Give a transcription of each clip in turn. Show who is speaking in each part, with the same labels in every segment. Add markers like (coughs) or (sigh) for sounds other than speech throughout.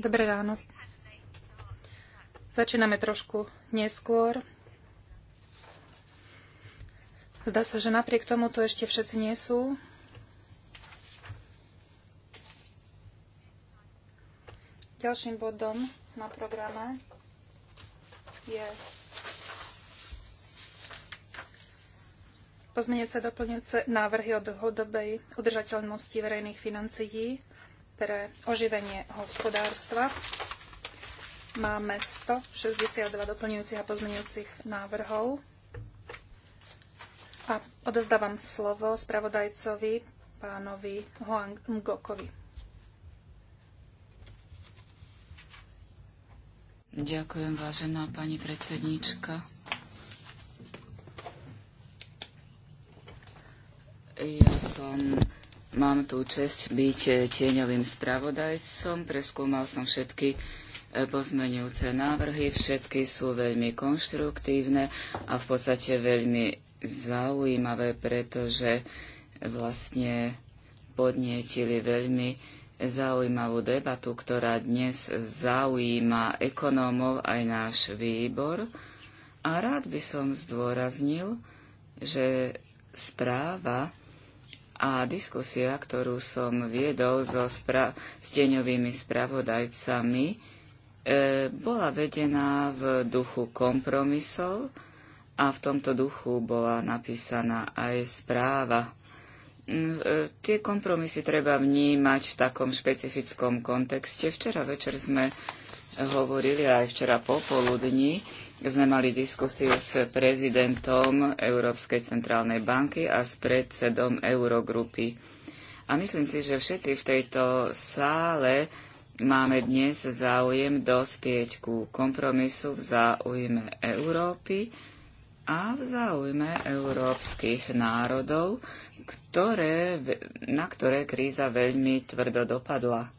Speaker 1: Dobré ráno. Začíname trošku neskôr. Zdá sa, že napriek tomu tu ešte všetci nie sú. Ďalším bodom na programe je pozmeniace doplňujúce návrhy o dlhodobej udržateľnosti verejných financií pre oživenie hospodárstva. Máme 162 doplňujúcich a pozmeňujúcich návrhov. A odozdávam slovo spravodajcovi pánovi Hoang Ngokovi.
Speaker 2: Ďakujem, vážená pani predsedníčka. Ja som Mám tu čest byť e, tieňovým spravodajcom. Preskúmal som všetky e, pozmenujúce návrhy. Všetky sú veľmi konštruktívne a v podstate veľmi zaujímavé, pretože vlastne podnietili veľmi zaujímavú debatu, ktorá dnes zaujíma ekonómov aj náš výbor. A rád by som zdôraznil, že správa a diskusia, ktorú som viedol so spra- stieňovými spravodajcami, e, bola vedená v duchu kompromisov a v tomto duchu bola napísaná aj správa. Mm, e, tie kompromisy treba vnímať v takom špecifickom kontexte. Včera večer sme hovorili aj včera popoludní sme mali diskusiu s prezidentom Európskej centrálnej banky a s predsedom Eurogrupy. A myslím si, že všetci v tejto sále máme dnes záujem dospieť ku kompromisu v záujme Európy a v záujme európskych národov, ktoré, na ktoré kríza veľmi tvrdo dopadla.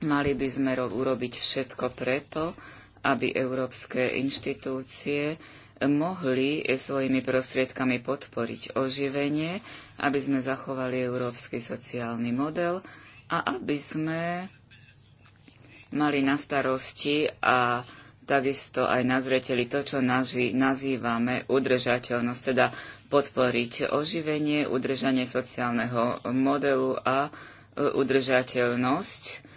Speaker 2: Mali by sme urobiť všetko preto, aby európske inštitúcie mohli svojimi prostriedkami podporiť oživenie, aby sme zachovali európsky sociálny model a aby sme mali na starosti a takisto aj nazreteli to, čo nazývame udržateľnosť, teda podporiť oživenie, udržanie sociálneho modelu a e, udržateľnosť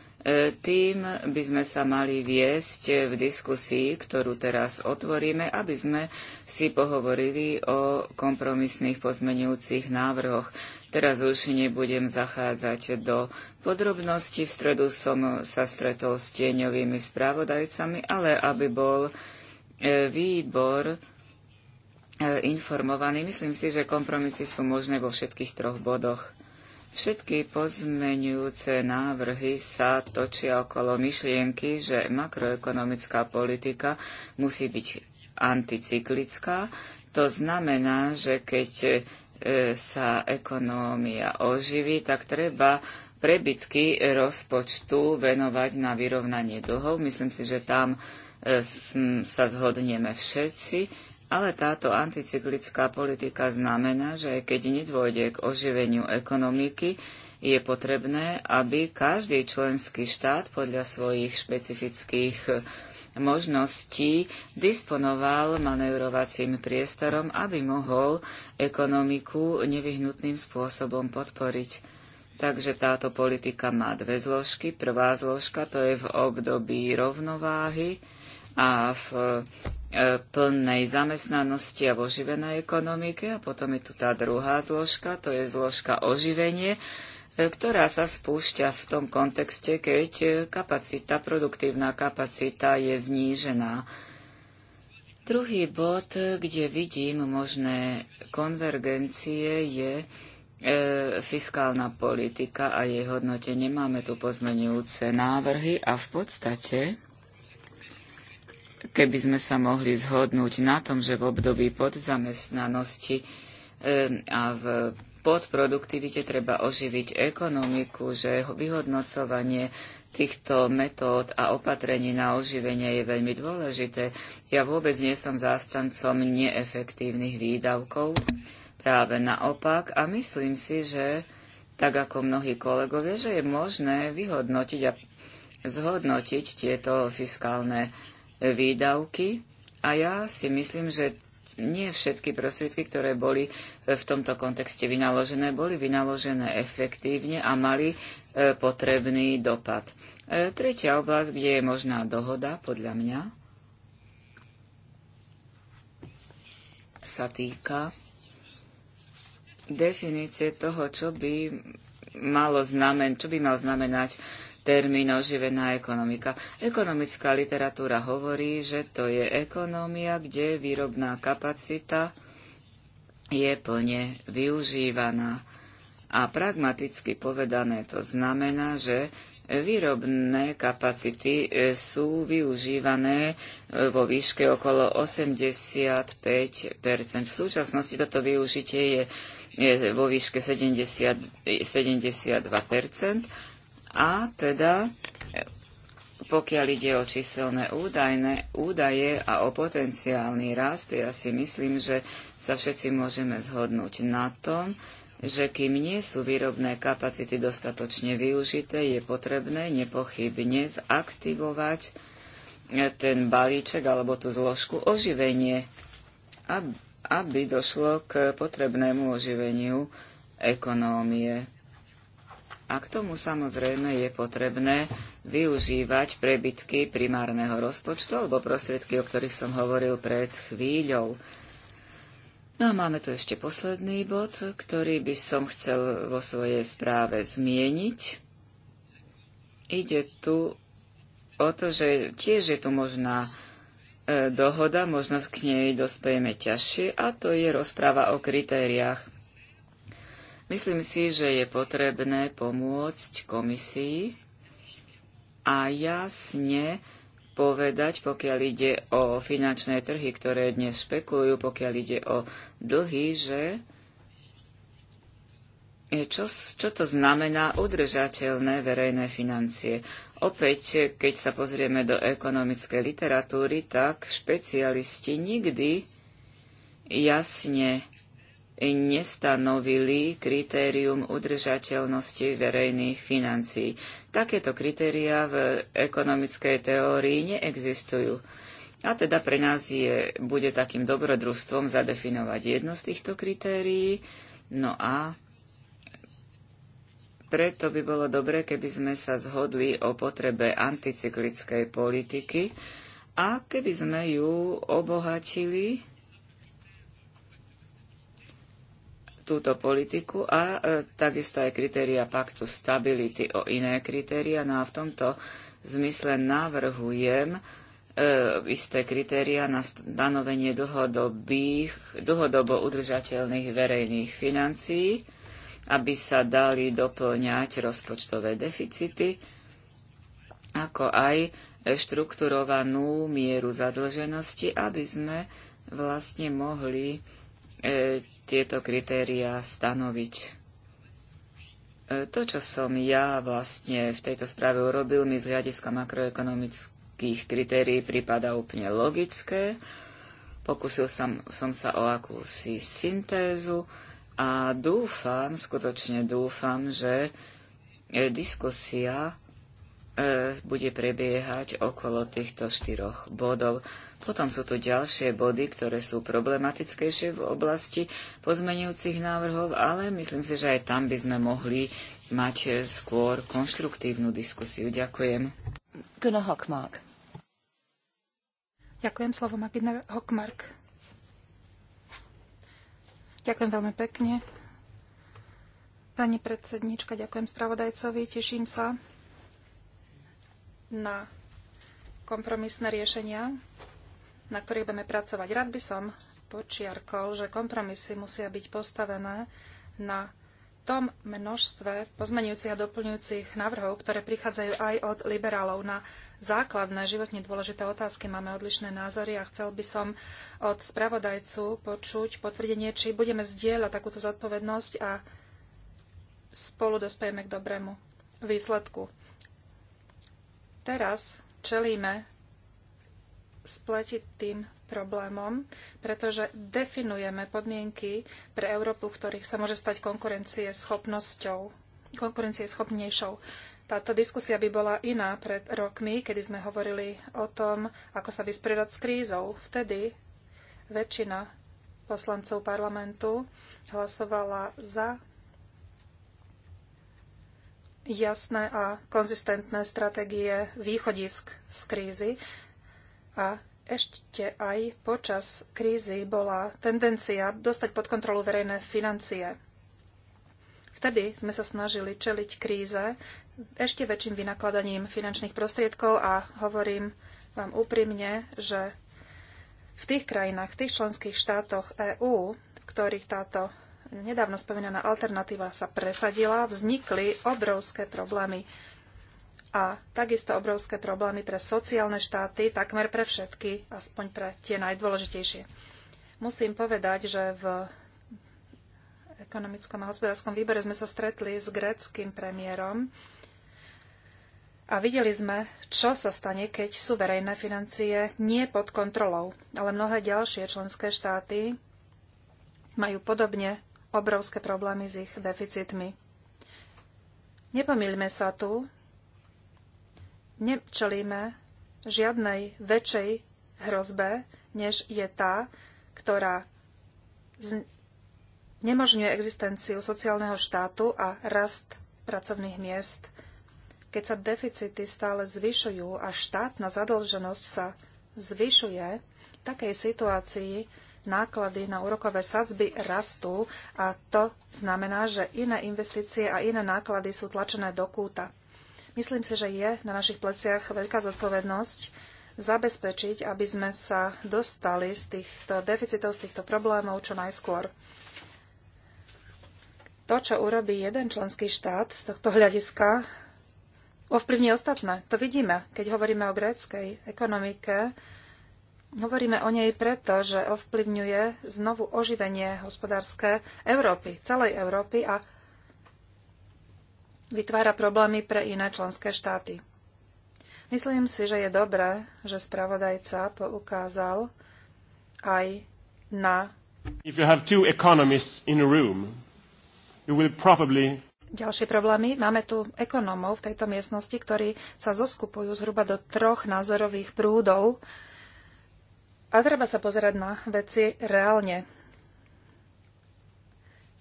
Speaker 2: tým by sme sa mali viesť v diskusii, ktorú teraz otvoríme, aby sme si pohovorili o kompromisných pozmenujúcich návrhoch. Teraz už nebudem zachádzať do podrobností. V stredu som sa stretol s tieňovými správodajcami, ale aby bol e, výbor e, informovaný, myslím si, že kompromisy sú možné vo všetkých troch bodoch. Všetky pozmenujúce návrhy sa točia okolo myšlienky, že makroekonomická politika musí byť anticyklická. To znamená, že keď e, sa ekonómia oživí, tak treba prebytky rozpočtu venovať na vyrovnanie dlhov. Myslím si, že tam e, sa zhodneme všetci ale táto anticyklická politika znamená, že keď nedôjde k oživeniu ekonomiky, je potrebné, aby každý členský štát podľa svojich špecifických možností disponoval manevrovacím priestorom, aby mohol ekonomiku nevyhnutným spôsobom podporiť. Takže táto politika má dve zložky. Prvá zložka to je v období rovnováhy a v plnej zamestnanosti a voživenej oživenej ekonomike. A potom je tu tá druhá zložka, to je zložka oživenie, e, ktorá sa spúšťa v tom kontexte, keď e, kapacita, produktívna kapacita je znížená. Druhý bod, e, kde vidím možné konvergencie, je e, fiskálna politika a jej hodnotenie. Máme tu pozmenujúce návrhy a v podstate keby sme sa mohli zhodnúť na tom, že v období podzamestnanosti a v podproduktivite treba oživiť ekonomiku, že vyhodnocovanie týchto metód a opatrení na oživenie je veľmi dôležité. Ja vôbec nie som zástancom neefektívnych výdavkov, práve naopak, a myslím si, že tak ako mnohí kolegovia, že je možné vyhodnotiť a zhodnotiť tieto fiskálne výdavky a ja si myslím, že nie všetky prostriedky, ktoré boli e, v tomto kontexte vynaložené, boli vynaložené efektívne a mali e, potrebný dopad. E, tretia oblasť, kde je možná dohoda, podľa mňa, sa týka definície toho, čo by, malo znamen, čo by mal znamenať termín oživená ekonomika. Ekonomická literatúra hovorí, že to je ekonomia, kde výrobná kapacita je plne využívaná. A pragmaticky povedané to znamená, že výrobné kapacity e, sú využívané e, vo výške okolo 85 V súčasnosti toto využitie je, je vo výške 70, 72 a teda, pokiaľ ide o číselné údajné, údaje a o potenciálny rast, ja si myslím, že sa všetci môžeme zhodnúť na tom, že kým nie sú výrobné kapacity dostatočne využité, je potrebné nepochybne zaktivovať ten balíček alebo tú zložku oživenie, aby došlo k potrebnému oživeniu ekonómie. A k tomu samozrejme je potrebné využívať prebytky primárneho rozpočtu alebo prostriedky, o ktorých som hovoril pred chvíľou. No a máme tu ešte posledný bod, ktorý by som chcel vo svojej správe zmieniť. Ide tu o to, že tiež je tu možná e, dohoda, možno k nej dospejeme ťažšie, a to je rozpráva o kritériách Myslím si, že je potrebné pomôcť komisii a jasne povedať, pokiaľ ide o finančné trhy, ktoré dnes špekulujú, pokiaľ ide o dlhy, že čo, čo to znamená udržateľné verejné financie. Opäť, keď sa pozrieme do ekonomickej literatúry, tak špecialisti nikdy jasne nestanovili kritérium udržateľnosti verejných financií. Takéto kritériá v ekonomickej teórii neexistujú. A teda pre nás je, bude takým dobrodružstvom zadefinovať jedno z týchto kritérií. No a preto by bolo dobré, keby sme sa zhodli o potrebe anticyklickej politiky a keby sme ju obohatili túto politiku a e, takisto aj kritéria paktu stability o iné kritéria. No a v tomto zmysle navrhujem e, isté kritéria na stanovenie dlhodobých, dlhodobo udržateľných verejných financií, aby sa dali doplňať rozpočtové deficity, ako aj štrukturovanú mieru zadlženosti, aby sme vlastne mohli E, tieto kritériá stanoviť e, to, čo som ja vlastne v tejto správe urobil, mi z hľadiska makroekonomických kritérií prípada úplne logické. Pokusil som, som sa o akúsi syntézu a dúfam, skutočne dúfam, že e, diskusia bude prebiehať okolo týchto štyroch bodov. Potom sú tu ďalšie body, ktoré sú problematickejšie v oblasti pozmenujúcich návrhov, ale myslím si, že aj tam by sme mohli mať e, skôr konštruktívnu diskusiu. Ďakujem.
Speaker 1: Gunnar Hockmark. Ďakujem, slovo má Gunnar Hockmark. Ďakujem veľmi pekne. Pani predsednička, ďakujem spravodajcovi, teším sa na kompromisné riešenia na ktorých budeme pracovať. Rád by som počiarkol, že kompromisy musia byť postavené na tom množstve pozmenujúcich a doplňujúcich návrhov, ktoré prichádzajú aj od liberálov na základné životne dôležité otázky. Máme odlišné názory a chcel by som od spravodajcu počuť potvrdenie, či budeme zdieľať takúto zodpovednosť a spolu dospejeme k dobrému výsledku. Teraz čelíme spletiť tým problémom, pretože definujeme podmienky pre Európu, v ktorých sa môže stať konkurencie schopnosťou, konkurencie schopnejšou. Táto diskusia by bola iná pred rokmi, kedy sme hovorili o tom, ako sa vysporiadať s krízou. Vtedy väčšina poslancov parlamentu hlasovala za jasné a konzistentné stratégie východisk z krízy a ešte aj počas krízy bola tendencia dostať pod kontrolu verejné financie. Vtedy sme sa snažili čeliť kríze ešte väčším vynakladaním finančných prostriedkov a hovorím vám úprimne, že v tých krajinách, v tých členských štátoch EÚ, v ktorých táto nedávno spomínaná alternatíva sa presadila, vznikli obrovské problémy a takisto obrovské problémy pre sociálne štáty, takmer pre všetky, aspoň pre tie najdôležitejšie. Musím povedať, že v ekonomickom a hospodárskom výbore sme sa stretli s gréckým premiérom a videli sme, čo sa stane, keď sú verejné financie nie pod kontrolou, ale mnohé ďalšie členské štáty majú podobne obrovské problémy s ich deficitmi. Nepomíľme sa tu, nečelíme žiadnej väčšej hrozbe, než je tá, ktorá znemožňuje existenciu sociálneho štátu a rast pracovných miest. Keď sa deficity stále zvyšujú a štátna zadlženosť sa zvyšuje, v takej situácii náklady na úrokové sadzby rastú a to znamená, že iné investície a iné náklady sú tlačené do kúta. Myslím si, že je na našich pleciach veľká zodpovednosť zabezpečiť, aby sme sa dostali z týchto deficitov, z týchto problémov čo najskôr. To, čo urobí jeden členský štát z tohto hľadiska, ovplyvní ostatné. To vidíme, keď hovoríme o gréckej ekonomike. Hovoríme o nej preto, že ovplyvňuje znovu oživenie hospodárske Európy, celej Európy a vytvára problémy pre iné členské štáty. Myslím si, že je dobré, že spravodajca poukázal aj na
Speaker 2: If you have two economists in a room, you will probably...
Speaker 1: Ďalšie problémy. Máme tu ekonómov v tejto miestnosti, ktorí sa zoskupujú zhruba do troch názorových prúdov a treba sa pozerať na veci reálne.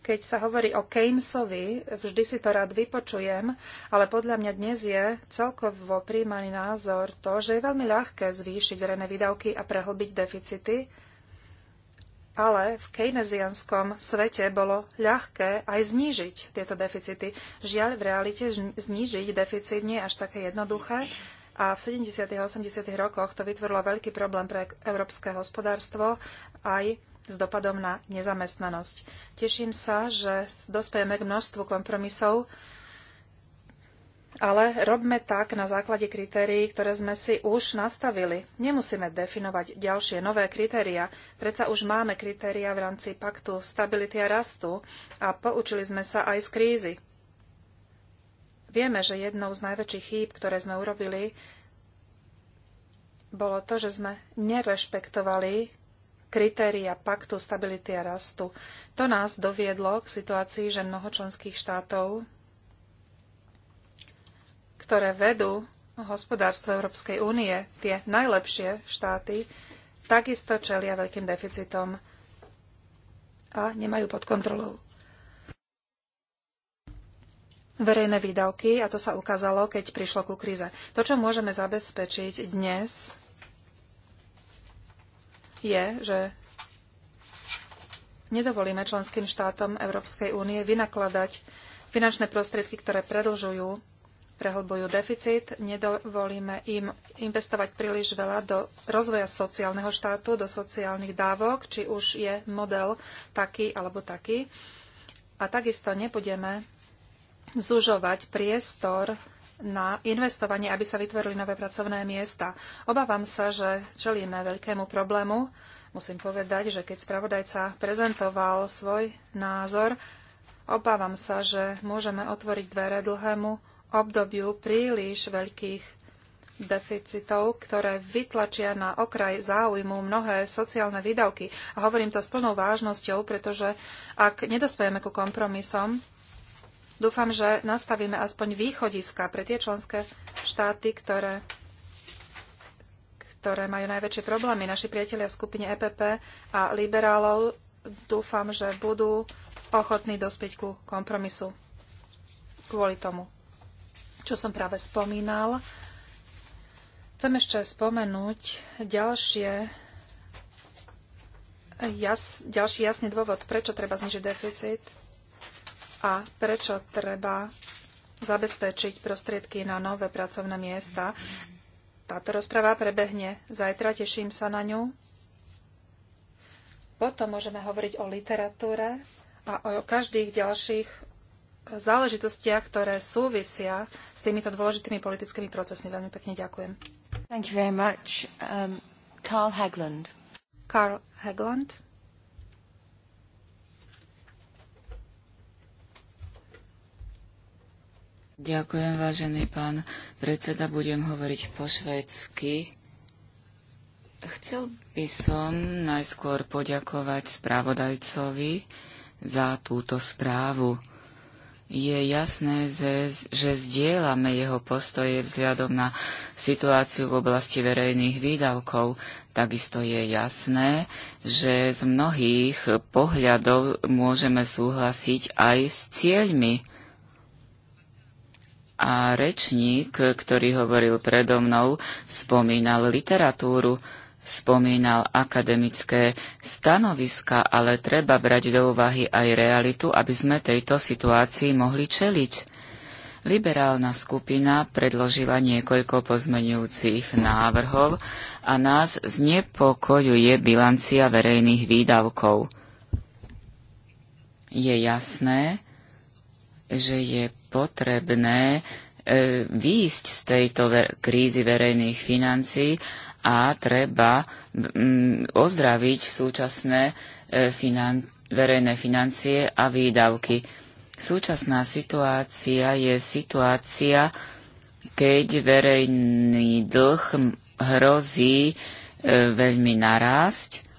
Speaker 1: Keď sa hovorí o Keynesovi, vždy si to rád vypočujem, ale podľa mňa dnes je celkovo príjmaný názor to, že je veľmi ľahké zvýšiť verejné výdavky a prehlbiť deficity, ale v keynesianskom svete bolo ľahké aj znížiť tieto deficity. Žiaľ, v realite znížiť deficit nie je až také jednoduché a v 70. a 80. rokoch to vytvorilo veľký problém pre európske hospodárstvo aj s dopadom na nezamestnanosť. Teším sa, že dospejeme k množstvu kompromisov, ale robme tak na základe kritérií, ktoré sme si už nastavili. Nemusíme definovať ďalšie nové kritéria, predsa už máme kritéria v rámci paktu stability a rastu a poučili sme sa aj z krízy. Vieme, že jednou z najväčších chýb, ktoré sme urobili, bolo to, že sme nerešpektovali kritéria paktu stability a rastu. To nás doviedlo k situácii, že mnoho členských štátov, ktoré vedú hospodárstvo Európskej únie, tie najlepšie štáty, takisto čelia veľkým deficitom a nemajú pod kontrolou verejné výdavky a to sa ukázalo, keď prišlo ku kríze. To, čo môžeme zabezpečiť dnes, je, že nedovolíme členským štátom Európskej únie vynakladať finančné prostriedky, ktoré predlžujú, prehlbujú deficit, nedovolíme im investovať príliš veľa do rozvoja sociálneho štátu, do sociálnych dávok, či už je model taký alebo taký. A takisto nebudeme zužovať priestor na investovanie, aby sa vytvorili nové pracovné miesta. Obávam sa, že čelíme veľkému problému. Musím povedať, že keď spravodajca prezentoval svoj názor, obávam sa, že môžeme otvoriť dvere dlhému obdobiu príliš veľkých deficitov, ktoré vytlačia na okraj záujmu mnohé sociálne výdavky. A hovorím to s plnou vážnosťou, pretože ak nedospejeme ku kompromisom, Dúfam, že nastavíme aspoň východiska pre tie členské štáty, ktoré, ktoré majú najväčšie problémy. Naši priatelia v skupine EPP a liberálov dúfam, že budú ochotní dospieť ku kompromisu kvôli tomu, čo som práve spomínal. Chcem ešte spomenúť ďalšie, jas, ďalší jasný dôvod, prečo treba znižiť deficit – a prečo treba zabezpečiť prostriedky na nové pracovné miesta. Táto rozprava prebehne zajtra, teším sa na ňu. Potom môžeme hovoriť o literatúre a o každých ďalších záležitostiach, ktoré súvisia s týmito dôležitými politickými procesmi. Veľmi pekne ďakujem. Thank you very much. Um, Carl Hagland. Carl Hagland.
Speaker 2: Ďakujem, vážený pán predseda. Budem hovoriť po švédsky. Chcel by som najskôr poďakovať správodajcovi za túto správu. Je jasné, že zdieľame jeho postoje vzhľadom na situáciu v oblasti verejných výdavkov. Takisto je jasné, že z mnohých pohľadov môžeme súhlasiť aj s cieľmi a rečník, ktorý hovoril predo mnou, spomínal literatúru, spomínal akademické stanoviska, ale treba brať do úvahy aj realitu, aby sme tejto situácii mohli čeliť. Liberálna skupina predložila niekoľko pozmenujúcich návrhov a nás znepokojuje bilancia verejných výdavkov. Je jasné, že je potrebné e, výjsť z tejto krízy verejných financií a treba mm, ozdraviť súčasné e, finan- verejné financie a výdavky. Súčasná situácia je situácia, keď verejný dlh hrozí e, veľmi narásť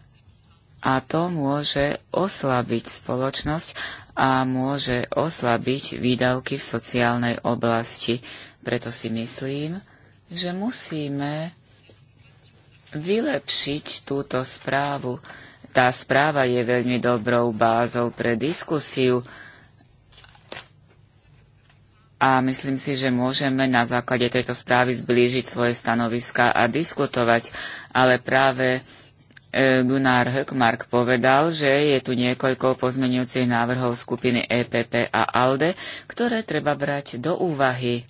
Speaker 2: a to môže oslabiť spoločnosť a môže oslabiť výdavky v sociálnej oblasti. Preto si myslím, že musíme vylepšiť túto správu. Tá správa je veľmi dobrou bázou pre diskusiu a myslím si, že môžeme na základe tejto správy zblížiť svoje stanoviská a diskutovať, ale práve E, Gunnar Hökmark povedal, že je tu niekoľko pozmenujúcich návrhov skupiny EPP a ALDE, ktoré treba brať do úvahy.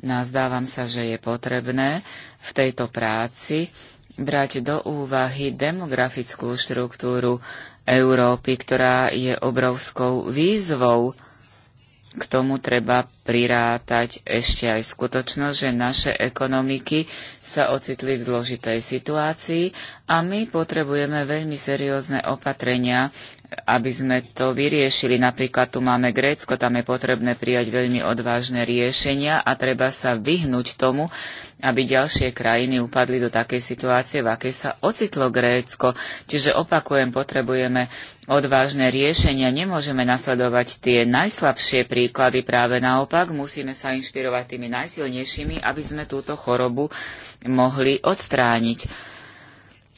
Speaker 2: Nazdávam sa, že je potrebné v tejto práci brať do úvahy demografickú štruktúru Európy, ktorá je obrovskou výzvou k tomu treba prirátať ešte aj skutočnosť, že naše ekonomiky sa ocitli v zložitej situácii a my potrebujeme veľmi seriózne opatrenia, aby sme to vyriešili. Napríklad tu máme Grécko, tam je potrebné prijať veľmi odvážne riešenia a treba sa vyhnúť tomu, aby ďalšie krajiny upadli do takej situácie, v akej sa ocitlo Grécko. Čiže opakujem, potrebujeme odvážne riešenia. Nemôžeme nasledovať tie najslabšie príklady, práve naopak musíme sa inšpirovať tými najsilnejšími, aby sme túto chorobu mohli odstrániť.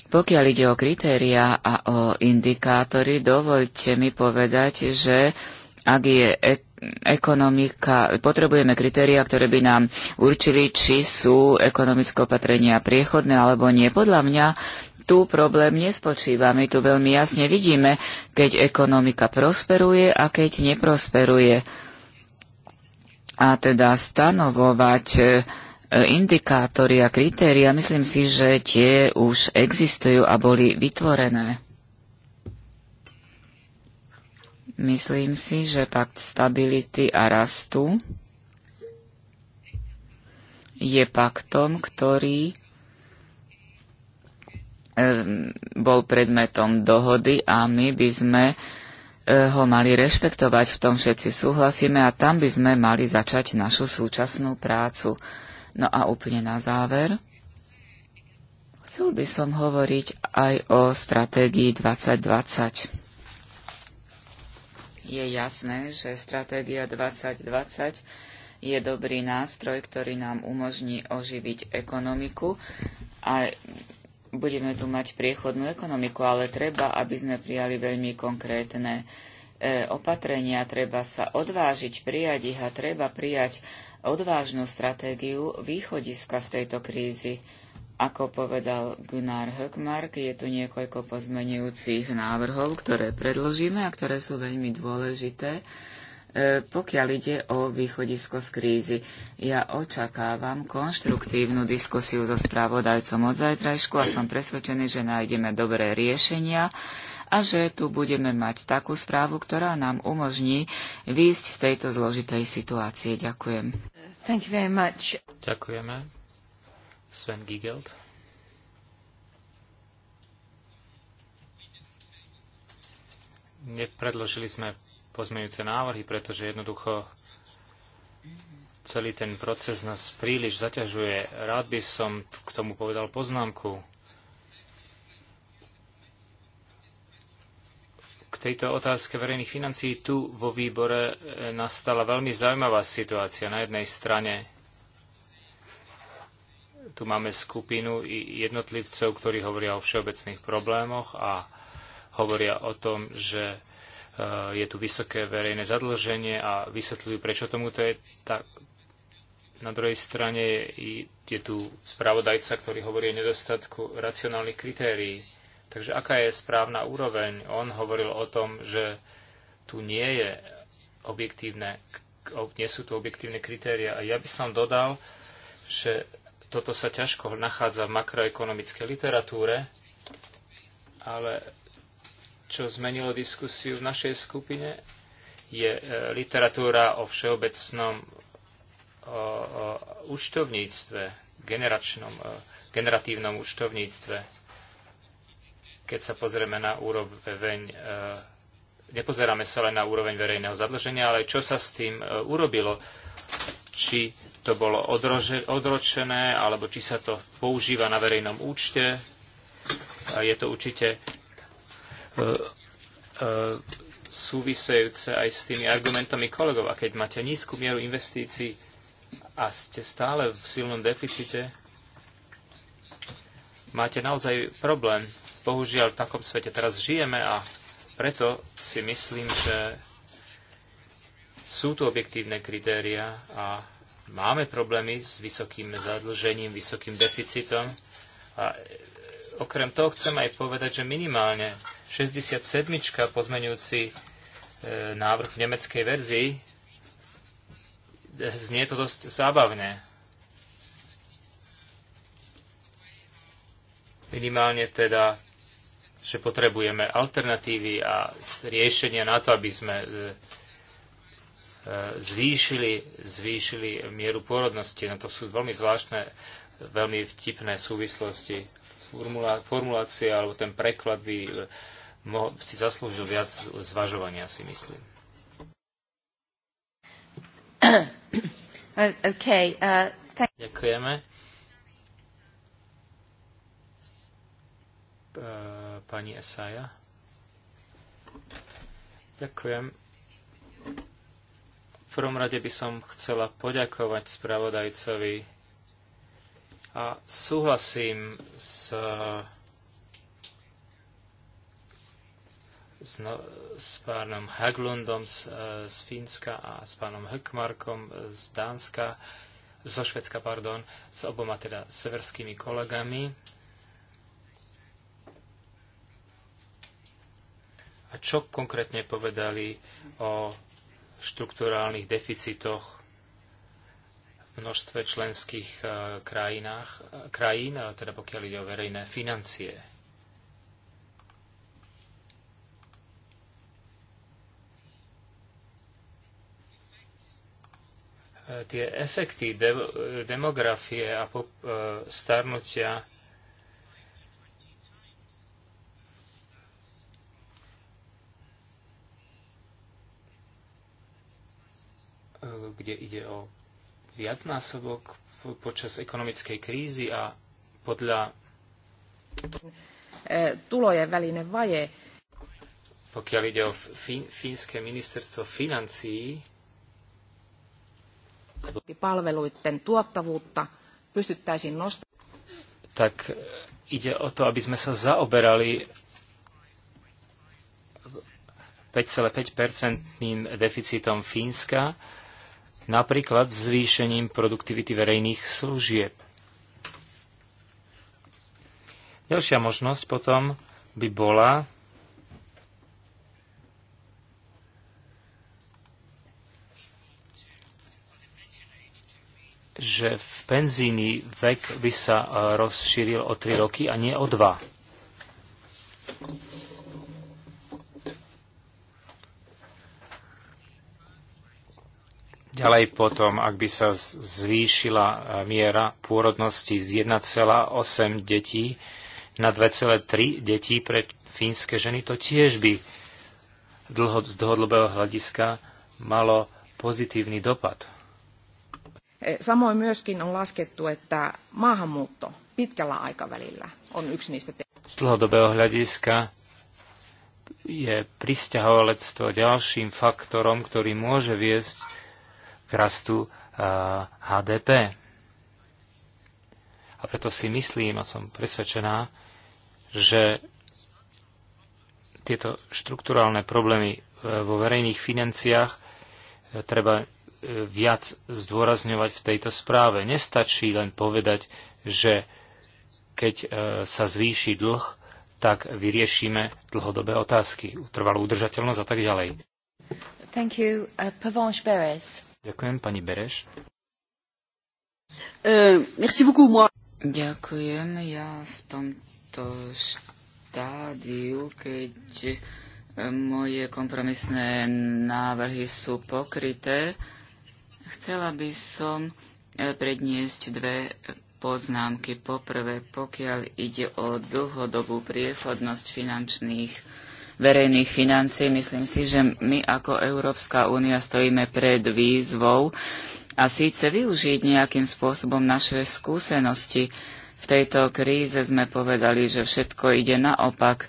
Speaker 2: Pokiaľ ide o kritériá a o indikátory, dovolte mi povedať, že ak je ekonomika, potrebujeme kritéria, ktoré by nám určili, či sú ekonomické opatrenia priechodné alebo nie. Podľa mňa tu problém nespočíva. My tu veľmi jasne vidíme, keď ekonomika prosperuje a keď neprosperuje. A teda stanovovať e, indikátory a kritéria, myslím si, že tie už existujú a boli vytvorené. Myslím si, že pakt stability a rastu je paktom, ktorý E, bol predmetom dohody a my by sme e, ho mali rešpektovať, v tom všetci súhlasíme a tam by sme mali začať našu súčasnú prácu. No a úplne na záver, chcel by som hovoriť aj o stratégii 2020. Je jasné, že stratégia 2020 je dobrý nástroj, ktorý nám umožní oživiť ekonomiku a budeme tu mať priechodnú ekonomiku, ale treba, aby sme prijali veľmi konkrétne e, opatrenia, treba sa odvážiť, prijať ich a treba prijať odvážnu stratégiu východiska z tejto krízy. Ako povedal Gunnar Höckmark, je tu niekoľko pozmenujúcich návrhov, ktoré predložíme a ktoré sú veľmi dôležité E, pokiaľ ide o východisko z krízy. Ja očakávam konštruktívnu diskusiu so správodajcom od zajtrajšku a som presvedčený, že nájdeme dobré riešenia a že tu budeme mať takú správu, ktorá nám umožní výjsť z tejto zložitej situácie. Ďakujem. Thank you very much. Ďakujeme. Sven
Speaker 3: Giegeld. Nepredložili sme pozmeňujúce návrhy, pretože jednoducho celý ten proces nás príliš zaťažuje. Rád by som k tomu povedal poznámku. K tejto otázke verejných financií tu vo výbore eh, nastala veľmi zaujímavá situácia. Na jednej strane tu máme skupinu jednotlivcov, ktorí hovoria o všeobecných problémoch a hovoria o tom, že Eh, je tu vysoké verejné zadlženie a vysvetľujú, prečo tomu to je. Tak, na druhej strane je, tu spravodajca, ktorý hovorí o nedostatku racionálnych kritérií. Takže aká je správna úroveň? On hovoril o tom, že tu nie je objektívne, nie sú tu objektívne kritéria. A ja by som dodal, že toto sa ťažko nachádza v makroekonomickej literatúre, ale čo zmenilo diskusiu v našej skupine, je e, literatúra o všeobecnom o, o účtovníctve, generačnom, e, generatívnom účtovníctve. Keď sa pozrieme na úroveň, e, nepozeráme sa len na úroveň verejného zadlženia, ale čo sa s tým urobilo, či to bolo odrože, odročené, alebo či sa to používa na verejnom účte. Je to určite E, e, súvisejúce aj s tými argumentami kolegov. A keď máte nízku mieru investícií a ste stále v silnom deficite, máte naozaj problém. Bohužiaľ, v takom svete teraz žijeme a preto si myslím, že sú tu objektívne kritéria a máme problémy s vysokým zadlžením, vysokým deficitom. A okrem toho chcem aj povedať, že minimálne 67. pozmenujúci e, návrh v nemeckej verzii znie to dosť zábavne. Minimálne teda, že potrebujeme alternatívy a riešenia na to, aby sme e, e, zvýšili, zvýšili mieru pôrodnosti. No to sú veľmi zvláštne, veľmi vtipné súvislosti. Formulácia alebo ten preklad by si zaslúžil viac zvažovania, si myslím.
Speaker 2: (coughs)
Speaker 1: Okay, uh,
Speaker 3: Ďakujeme. Pani Esaja. Ďakujem. V prvom rade by som chcela poďakovať spravodajcovi a súhlasím s s, no, s pánom Haglundom z, e, z Fínska a s pánom Hökmarkom e, z Dánska, zo Švedska, pardon, s oboma teda severskými kolegami. A čo konkrétne povedali o štruktúrálnych deficitoch v množstve členských e, krajinách, krajín, teda pokiaľ ide o verejné financie. Eh, tie efekty de eh, demografie a pop- eh, starnutia kde ide o viacnásobok počas ekonomickej krízy a podľa
Speaker 2: tulojen välinen vaje.
Speaker 3: Pokiaľ ide o fínske ministerstvo financií,
Speaker 1: palveluiden tuottavuutta pystyttäisiin nostamaan.
Speaker 3: Tak ide o to, aby sme sa zaoberali 5,5-percentným deficitom Fínska, napríklad zvýšením produktivity verejných služieb. Ďalšia možnosť potom by bola že v penzíny vek by sa e, rozšíril o 3 roky a nie o 2. Ďalej potom, ak by sa zvýšila e, miera pôrodnosti z 1,8 detí na 2,3 detí pre fínske ženy, to tiež by dlho, z dlhodobého hľadiska malo pozitívny dopad.
Speaker 1: E, samoin myöskin on laskettu, että maahanmuutto pitkällä aikavälillä on yksi niistä Z
Speaker 3: dlhodobého hľadiska je pristahovalectvo ďalším faktorom, ktorý môže viesť k rastu e, HDP. A preto si myslím a som presvedčená, že tieto štruktúrálne problémy e, vo verejných financiách treba viac zdôrazňovať v tejto správe. Nestačí len povedať, že keď e, sa zvýši dlh, tak vyriešime dlhodobé otázky, trvalú udržateľnosť a tak ďalej.
Speaker 2: Thank you. Uh, Beres.
Speaker 3: Ďakujem, pani Bereš.
Speaker 2: Uh, Ďakujem. Ja v tomto štádiu, keď e, moje kompromisné návrhy sú pokryté, uh, Chcela by som e, predniesť dve poznámky. Poprvé, pokiaľ ide o dlhodobú priechodnosť finančných verejných financií, myslím si, že my ako Európska únia stojíme pred výzvou a síce využiť nejakým spôsobom naše skúsenosti. V tejto kríze sme povedali, že všetko ide naopak, e,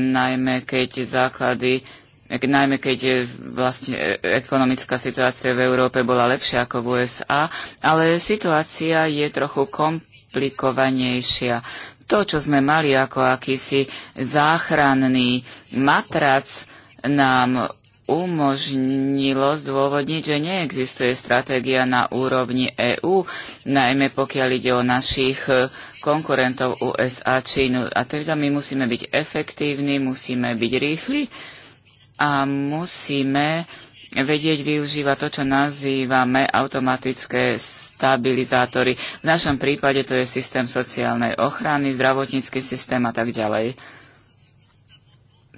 Speaker 2: najmä keď základy najmä keď e, vlastne e, ekonomická situácia v Európe bola lepšia ako v USA, ale situácia je trochu komplikovanejšia. To, čo sme mali ako akýsi záchranný matrac, nám umožnilo zdôvodniť, že neexistuje stratégia na úrovni EÚ, najmä pokiaľ ide o našich e, konkurentov USA, Čínu. A teda my musíme byť efektívni, musíme byť rýchli a musíme vedieť využíva to, čo nazývame automatické stabilizátory. V našom prípade to je systém sociálnej ochrany, zdravotnícky systém a tak ďalej.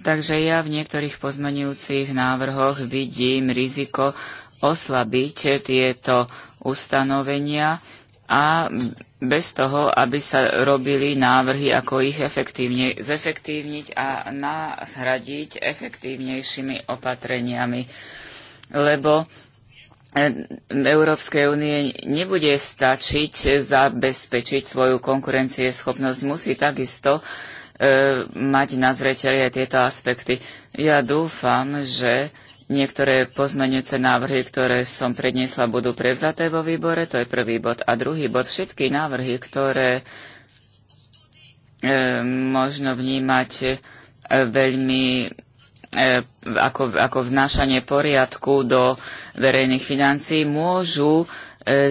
Speaker 2: Takže ja v niektorých pozmenujúcich návrhoch vidím riziko oslabiť tieto ustanovenia, a bez toho, aby sa robili návrhy, ako ich efektívne, zefektívniť a nahradiť efektívnejšími opatreniami. Lebo e, Európskej únie nebude stačiť zabezpečiť svoju konkurencieschopnosť. Musí takisto e, mať na zreteli aj tieto aspekty. Ja dúfam, že Niektoré pozmenujúce návrhy, ktoré som predniesla, budú prevzaté vo výbore, to je prvý bod. A druhý bod, všetky návrhy, ktoré e, možno vnímať e, veľmi e, ako, ako vznášanie poriadku do verejných financií, môžu e,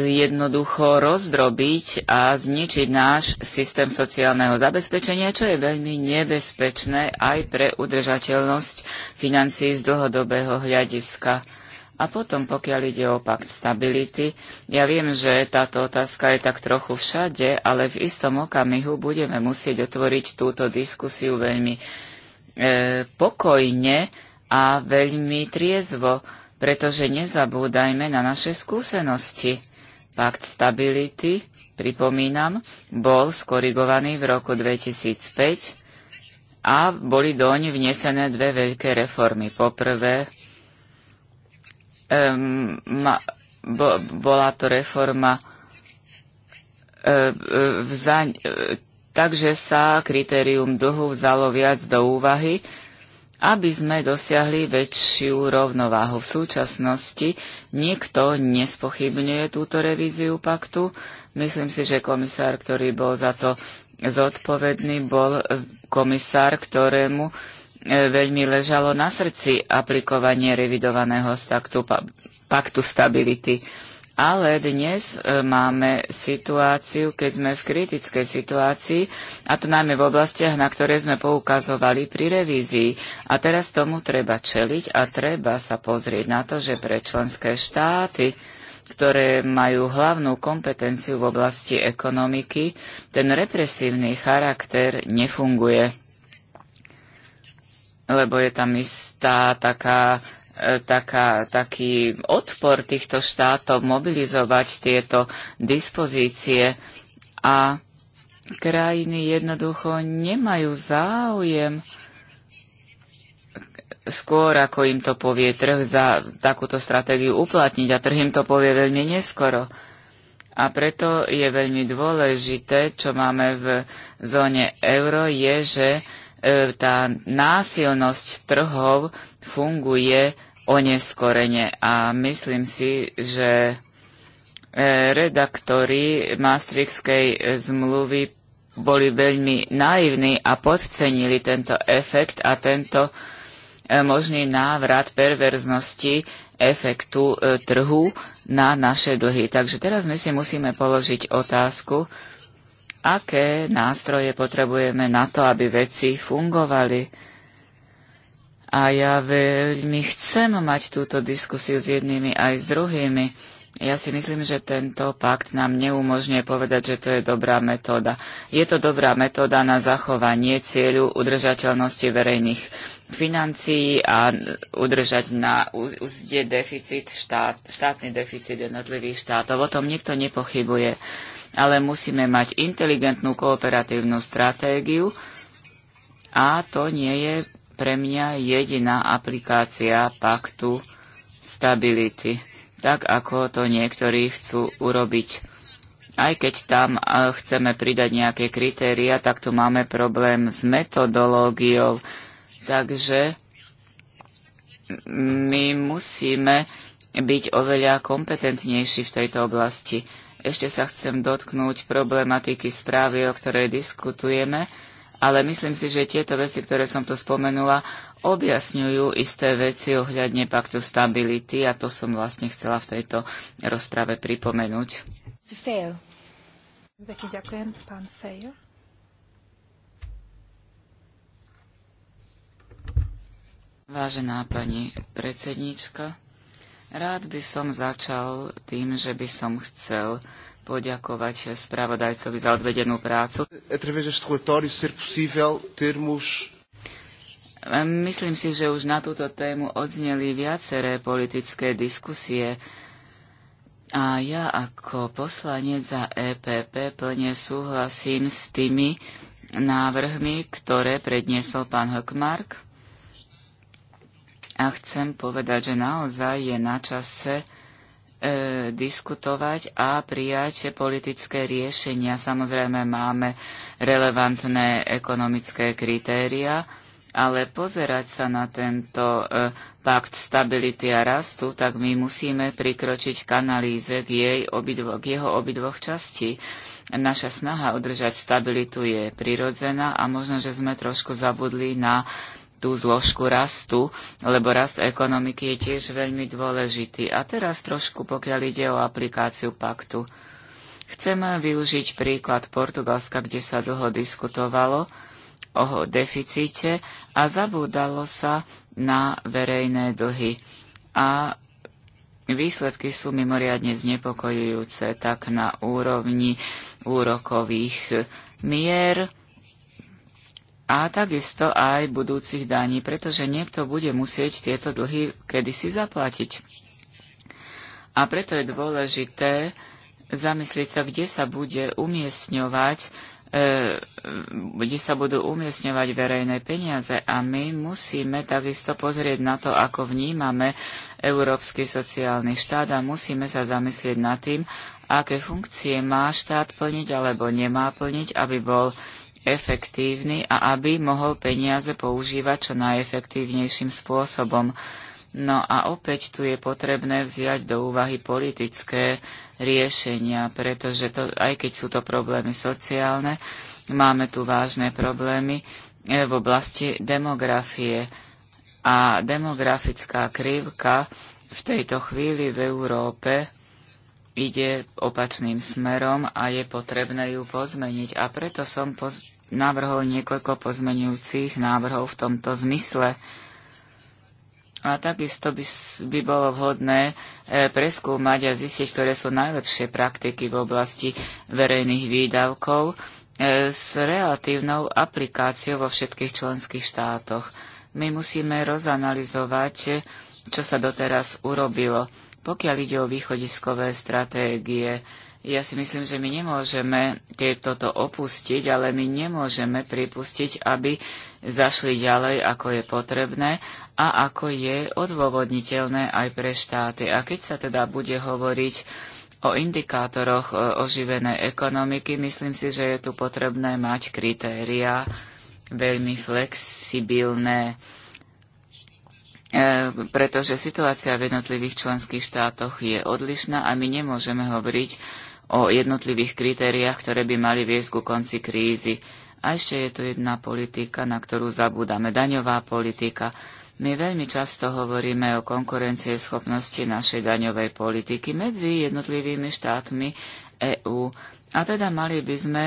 Speaker 2: jednoducho rozdrobiť a zničiť náš systém sociálneho zabezpečenia, čo je veľmi nebezpečné aj pre udržateľnosť financií z dlhodobého hľadiska. A potom, pokiaľ ide o pakt stability, ja viem, že táto otázka je tak trochu všade, ale v istom okamihu budeme musieť otvoriť túto diskusiu veľmi e, pokojne a veľmi triezvo pretože nezabúdajme na naše skúsenosti. Pakt stability, pripomínam, bol skorigovaný v roku 2005 a boli doň vnesené dve veľké reformy. Poprvé, um, ma, bo, bola to reforma e, e, e, takže sa kritérium dlhu vzalo viac do úvahy aby sme dosiahli väčšiu rovnováhu. V súčasnosti nikto nespochybňuje túto revíziu paktu. Myslím si, že komisár, ktorý bol za to zodpovedný, bol komisár, ktorému e, veľmi ležalo na srdci aplikovanie revidovaného paktu stability. Ale dnes e, máme situáciu, keď sme v kritickej situácii, a to najmä v oblastiach, na ktoré sme poukazovali pri revízii. A teraz tomu treba čeliť a treba sa pozrieť na to, že pre členské štáty, ktoré majú hlavnú kompetenciu v oblasti ekonomiky, ten represívny charakter nefunguje lebo je tam istá taká E, taká, taký odpor týchto štátov mobilizovať tieto dispozície a krajiny jednoducho nemajú záujem skôr, ako im to povie trh, za takúto stratégiu uplatniť a trh im to povie veľmi neskoro. A preto je veľmi dôležité, čo máme v zóne euro, je, že e, tá násilnosť trhov funguje oneskorene. A myslím si, že e, redaktori Maastrichtskej zmluvy boli veľmi naivní a podcenili tento efekt a tento e, možný návrat perverznosti efektu e, trhu na naše dlhy. Takže teraz my si musíme položiť otázku, aké nástroje potrebujeme na to, aby veci fungovali a ja veľmi chcem mať túto diskusiu s jednými aj s druhými. Ja si myslím, že tento pakt nám neumožňuje povedať, že to je dobrá metóda. Je to dobrá metóda na zachovanie cieľu udržateľnosti verejných financií a udržať na úzde deficit štát, štátny deficit jednotlivých štátov. O tom nikto nepochybuje. Ale musíme mať inteligentnú kooperatívnu stratégiu a to nie je pre mňa jediná aplikácia paktu stability, tak ako to niektorí chcú urobiť. Aj keď tam chceme pridať nejaké kritéria, tak tu máme problém s metodológiou. Takže my musíme byť oveľa kompetentnejší v tejto oblasti. Ešte sa chcem dotknúť problematiky správy, o ktorej diskutujeme ale myslím si, že tieto veci, ktoré som tu spomenula, objasňujú isté veci ohľadne paktu stability a to som vlastne chcela v tejto rozprave pripomenúť.
Speaker 1: ďakujem, pán Fejo.
Speaker 2: Vážená pani predsednička, rád by som začal tým, že by som chcel poďakovať spravodajcovi za odvedenú prácu. Myslím si, že už na túto tému odzneli viaceré politické diskusie a ja ako poslanec za EPP plne súhlasím s tými návrhmi, ktoré predniesol pán Hökmark. A chcem povedať, že naozaj je na čase e, diskutovať a prijať politické riešenia. Samozrejme máme relevantné ekonomické kritéria, ale pozerať sa na tento e, pakt stability a rastu, tak my musíme prikročiť k analýze k, jej obidvo, k jeho obidvoch častí. Naša snaha udržať stabilitu je prirodzená a možno, že sme trošku zabudli na tú zložku rastu, lebo rast ekonomiky je tiež veľmi dôležitý. A teraz trošku, pokiaľ ide o aplikáciu paktu. Chcem využiť príklad Portugalska, kde sa dlho diskutovalo o deficite a zabúdalo sa na verejné dlhy. A výsledky sú mimoriadne znepokojujúce tak na úrovni úrokových mier, a takisto aj budúcich daní, pretože niekto bude musieť tieto dlhy kedysi zaplatiť. A preto je dôležité zamyslieť sa, kde sa bude umiestňovať e, kde sa budú umiestňovať verejné peniaze a my musíme takisto pozrieť na to, ako vnímame európsky sociálny štát a musíme sa zamyslieť nad tým, aké funkcie má štát plniť alebo nemá plniť, aby bol efektívny a aby mohol peniaze používať čo najefektívnejším spôsobom. No a opäť tu je potrebné vziať do úvahy politické riešenia, pretože to, aj keď sú to problémy sociálne, máme tu vážne problémy eh, v oblasti demografie. A demografická krivka v tejto chvíli v Európe ide opačným smerom a je potrebné ju pozmeniť. A preto som poz- navrhol niekoľko pozmenujúcich návrhov v tomto zmysle. A takisto by, by bolo vhodné e, preskúmať a zistiť, ktoré sú najlepšie praktiky v oblasti verejných výdavkov e, s relatívnou aplikáciou vo všetkých členských štátoch. My musíme rozanalizovať, e, čo sa doteraz urobilo. Pokiaľ ide o východiskové stratégie, ja si myslím, že my nemôžeme toto opustiť, ale my nemôžeme pripustiť, aby zašli ďalej, ako je potrebné a ako je odôvodniteľné aj pre štáty. A keď sa teda bude hovoriť o indikátoroch e, oživenej ekonomiky, myslím si, že je tu potrebné mať kritériá veľmi flexibilné, e, pretože situácia v jednotlivých členských štátoch je odlišná a my nemôžeme hovoriť, o jednotlivých kritériách, ktoré by mali viesť ku konci krízy. A ešte je tu jedna politika, na ktorú zabúdame, daňová politika. My veľmi často hovoríme o konkurencie schopnosti našej daňovej politiky medzi jednotlivými štátmi EÚ. A teda mali by sme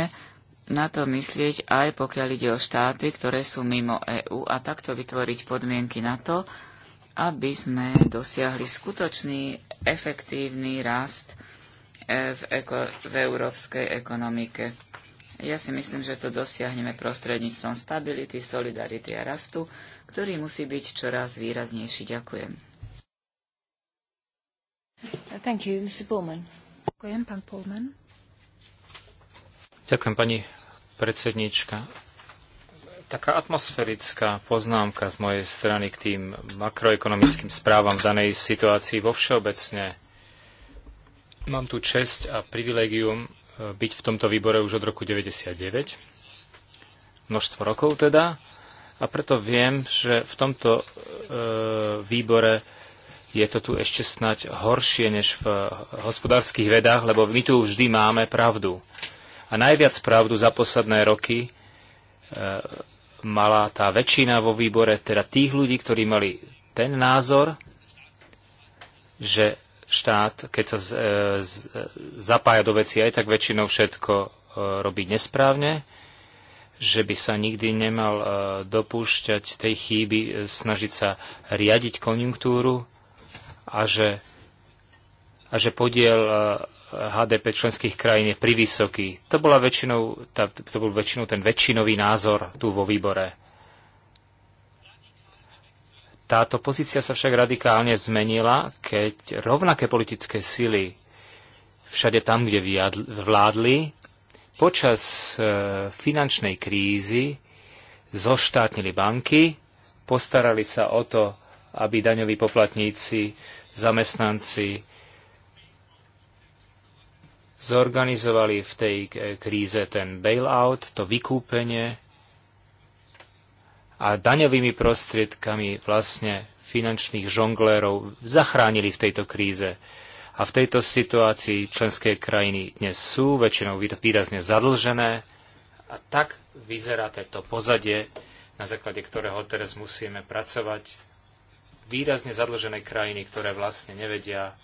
Speaker 2: na to myslieť aj pokiaľ ide o štáty, ktoré sú mimo EÚ a takto vytvoriť podmienky na to, aby sme dosiahli skutočný efektívny rast v, eko, v európskej ekonomike. Ja si myslím, že to dosiahneme prostredníctvom stability, solidarity a rastu, ktorý musí byť čoraz výraznejší. Ďakujem.
Speaker 1: Thank you, Mr. Pullman. Ďakujem, pán Pullman.
Speaker 3: Ďakujem, pani predsednička. Taká atmosférická poznámka z mojej strany k tým makroekonomickým správam v danej situácii vo všeobecne Mám tu čest a privilégium e, byť v tomto výbore už od roku 99, množstvo rokov teda, a preto viem, že v tomto e, výbore je to tu ešte snať horšie než v hospodárskych vedách, lebo my tu vždy máme pravdu. A najviac pravdu za posledné roky e, mala tá väčšina vo výbore, teda tých ľudí, ktorí mali ten názor, že štát, keď sa z, e, z, zapája do veci aj tak väčšinou všetko e, robí nesprávne, že by sa nikdy nemal e, dopúšťať tej chyby, snažiť sa riadiť konjunktúru a že, a že podiel HDP členských krajín je privysoký. To, bola väčšinou, to bol väčšinou ten väčšinový názor tu vo výbore. Táto pozícia sa však radikálne zmenila, keď rovnaké politické sily všade tam, kde vládli, počas e, finančnej krízy zoštátnili banky, postarali sa o to, aby daňoví poplatníci, zamestnanci zorganizovali v tej kríze ten bailout, to vykúpenie a daňovými prostriedkami vlastne finančných žonglérov zachránili v tejto kríze. A v tejto situácii členské krajiny dnes sú väčšinou výrazne zadlžené a tak vyzerá tento pozadie, na základe ktorého teraz musíme pracovať. Výrazne zadlžené krajiny, ktoré vlastne nevedia,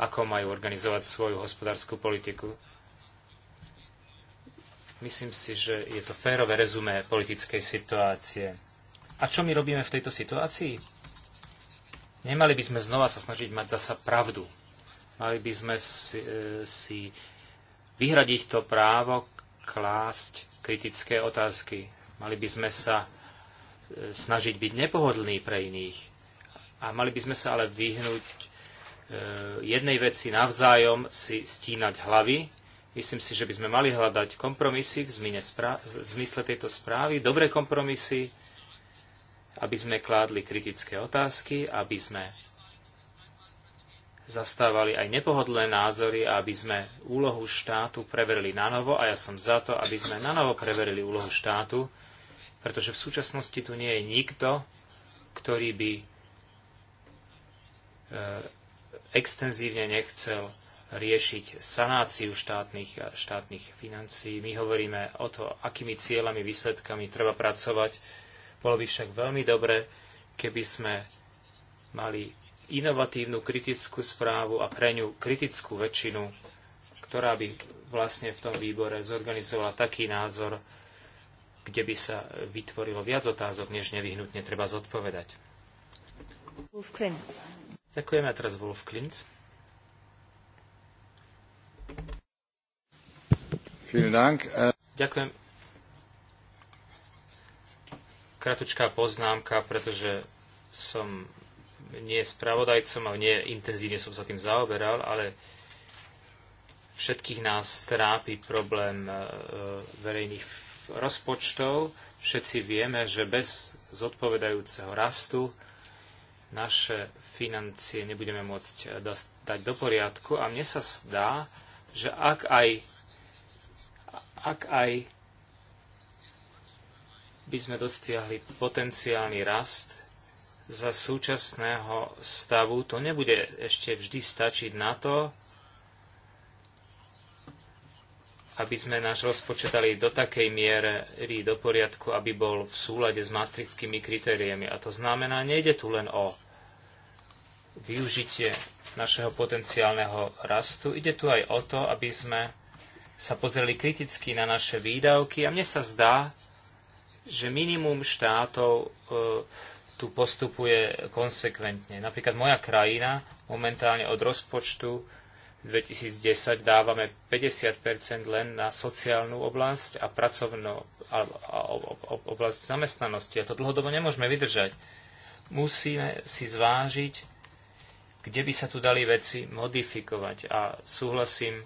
Speaker 3: ako majú organizovať svoju hospodárskú politiku, Myslím si, že je to férové rezumé politickej situácie. A čo my robíme v tejto situácii? Nemali by sme znova sa snažiť mať zasa pravdu. Mali by sme si, e, si vyhradiť to právo klásť kritické otázky. Mali by sme sa e, snažiť byť nepohodlní pre iných. A mali by sme sa ale vyhnúť e, jednej veci navzájom si stínať hlavy Myslím si, že by sme mali hľadať kompromisy v, v zmysle tejto správy, dobré kompromisy, aby sme kládli kritické otázky, aby sme zastávali aj nepohodlné názory a aby sme úlohu štátu preverili na novo a ja som za to, aby sme na novo preverili úlohu štátu, pretože v súčasnosti tu nie je nikto, ktorý by e, extenzívne nechcel riešiť sanáciu štátnych, štátnych financií. My hovoríme o to, akými cieľami, výsledkami treba pracovať. Bolo by však veľmi dobre, keby sme mali inovatívnu kritickú správu a pre ňu kritickú väčšinu, ktorá by vlastne v tom výbore zorganizovala taký názor, kde by sa vytvorilo viac otázok, než nevyhnutne treba zodpovedať. Ďakujeme teraz Wolf Klinc. Äh, Ďakujem. Kratučká poznámka, pretože som nie spravodajcom a nie intenzívne som sa tým zaoberal, ale všetkých nás trápi problém e, verejných rozpočtov. Všetci vieme, že bez zodpovedajúceho rastu naše financie nebudeme môcť dať do poriadku a mne sa zdá, že ak aj, ak aj by sme dostiahli potenciálny rast za súčasného stavu, to nebude ešte vždy stačiť na to, aby sme náš rozpočet dali do takej miery do poriadku, aby bol v súlade s maastrickými kritériami. A to znamená, nejde tu len o využitie našeho potenciálneho rastu. Ide tu aj o to, aby sme sa pozreli kriticky na naše výdavky a mne sa zdá, že minimum štátov e, tu postupuje konsekventne. Napríklad moja krajina momentálne od rozpočtu 2010 dávame 50 len na sociálnu oblasť a pracovnú a, a, a, oblasť zamestnanosti. A to dlhodobo nemôžeme vydržať. Musíme si zvážiť kde by sa tu dali veci modifikovať. A súhlasím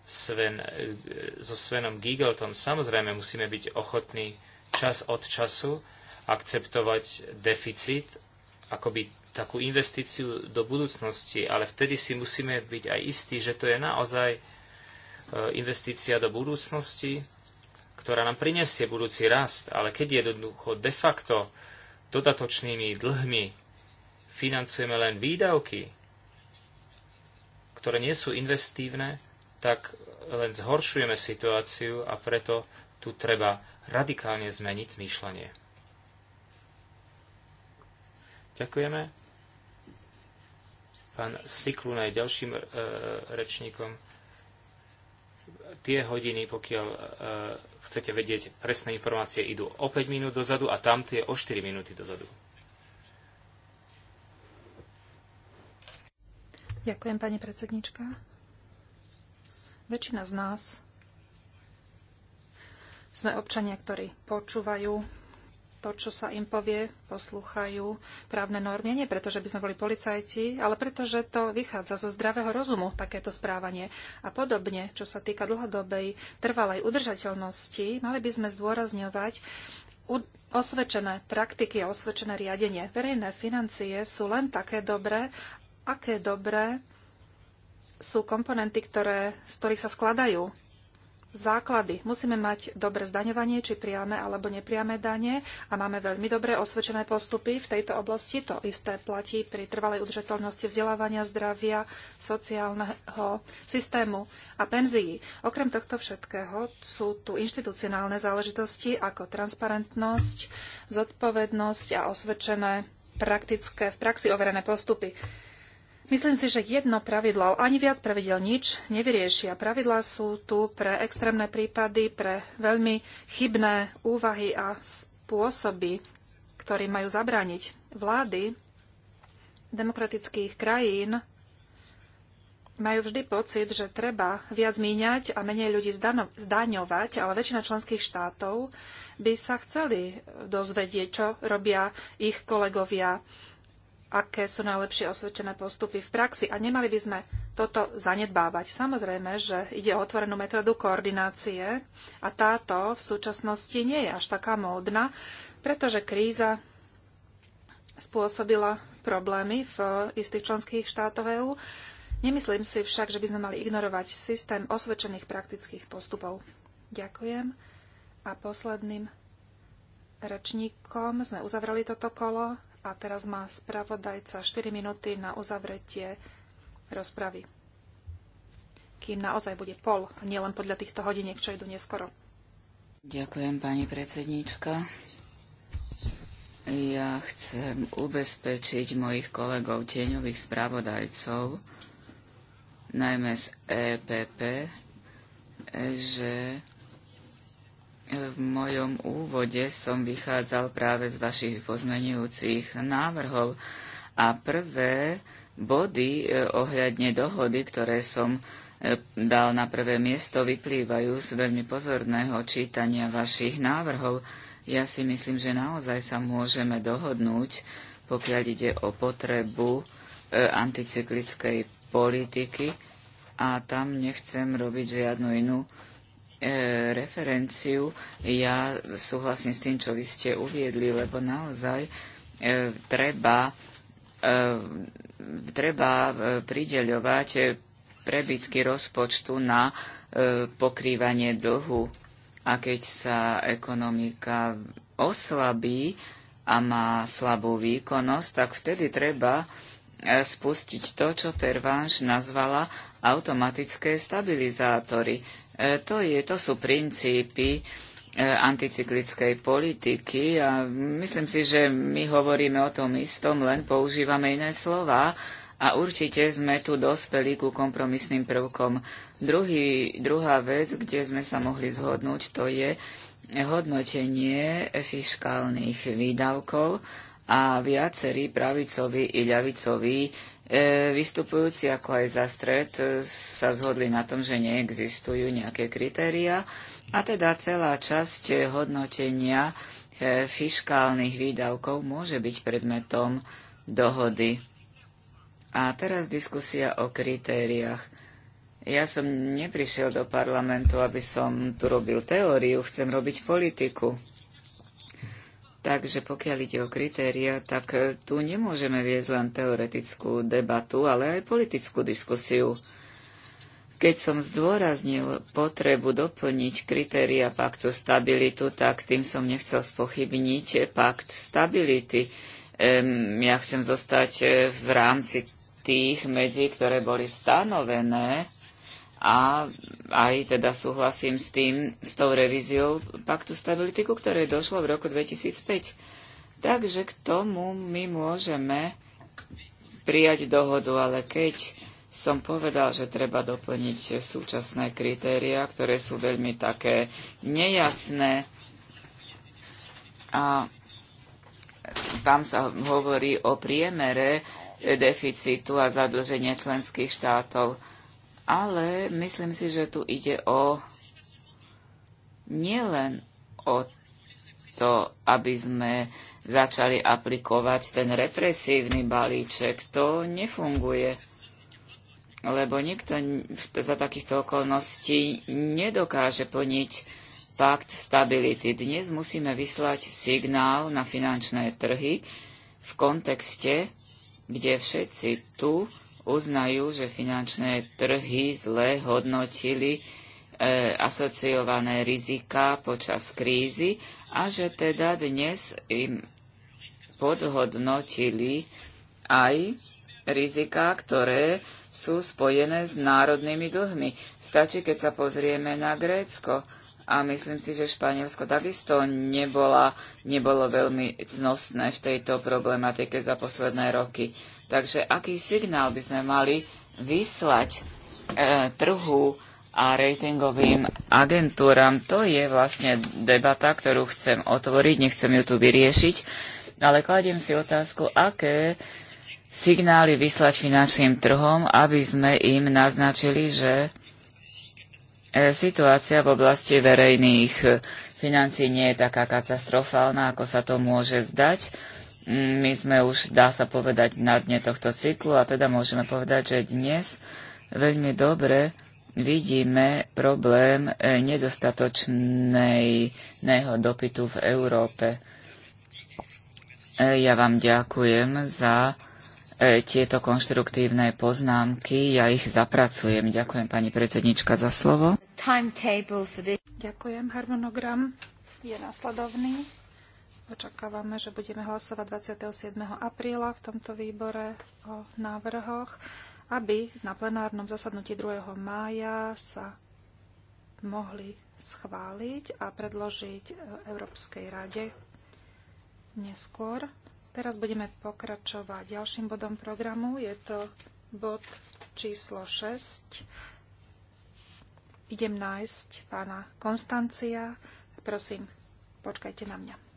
Speaker 3: Sven, e, so Svenom Gigeltom, samozrejme musíme byť ochotní čas od času akceptovať deficit, akoby takú investíciu do budúcnosti, ale vtedy si musíme byť aj istí, že to je naozaj e, investícia do budúcnosti, ktorá nám prinesie budúci rast, ale keď je jednoducho de facto dodatočnými dlhmi financujeme len výdavky, ktoré nie sú investívne, tak len zhoršujeme situáciu a preto tu treba radikálne zmeniť zmýšľanie. Ďakujeme. Pán Sikluna je ďalším e, rečníkom. Tie hodiny, pokiaľ e, chcete vedieť presné informácie, idú o 5 minút dozadu a tam tie o 4 minúty dozadu.
Speaker 1: Ďakujem, pani predsednička. Väčšina z nás sme občania, ktorí počúvajú to, čo sa im povie, poslúchajú právne normy. Nie preto, že by sme boli policajti, ale preto, že to vychádza zo zdravého rozumu, takéto správanie. A podobne, čo sa týka dlhodobej trvalej udržateľnosti, mali by sme zdôrazňovať osvedčené praktiky a osvedčené riadenie. Verejné financie sú len také dobré, aké dobré sú komponenty, ktoré, z ktorých sa skladajú základy. Musíme mať dobre zdaňovanie, či priame alebo nepriame dane a máme veľmi dobre osvedčené postupy v tejto oblasti. To isté platí pri trvalej udržateľnosti vzdelávania, zdravia, sociálneho systému a penzií. Okrem tohto všetkého sú tu inštitucionálne záležitosti ako transparentnosť, zodpovednosť a osvedčené praktické, v praxi overené postupy. Myslím si, že jedno pravidlo, ani viac pravidel nič nevyriešia. Pravidlá sú tu pre extrémne prípady, pre veľmi chybné úvahy a spôsoby, ktoré majú zabrániť vlády demokratických krajín majú vždy pocit, že treba viac míňať a menej ľudí zdaňovať, ale väčšina členských štátov by sa chceli dozvedieť, čo robia ich kolegovia aké sú najlepšie osvedčené postupy v praxi a nemali by sme toto zanedbávať. Samozrejme, že ide o otvorenú metódu koordinácie a táto v súčasnosti nie je až taká módna, pretože kríza spôsobila problémy v istých členských štátoch EÚ. Nemyslím si však, že by sme mali ignorovať systém osvedčených praktických postupov. Ďakujem. A posledným rečníkom sme uzavreli toto kolo a teraz má spravodajca 4 minúty na uzavretie rozpravy. Kým naozaj bude pol, nielen podľa týchto hodiniek, čo idú neskoro.
Speaker 2: Ďakujem, pani predsednička. Ja chcem ubezpečiť mojich kolegov tieňových spravodajcov, najmä z EPP, že v mojom úvode som vychádzal práve z vašich pozmenujúcich návrhov a prvé body e, ohľadne dohody, ktoré som e, dal na prvé miesto, vyplývajú z veľmi pozorného čítania vašich návrhov. Ja si myslím, že naozaj sa môžeme dohodnúť, pokiaľ ide o potrebu e, anticyklickej politiky a tam nechcem robiť žiadnu inú E, referenciu. Ja súhlasím s tým, čo vy ste uviedli, lebo naozaj e, treba, e, treba prideľovať prebytky rozpočtu na pokrývanie dlhu. A keď sa ekonomika oslabí a má slabú výkonnosť, tak vtedy treba spustiť to, čo Pervanš nazvala automatické stabilizátory E, to, je, to sú princípy e, anticyklickej politiky a myslím si, že my hovoríme o tom istom, len používame iné slova a určite sme tu dospeli ku kompromisným prvkom. Druhý, druhá vec, kde sme sa mohli zhodnúť, to je hodnotenie fiskálnych výdavkov a viacerí pravicoví i ľavicoví E, vystupujúci ako aj za stred e, sa zhodli na tom, že neexistujú nejaké kritéria a teda celá časť hodnotenia e, fiskálnych výdavkov môže byť predmetom dohody. A teraz diskusia o kritériách. Ja som neprišiel do parlamentu, aby som tu robil teóriu, chcem robiť politiku. Takže pokiaľ ide o kritéria, tak e, tu nemôžeme viesť len teoretickú debatu, ale aj politickú diskusiu. Keď som zdôraznil potrebu doplniť kritéria paktu stabilitu, tak tým som nechcel spochybniť pakt stability. Ehm, ja chcem zostať e, v rámci tých medzi, ktoré boli stanovené a aj teda súhlasím s tým, s tou revíziou paktu stability, ku ktorej došlo v roku 2005. Takže k tomu my môžeme prijať dohodu, ale keď som povedal, že treba doplniť súčasné kritéria, ktoré sú veľmi také nejasné a tam sa hovorí o priemere deficitu a zadlženia členských štátov ale myslím si, že tu ide o nielen o to, aby sme začali aplikovať ten represívny balíček. To nefunguje, lebo nikto za takýchto okolností nedokáže plniť pakt stability. Dnes musíme vyslať signál na finančné trhy v kontexte, kde všetci tu uznajú, že finančné trhy zle hodnotili e, asociované rizika počas krízy a že teda dnes im podhodnotili aj rizika, ktoré sú spojené s národnými dlhmi. Stačí, keď sa pozrieme na Grécko a myslím si, že Španielsko takisto nebola, nebolo veľmi cnostné v tejto problematike za posledné roky. Takže aký signál by sme mali vyslať e, trhu a ratingovým agentúram? To je vlastne debata, ktorú chcem otvoriť, nechcem ju tu vyriešiť, ale kladiem si otázku, aké signály vyslať finančným trhom, aby sme im naznačili, že e, situácia v oblasti verejných e, financí nie je taká katastrofálna, ako sa to môže zdať my sme už, dá sa povedať, na dne tohto cyklu a teda môžeme povedať, že dnes veľmi dobre vidíme problém eh, nedostatočného dopytu v Európe. Eh, ja vám ďakujem za eh, tieto konštruktívne poznámky. Ja ich zapracujem. Ďakujem pani predsednička za slovo.
Speaker 1: Ďakujem. Harmonogram je nasledovný. Očakávame, že budeme hlasovať 27. apríla v tomto výbore o návrhoch, aby na plenárnom zasadnutí 2. mája sa mohli schváliť a predložiť e, Európskej rade neskôr. Teraz budeme pokračovať ďalším bodom programu. Je to bod číslo 6 idem nájsť pána Konstancia. Prosím, počkajte na mňa.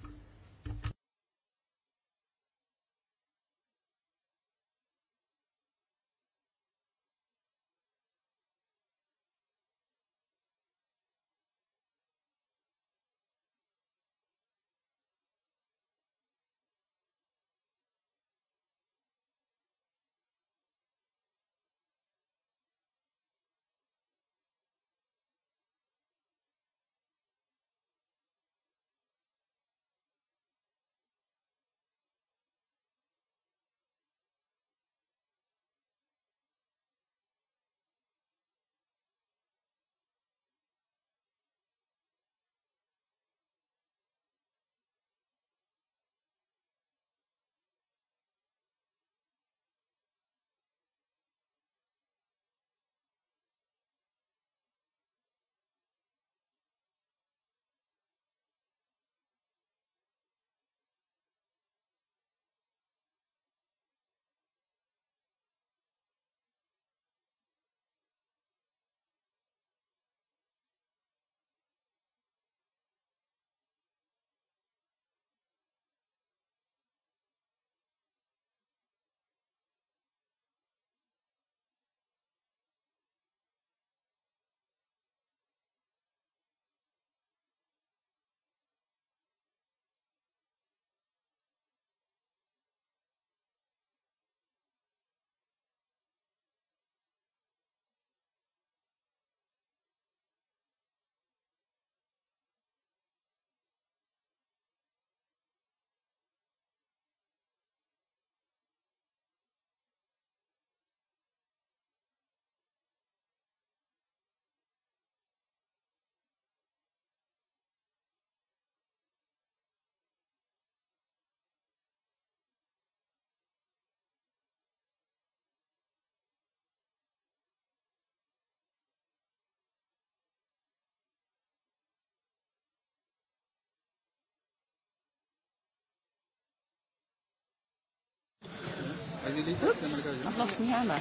Speaker 2: Oops,
Speaker 1: lost my hammer.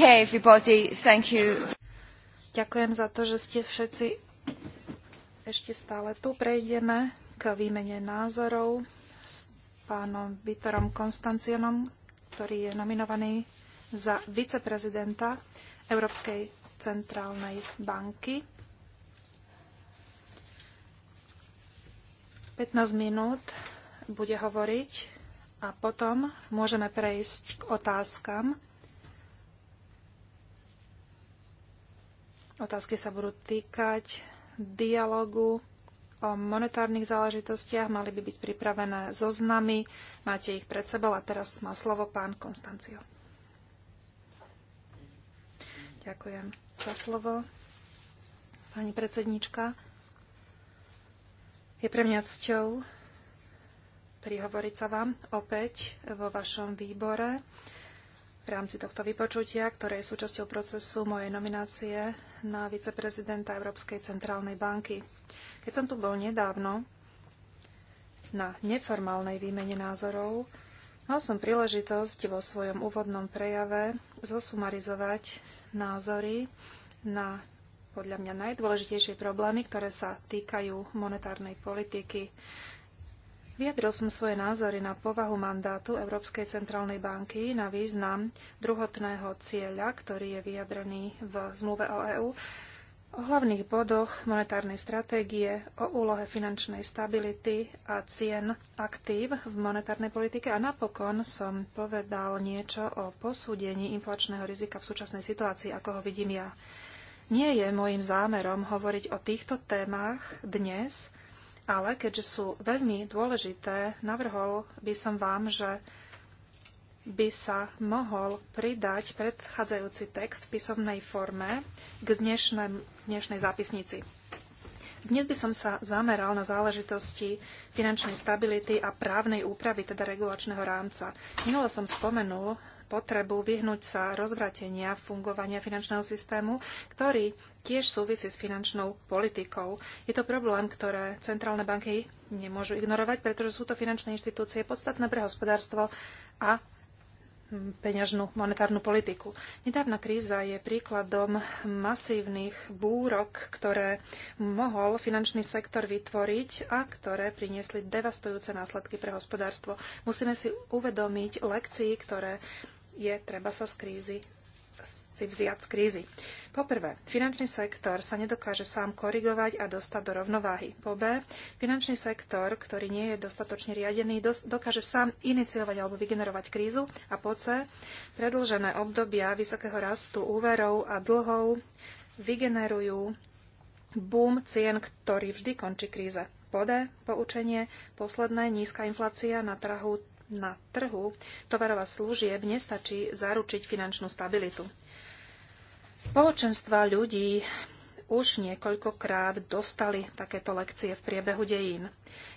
Speaker 1: everybody, thank you. Ďakujem za to, že ste všetci ešte stále tu. Prejdeme k výmene názorov s pánom Vitorom Konstancionom, ktorý je nominovaný za viceprezidenta Európskej centrálnej banky. 15 minút bude hovoriť a potom môžeme prejsť k otázkam. Otázky sa budú týkať dialogu o monetárnych záležitostiach. Mali by byť pripravené zoznamy. Máte ich pred sebou a teraz má slovo pán Konstancio. Ďakujem za slovo. Pani predsednička, je pre mňa cťou prihovoriť sa vám opäť vo vašom výbore v rámci tohto vypočutia, ktoré je súčasťou procesu mojej nominácie na viceprezidenta Európskej centrálnej banky. Keď som tu bol nedávno na neformálnej výmene názorov, mal som príležitosť vo svojom úvodnom prejave zosumarizovať názory na podľa mňa najdôležitejšie problémy, ktoré sa týkajú monetárnej politiky. Vyjadril som svoje názory na povahu mandátu Európskej centrálnej banky, na význam druhotného cieľa, ktorý je vyjadrený v zmluve o EÚ, o hlavných bodoch monetárnej stratégie, o úlohe finančnej stability a cien aktív v monetárnej politike a napokon som povedal niečo o posúdení inflačného rizika v súčasnej situácii, ako ho vidím ja. Nie je môjim zámerom hovoriť o týchto témach dnes, ale keďže sú veľmi dôležité, navrhol by som vám, že by sa mohol pridať predchádzajúci text v písomnej forme k dnešnej, dnešnej zápisnici. Dnes by som sa zameral na záležitosti finančnej stability a právnej úpravy, teda regulačného rámca. Minule som spomenul, potrebu vyhnúť sa rozvratenia fungovania finančného systému, ktorý tiež súvisí s finančnou politikou. Je to problém, ktoré centrálne banky nemôžu ignorovať, pretože sú to finančné inštitúcie podstatné pre hospodárstvo a peňažnú monetárnu politiku. Nedávna kríza je príkladom masívnych búrok, ktoré mohol finančný sektor vytvoriť a ktoré priniesli devastujúce následky pre hospodárstvo. Musíme si uvedomiť lekcii, ktoré je treba sa z krízy si vziať z krízy. Poprvé, finančný sektor sa nedokáže sám korigovať a dostať do rovnováhy. Po B, finančný sektor, ktorý nie je dostatočne riadený, dokáže sám iniciovať alebo vygenerovať krízu. A po C, predlžené obdobia vysokého rastu úverov a dlhov vygenerujú boom cien, ktorý vždy končí kríze. Po D, poučenie, posledné nízka inflácia na trhu na trhu tovarov a služieb nestačí zaručiť finančnú stabilitu. Spoločenstva ľudí už niekoľkokrát dostali takéto lekcie v priebehu dejín.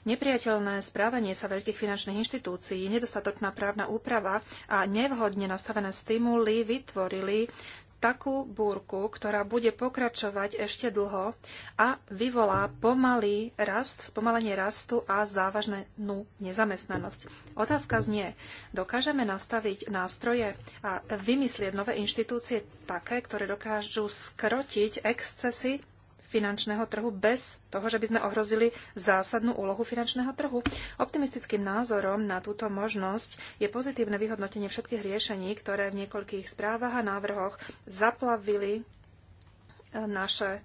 Speaker 1: Nepriateľné správanie sa veľkých finančných inštitúcií, nedostatočná právna úprava a nevhodne nastavené stimuly vytvorili takú búrku, ktorá bude pokračovať ešte dlho a vyvolá pomalý rast, spomalenie rastu a závažnú nezamestnanosť. Otázka znie, dokážeme nastaviť nástroje a vymyslieť nové inštitúcie také, ktoré dokážu skrotiť excesy finančného trhu bez toho, že by sme ohrozili zásadnú úlohu finančného trhu. Optimistickým názorom na túto možnosť je pozitívne vyhodnotenie všetkých riešení, ktoré v niekoľkých správach a návrhoch zaplavili e, naše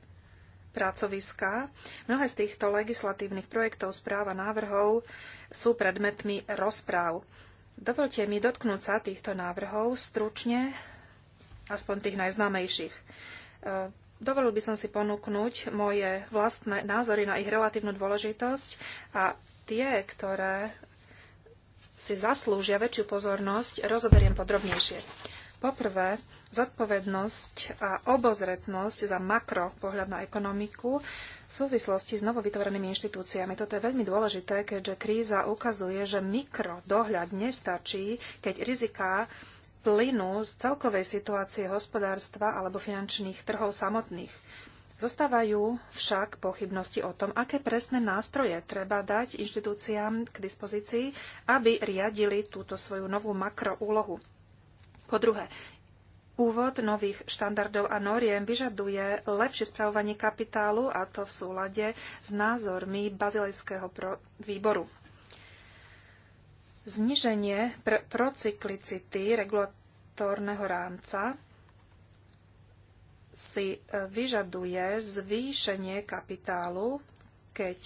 Speaker 1: pracoviská. Mnohé z týchto legislatívnych projektov, správ a návrhov sú predmetmi rozpráv. Dovolte mi dotknúť sa týchto návrhov stručne, aspoň tých najznámejších. E, Dovolil by som si ponúknuť moje vlastné názory na ich relatívnu dôležitosť a tie, ktoré si zaslúžia väčšiu pozornosť, rozoberiem podrobnejšie. Poprvé, zodpovednosť a obozretnosť za makro pohľad na ekonomiku v súvislosti s novovytvorenými inštitúciami. Toto je veľmi dôležité, keďže kríza ukazuje, že mikro dohľad nestačí, keď riziká plynu z celkovej situácie hospodárstva alebo finančných trhov samotných. Zostávajú však pochybnosti o tom, aké presné nástroje treba dať inštitúciám k dispozícii, aby riadili túto svoju novú makroúlohu. Po druhé, úvod nových štandardov a noriem vyžaduje lepšie spravovanie kapitálu, a to v súlade s názormi Bazilejského výboru zniženie pr- procyklicity regulatórneho rámca si e, vyžaduje zvýšenie kapitálu, keď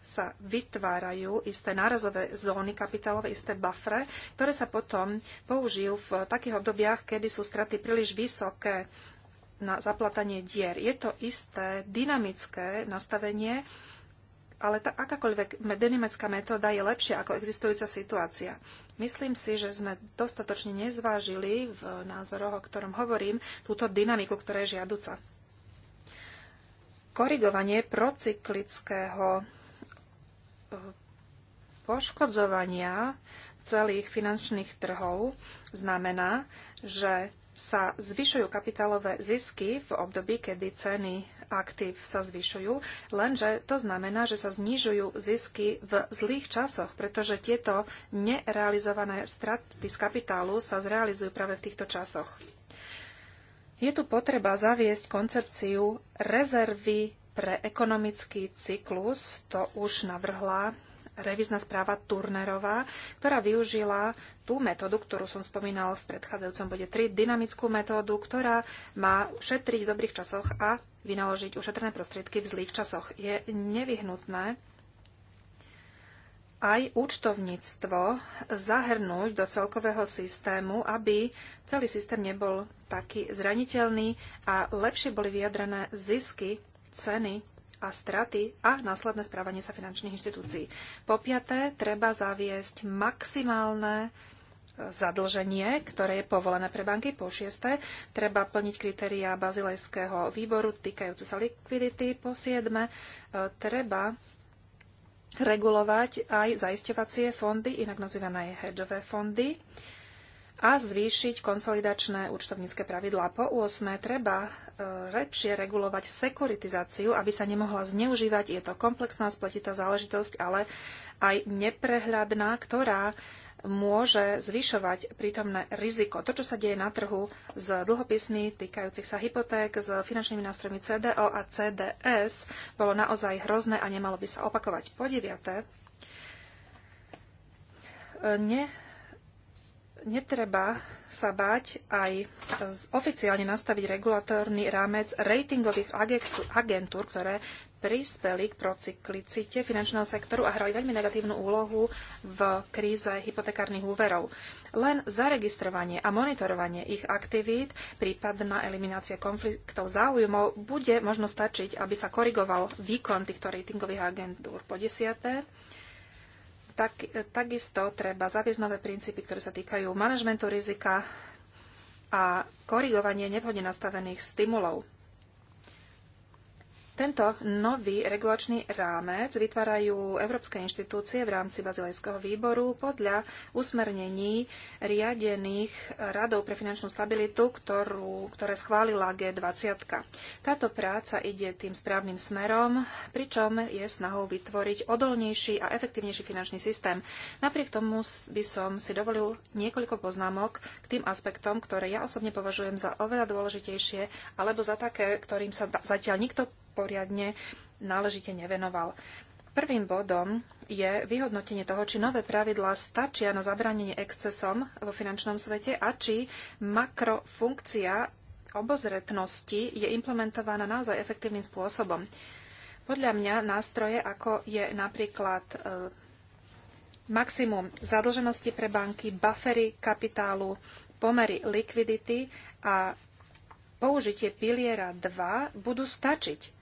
Speaker 1: sa vytvárajú isté nárazové zóny kapitálové, isté bafre, ktoré sa potom použijú v takých obdobiach, kedy sú straty príliš vysoké na zaplatanie dier. Je to isté dynamické nastavenie, ale tá akákoľvek denimecká metóda je lepšia ako existujúca situácia. Myslím si, že sme dostatočne nezvážili v názoroch, o ktorom hovorím, túto dynamiku, ktorá je žiaduca. Korigovanie procyklického e, poškodzovania celých finančných trhov znamená, že sa zvyšujú kapitálové zisky v období, kedy ceny aktív sa zvyšujú, lenže to znamená, že sa znižujú zisky v zlých časoch, pretože tieto nerealizované straty z kapitálu sa zrealizujú práve v týchto časoch. Je tu potreba zaviesť koncepciu rezervy pre ekonomický cyklus, to už navrhla revizná správa Turnerová, ktorá využila tú metódu, ktorú som spomínal v predchádzajúcom bode 3, dynamickú metódu, ktorá má šetriť v dobrých časoch a vynaložiť ušetrené prostriedky v zlých časoch. Je nevyhnutné aj účtovníctvo zahrnúť do celkového systému, aby celý systém nebol taký zraniteľný a lepšie boli vyjadrené zisky, ceny a straty a následné správanie sa finančných inštitúcií. Po piaté, treba zaviesť maximálne e, zadlženie, ktoré je povolené pre banky. Po šiesté, treba plniť kritériá bazilejského výboru týkajúce sa likvidity. Po siedme, e, treba regulovať aj zaisťovacie fondy, inak nazývané hedžové fondy a zvýšiť konsolidačné účtovnícke pravidlá. Po 8. treba lepšie regulovať sekuritizáciu, aby sa nemohla zneužívať. Je to komplexná spletitá záležitosť, ale aj neprehľadná, ktorá môže zvyšovať prítomné riziko. To, čo sa deje na trhu s dlhopismi týkajúcich sa hypoték, s finančnými nástrojmi CDO a CDS, bolo naozaj hrozné a nemalo by sa opakovať. Po deviate, ne netreba sa báť aj oficiálne nastaviť regulatórny rámec ratingových agentúr, ktoré prispeli k procyklicite finančného sektoru a hrali veľmi negatívnu úlohu v kríze hypotekárnych úverov. Len zaregistrovanie a monitorovanie ich aktivít, prípadná eliminácia konfliktov záujmov bude možno stačiť, aby sa korigoval výkon týchto ratingových agentúr. Po desiaté, tak, takisto treba zaviesť nové princípy, ktoré sa týkajú manažmentu rizika a korigovanie nevhodne nastavených stimulov. Tento nový regulačný rámec vytvárajú európske inštitúcie v rámci Bazilejského výboru podľa usmernení riadených radov pre finančnú stabilitu, ktorú, ktoré schválila G20. Táto práca ide tým správnym smerom, pričom je snahou vytvoriť odolnejší a efektívnejší finančný systém. Napriek tomu by som si dovolil niekoľko poznámok k tým aspektom, ktoré ja osobne považujem za oveľa dôležitejšie alebo za také, ktorým sa zatiaľ nikto poriadne náležite nevenoval. Prvým bodom je vyhodnotenie toho, či nové pravidlá stačia na zabránenie excesom vo finančnom svete a či makrofunkcia obozretnosti je implementovaná naozaj efektívnym spôsobom. Podľa mňa nástroje, ako je napríklad e, maximum zadlženosti pre banky, buffery kapitálu, pomery likvidity a použitie piliera 2 budú stačiť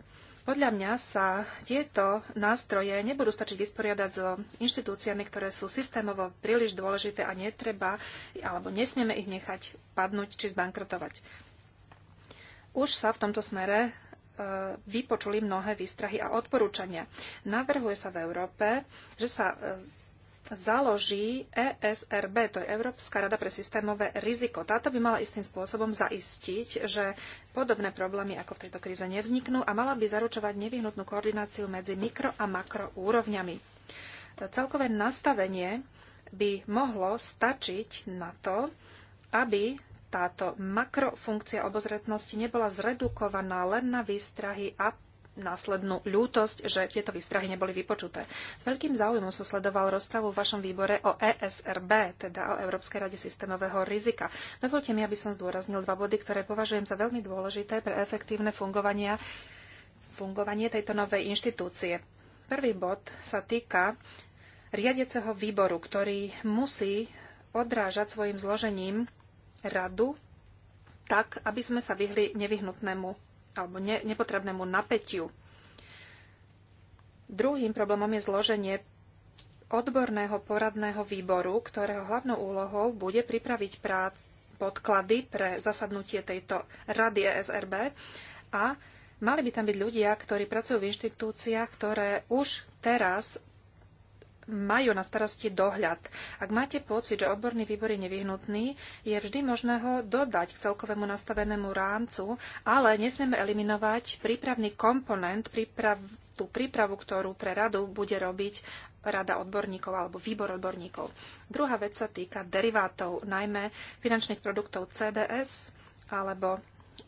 Speaker 1: podľa mňa sa tieto nástroje nebudú stačiť vysporiadať so inštitúciami, ktoré sú systémovo príliš dôležité a netreba alebo nesmieme ich nechať padnúť či zbankrotovať. Už sa v tomto smere e, vypočuli mnohé výstrahy a odporúčania. Navrhuje sa v Európe, že sa e, založí ESRB, to je Európska rada pre systémové riziko. Táto by mala istým spôsobom zaistiť, že podobné problémy ako v tejto kríze nevzniknú a mala by zaručovať nevyhnutnú koordináciu medzi mikro a makro úrovňami. Celkové nastavenie by mohlo stačiť na to, aby táto makrofunkcia obozretnosti nebola zredukovaná len na výstrahy a následnú ľútosť, že tieto výstrahy neboli vypočuté. S veľkým záujmom som sledoval rozpravu v vašom výbore o ESRB, teda o Európskej rade systémového rizika. Dovolte mi, aby som zdôraznil dva body, ktoré považujem za veľmi dôležité pre efektívne fungovania, fungovanie tejto novej inštitúcie. Prvý bod sa týka riadeceho výboru, ktorý musí odrážať svojim zložením radu tak, aby sme sa vyhli nevyhnutnému alebo ne, nepotrebnému napätiu. Druhým problémom je zloženie odborného poradného výboru, ktorého hlavnou úlohou bude pripraviť prác, podklady pre zasadnutie tejto rady ESRB a mali by tam byť ľudia, ktorí pracujú v inštitúciách, ktoré už teraz majú na starosti dohľad. Ak máte pocit, že odborný výbor je nevyhnutný, je vždy možné ho dodať k celkovému nastavenému rámcu, ale nesmieme eliminovať prípravný komponent, príprav, tú prípravu, ktorú pre radu bude robiť rada odborníkov alebo výbor odborníkov. Druhá vec sa týka derivátov, najmä finančných produktov CDS alebo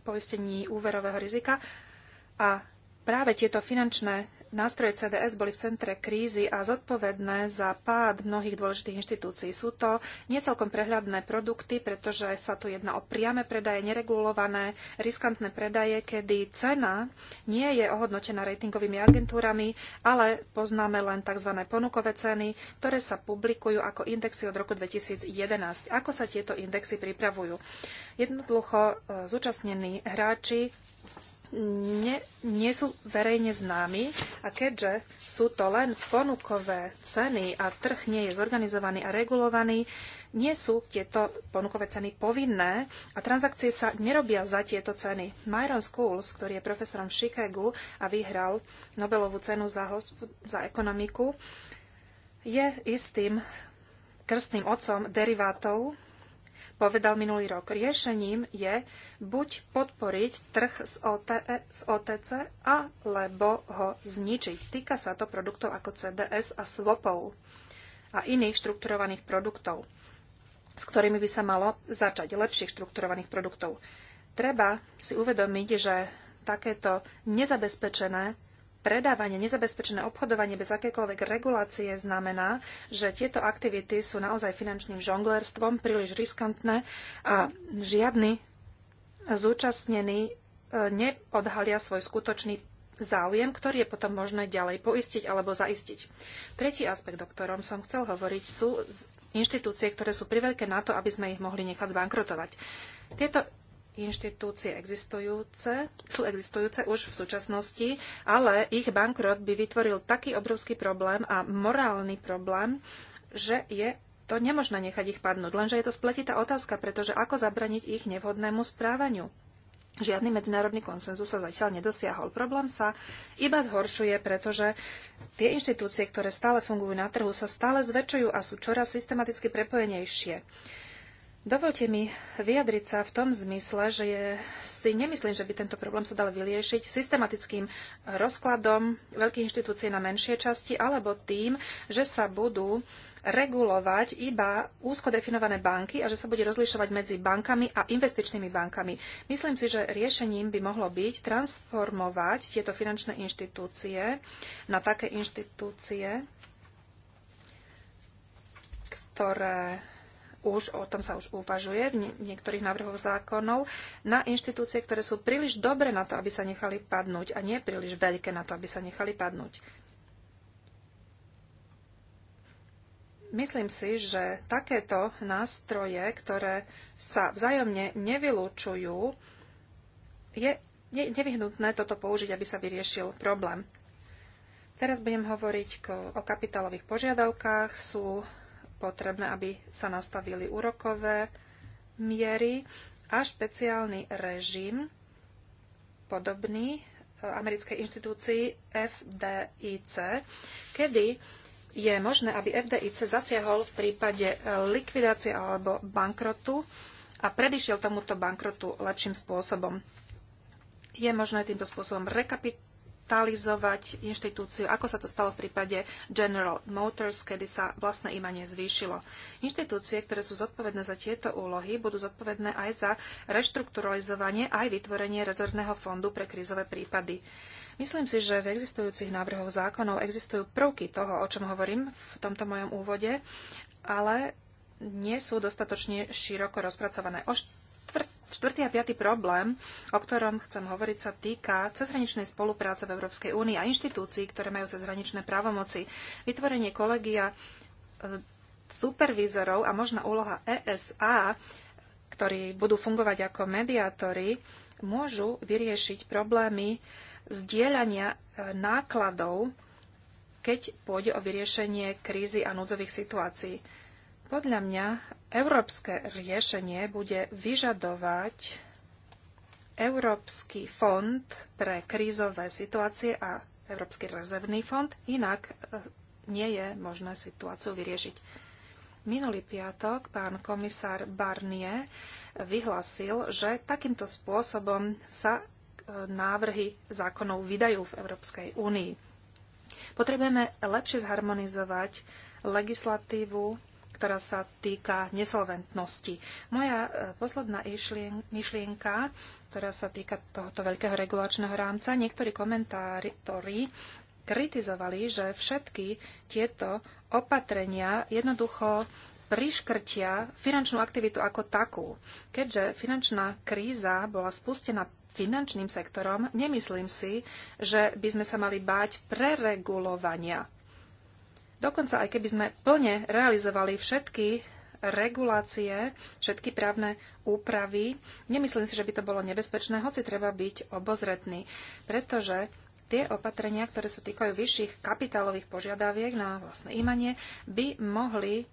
Speaker 1: poistení úverového rizika. A práve tieto finančné nástroje CDS boli v centre krízy a zodpovedné za pád mnohých dôležitých inštitúcií. Sú to niecelkom prehľadné produkty, pretože sa tu jedná o priame predaje, neregulované, riskantné predaje, kedy cena nie je ohodnotená ratingovými agentúrami, ale poznáme len tzv. ponukové ceny, ktoré sa publikujú ako indexy od roku 2011. Ako sa tieto indexy pripravujú? Jednoducho e, zúčastnení hráči ne, nie sú verejne známi a keďže sú to len ponukové ceny a trh nie je zorganizovaný a regulovaný, nie sú tieto ponukové ceny povinné a transakcie sa nerobia za tieto ceny. Myron Schools, ktorý je profesorom v Chicagu a vyhral Nobelovú cenu za, za ekonomiku, je istým krstným otcom derivátov povedal minulý rok. Riešením je buď podporiť trh z OT, z OTC, alebo ho zničiť. Týka sa to produktov ako CDS a swapov a iných štrukturovaných produktov, s ktorými by sa malo začať lepších štrukturovaných produktov. Treba si uvedomiť, že takéto nezabezpečené predávanie, nezabezpečené obchodovanie bez akékoľvek regulácie znamená, že tieto aktivity sú naozaj finančným žonglérstvom, príliš riskantné a žiadny zúčastnený e, neodhalia svoj skutočný záujem, ktorý je potom možné ďalej poistiť alebo zaistiť. Tretí aspekt, o ktorom som chcel hovoriť, sú inštitúcie, ktoré sú priveľké na to, aby sme ich mohli nechať zbankrotovať. Tieto inštitúcie existujúce, sú existujúce už v súčasnosti, ale ich bankrot by vytvoril taký obrovský problém a morálny problém, že je to nemožné nechať ich padnúť. Lenže je to spletitá otázka, pretože ako zabraniť ich nevhodnému správaniu? Žiadny medzinárodný konsenzus sa zatiaľ nedosiahol. Problém sa iba zhoršuje, pretože tie inštitúcie, ktoré stále fungujú na trhu, sa stále zväčšujú a sú čoraz systematicky prepojenejšie. Dovolte mi vyjadriť sa v tom zmysle, že je, si nemyslím, že by tento problém sa dal vyriešiť systematickým rozkladom veľkých inštitúcií na menšie časti alebo tým, že sa budú regulovať iba úzko definované banky a že sa bude rozlišovať medzi bankami a investičnými bankami. Myslím si, že riešením by mohlo byť transformovať tieto finančné inštitúcie na také inštitúcie, ktoré už, o tom sa už uvažuje v niektorých návrhoch zákonov, na inštitúcie, ktoré sú príliš dobre na to, aby sa nechali padnúť a nie príliš veľké na to, aby sa nechali padnúť. Myslím si, že takéto nástroje, ktoré sa vzájomne nevylúčujú, je nevyhnutné toto použiť, aby sa vyriešil problém. Teraz budem hovoriť o kapitálových požiadavkách. Sú potrebné, aby sa nastavili úrokové miery a špeciálny režim podobný e, americkej inštitúcii FDIC, kedy je možné, aby FDIC zasiahol v prípade e, likvidácie alebo bankrotu a predišiel tomuto bankrotu lepším spôsobom. Je možné týmto spôsobom rekapitulovať kapitalizovať inštitúciu, ako sa to stalo v prípade General Motors, kedy sa vlastné imanie zvýšilo. Inštitúcie, ktoré sú zodpovedné za tieto úlohy, budú zodpovedné aj za reštrukturalizovanie aj vytvorenie rezervného fondu pre krízové prípady. Myslím si, že v existujúcich návrhoch zákonov existujú prvky toho, o čom hovorím v tomto mojom úvode, ale nie sú dostatočne široko rozpracované. O Štvrtý a piatý problém, o ktorom chcem hovoriť, sa týka cezhraničnej spolupráce v Európskej únii a inštitúcií, ktoré majú cezhraničné právomoci. Vytvorenie kolegia e, supervízorov a možná úloha ESA, ktorí budú fungovať ako mediátori, môžu vyriešiť problémy zdieľania e, nákladov, keď pôjde o vyriešenie krízy a núdzových situácií. Podľa mňa Európske riešenie bude vyžadovať Európsky fond pre krízové situácie a Európsky rezervný fond, inak e, nie je možné situáciu vyriešiť. Minulý piatok pán komisár Barnier vyhlasil, že takýmto spôsobom sa e, návrhy zákonov vydajú v Európskej únii. Potrebujeme lepšie zharmonizovať legislatívu ktorá sa týka nesolventnosti. Moja e, posledná myšlienka, ktorá sa týka tohoto veľkého regulačného rámca, niektorí komentátori kritizovali, že všetky tieto opatrenia jednoducho priškrtia finančnú aktivitu ako takú. Keďže finančná kríza bola spustená finančným sektorom, nemyslím si, že by sme sa mali báť preregulovania Dokonca aj keby sme plne realizovali všetky regulácie, všetky právne úpravy, nemyslím si, že by to bolo nebezpečné, hoci treba byť obozretný, pretože tie opatrenia, ktoré sa týkajú vyšších kapitálových požiadaviek na vlastné imanie, by mohli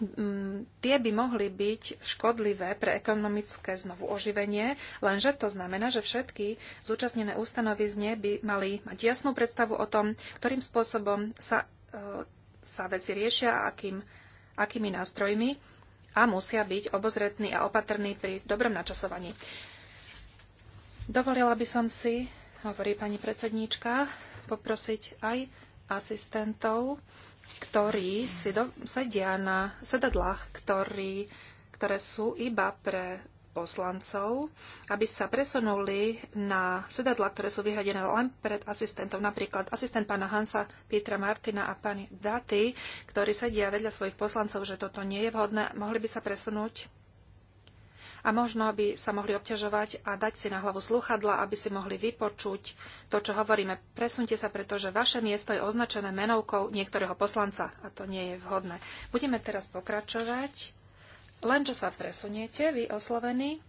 Speaker 1: mm, tie by mohli byť škodlivé pre ekonomické znovu oživenie, lenže to znamená, že všetky zúčastnené ústanovizne by mali mať jasnú predstavu o tom, ktorým spôsobom sa E, sa veci riešia, akým, akými nástrojmi a musia byť obozretní a opatrní pri dobrom načasovaní. Dovolila by som si, hovorí pani predsedníčka, poprosiť aj asistentov, ktorí si do, sedia na sedadlách, ktorí, ktoré sú iba pre poslancov, aby sa presunuli na sedadla, ktoré sú vyhradené len pred asistentov. Napríklad asistent pána Hansa, Pietra Martina a pani Daty, ktorí sedia vedľa svojich poslancov, že toto nie je vhodné, mohli by sa presunúť a možno by sa mohli obťažovať a dať si na hlavu sluchadla, aby si mohli vypočuť to, čo hovoríme. Presunte sa, pretože vaše miesto je označené menovkou niektorého poslanca a to nie je vhodné. Budeme teraz pokračovať len čo sa presuniete, vy oslovení,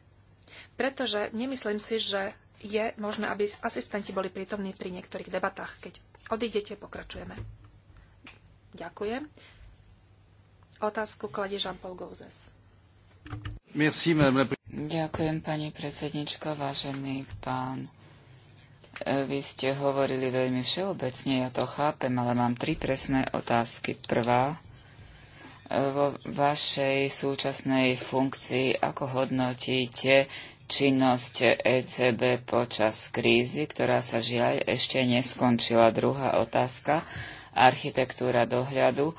Speaker 1: pretože nemyslím si, že je možné, aby asistenti boli prítomní pri niektorých debatách. Keď odídete, pokračujeme. Ďakujem. Otázku kladie Jean-Paul Gouzes.
Speaker 2: Merci, Ďakujem, pani predsednička, vážený pán. E, vy ste hovorili veľmi všeobecne, ja to chápem, ale mám tri presné otázky. Prvá, vo vašej súčasnej funkcii, ako hodnotíte činnosť ECB počas krízy, ktorá sa žiaľ ešte neskončila. Druhá otázka, architektúra dohľadu.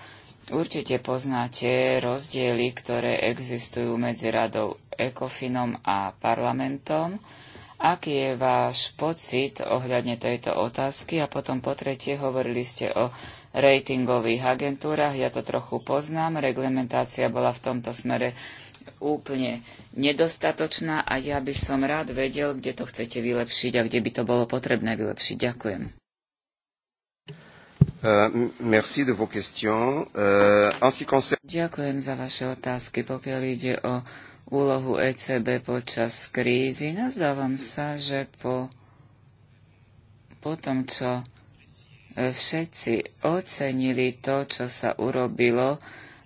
Speaker 2: Určite poznáte rozdiely, ktoré existujú medzi radou ECOFINom a parlamentom. Aký je váš pocit ohľadne tejto otázky? A potom po tretie hovorili ste o ratingových agentúrach. Ja to trochu poznám. Reglementácia bola v tomto smere úplne nedostatočná a ja by som rád vedel, kde to chcete vylepšiť a kde by to bolo potrebné vylepšiť. Ďakujem. Euh, euh, Ďakujem za vaše otázky. Pokiaľ ide o úlohu ECB počas krízy, nazdávam sa, že po, po tom, čo všetci ocenili to, čo sa urobilo,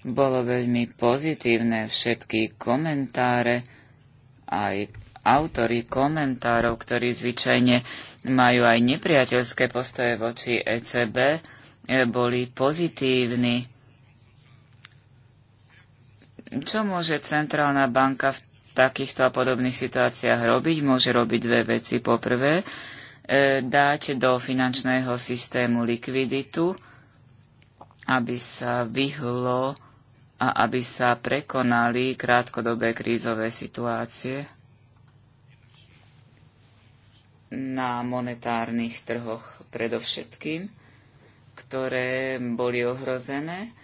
Speaker 2: bolo veľmi pozitívne všetky komentáre, aj autori komentárov, ktorí zvyčajne majú aj nepriateľské postoje voči ECB, eh, boli pozitívni. Čo môže Centrálna banka v takýchto a podobných situáciách robiť? Môže robiť dve veci. Poprvé, E, dať do finančného systému likviditu, aby sa vyhlo a aby sa prekonali krátkodobé krízové situácie na monetárnych trhoch predovšetkým, ktoré boli ohrozené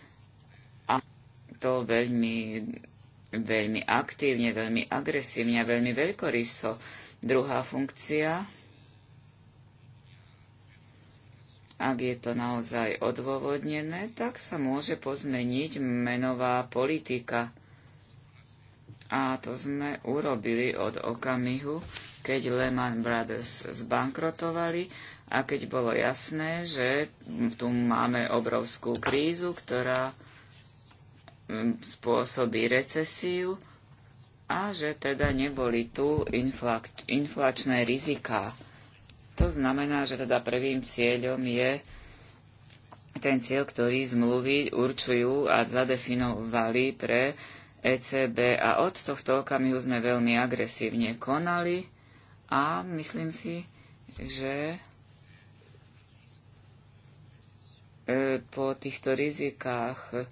Speaker 2: a to veľmi, veľmi aktívne, veľmi agresívne a veľmi veľkoryso. Druhá funkcia Ak je to naozaj odôvodnené, tak sa môže pozmeniť menová politika. A to sme urobili od okamihu, keď Lehman Brothers zbankrotovali a keď bolo jasné, že tu máme obrovskú krízu, ktorá mm, spôsobí recesiu a že teda neboli tu inflačné riziká. To znamená, že teda prvým cieľom je ten cieľ, ktorý zmluvy určujú a zadefinovali pre ECB. A od tohto okamihu sme veľmi agresívne konali a myslím si, že e, po týchto rizikách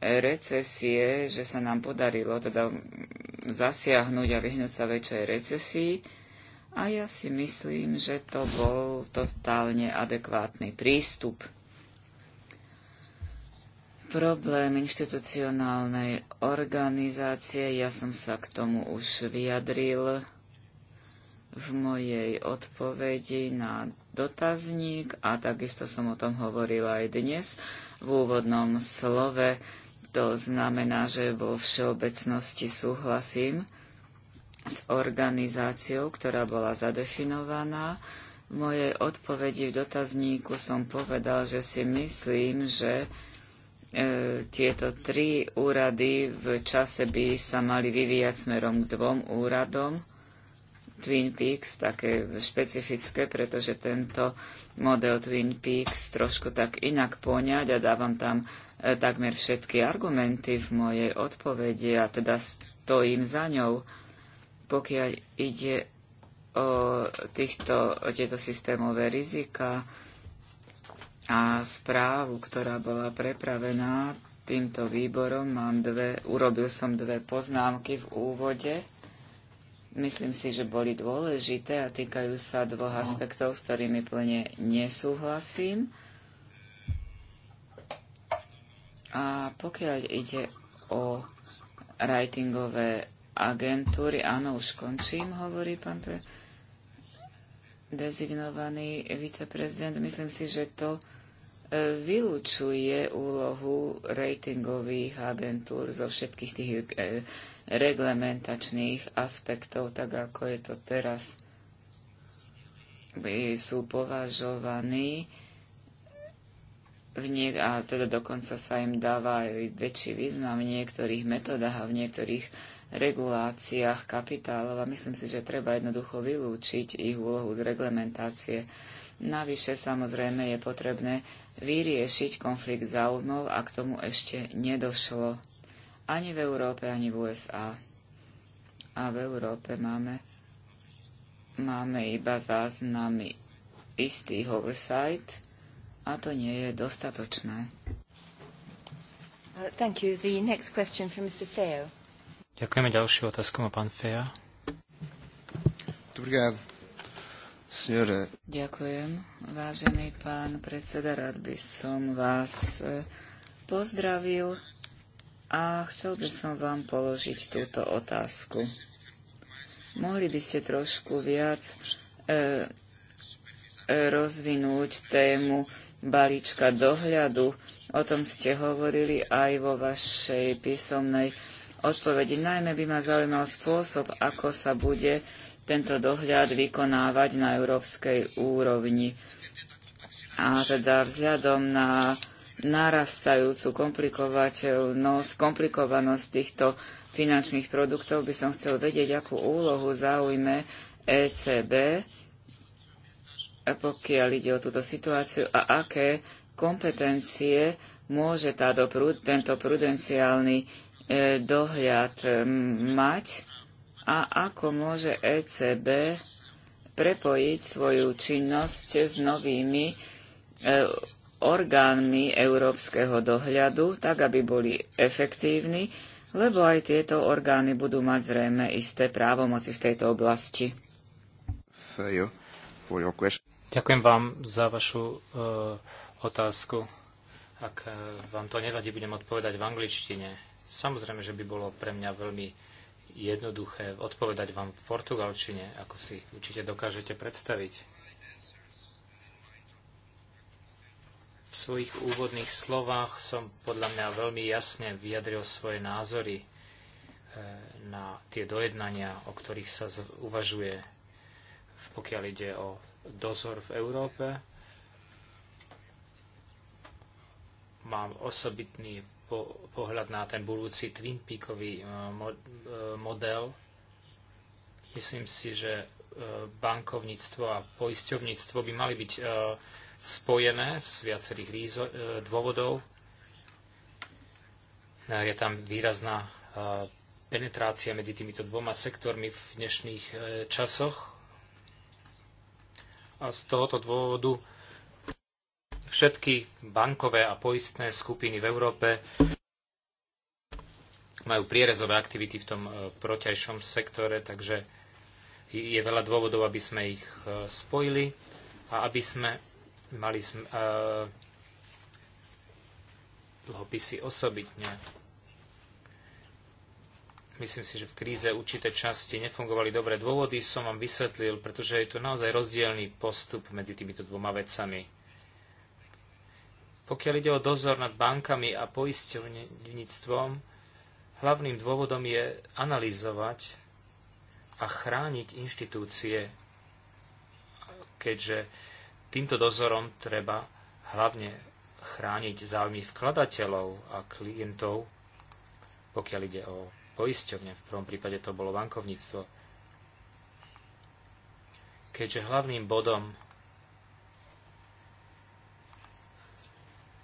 Speaker 2: recesie, že sa nám podarilo teda zasiahnuť a vyhnúť sa väčšej recesii, a ja si myslím, že to bol totálne adekvátny prístup. Problém inštitucionálnej organizácie, ja som sa k tomu už vyjadril v mojej odpovedi na dotazník a takisto som o tom hovorila aj dnes v úvodnom slove. To znamená, že vo všeobecnosti súhlasím s organizáciou, ktorá bola zadefinovaná. V mojej odpovedi v dotazníku som povedal, že si myslím, že e, tieto tri úrady v čase by sa mali vyvíjať smerom k dvom úradom. Twin Peaks, také špecifické, pretože tento model Twin Peaks trošku tak inak poňať a dávam tam e, takmer všetky argumenty v mojej odpovedi a teda stojím za ňou pokiaľ ide o, týchto, o tieto systémové rizika a správu, ktorá bola prepravená týmto výborom, mám dve, urobil som dve poznámky v úvode. Myslím si, že boli dôležité a týkajú sa dvoch no. aspektov, s ktorými plne nesúhlasím. A pokiaľ ide o writingové agentúry. Áno, už končím, hovorí pán pre... dezignovaný viceprezident. Myslím si, že to e, vylúčuje úlohu ratingových agentúr zo všetkých tých e, reglementačných aspektov, tak ako je to teraz. Sú považovaní v niek- a teda dokonca sa im dáva aj väčší význam v niektorých metodách a v niektorých reguláciách kapitálov a myslím si, že treba jednoducho vylúčiť ich úlohu z reglementácie. Navyše samozrejme je potrebné vyriešiť konflikt záujmov a k tomu ešte nedošlo. Ani v Európe, ani v USA. A v Európe máme, máme iba záznamy istý oversight a to nie je dostatočné. Uh, thank you. The next question from Mr. Feo.
Speaker 3: Ďakujeme. Ďalšiu otázku má pán Feja. Dobrý deň.
Speaker 2: Ďakujem. Vážený pán predseda, rád by som vás e, pozdravil a chcel by som vám položiť túto otázku. Mohli by ste trošku viac e, e rozvinúť tému balíčka dohľadu. O tom ste hovorili aj vo vašej písomnej odpovedi. Najmä by ma zaujímal spôsob, ako sa bude tento dohľad vykonávať na európskej úrovni. A teda vzhľadom na narastajúcu komplikovateľnosť, komplikovanosť týchto finančných produktov by som chcel vedieť, akú úlohu zaujme ECB, pokiaľ ide o túto situáciu a aké kompetencie môže táto, tento prudenciálny E, dohľad e, mať a ako môže ECB prepojiť svoju činnosť s novými e, orgánmi európskeho dohľadu, tak aby boli efektívni, lebo aj tieto orgány budú mať zrejme isté právomoci v tejto oblasti.
Speaker 3: Ďakujem vám za vašu uh, otázku. Ak vám to nevadí, budem odpovedať v angličtine Samozrejme, že by bolo pre mňa veľmi jednoduché odpovedať vám v portugalčine, ako si určite dokážete predstaviť. V svojich úvodných slovách som podľa mňa veľmi jasne vyjadril svoje názory e, na tie dojednania, o ktorých sa uvažuje, pokiaľ ide o dozor v Európe. Mám osobitný po, pohľad na ten budúci Twin Peakový e, e, model. Myslím si, že e, bankovníctvo a poisťovníctvo by mali byť spojené z viacerých dôvodov. Je tam výrazná penetrácia medzi týmito dvoma sektormi v dnešných časoch. A z tohoto dôvodu Všetky bankové a poistné skupiny v Európe majú prierezové aktivity v tom e, protiajšom sektore, takže je veľa dôvodov, aby sme ich e, spojili a aby sme mali e, dlhopisy osobitne. Myslím si, že v kríze určité časti nefungovali dobre. Dôvody som vám vysvetlil, pretože je to naozaj rozdielný postup medzi týmito dvoma vecami. Pokiaľ ide o dozor nad bankami a poisťovníctvom, hlavným dôvodom je analyzovať a chrániť inštitúcie, keďže týmto dozorom treba hlavne chrániť záujmy vkladateľov a klientov, pokiaľ ide o poisťovne, v prvom prípade to bolo bankovníctvo. Keďže hlavným bodom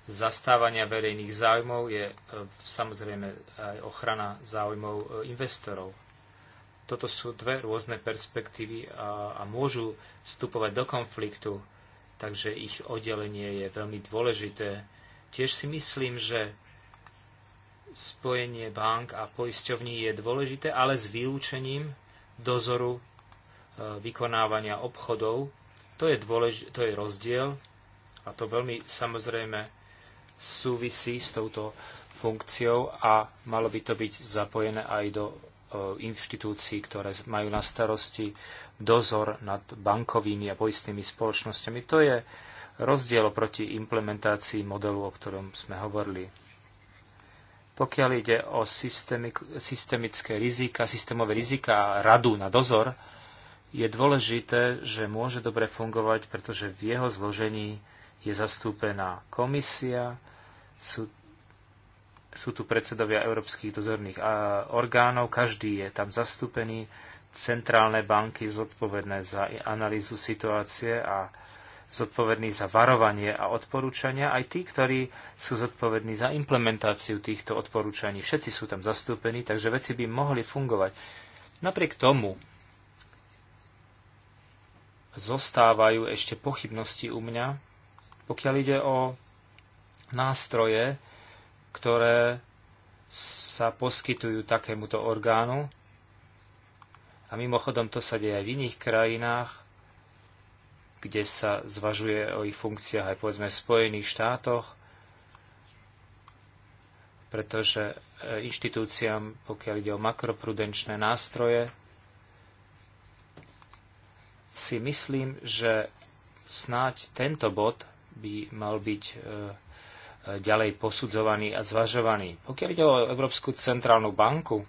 Speaker 3: zastávania verejných záujmov je e, samozrejme aj ochrana záujmov e, investorov. Toto sú dve rôzne perspektívy a, a môžu vstupovať do konfliktu, takže ich oddelenie je veľmi dôležité. Tiež si myslím, že spojenie bank a poisťovní je dôležité, ale s vylúčením dozoru e, vykonávania obchodov. To je, dôlež- to je rozdiel a to veľmi samozrejme súvisí s touto funkciou a malo by to byť zapojené aj do e, inštitúcií, ktoré majú na starosti dozor nad bankovými a poistnými spoločnosťami. To je rozdiel proti implementácii modelu, o ktorom sme hovorili. Pokiaľ ide o systemické rizika, systémové rizika a radu na dozor, je dôležité, že môže dobre fungovať, pretože v jeho zložení je zastúpená komisia, sú, sú tu predsedovia európskych dozorných orgánov, každý je tam zastúpený, centrálne banky zodpovedné za analýzu situácie a zodpovední za varovanie a odporúčania, aj tí, ktorí sú zodpovední za implementáciu týchto odporúčaní. Všetci sú tam zastúpení, takže veci by mohli fungovať. Napriek tomu zostávajú ešte pochybnosti u mňa, pokiaľ ide o nástroje, ktoré sa poskytujú takémuto orgánu, a mimochodom to sa deje aj v iných krajinách, kde sa zvažuje o ich funkciách aj povedzme v Spojených štátoch, pretože e, inštitúciám, pokiaľ ide o makroprudenčné nástroje, si myslím, že snáď tento bod by mal byť e, e, ďalej posudzovaný a zvažovaný. Pokiaľ ide o Európsku centrálnu banku, e,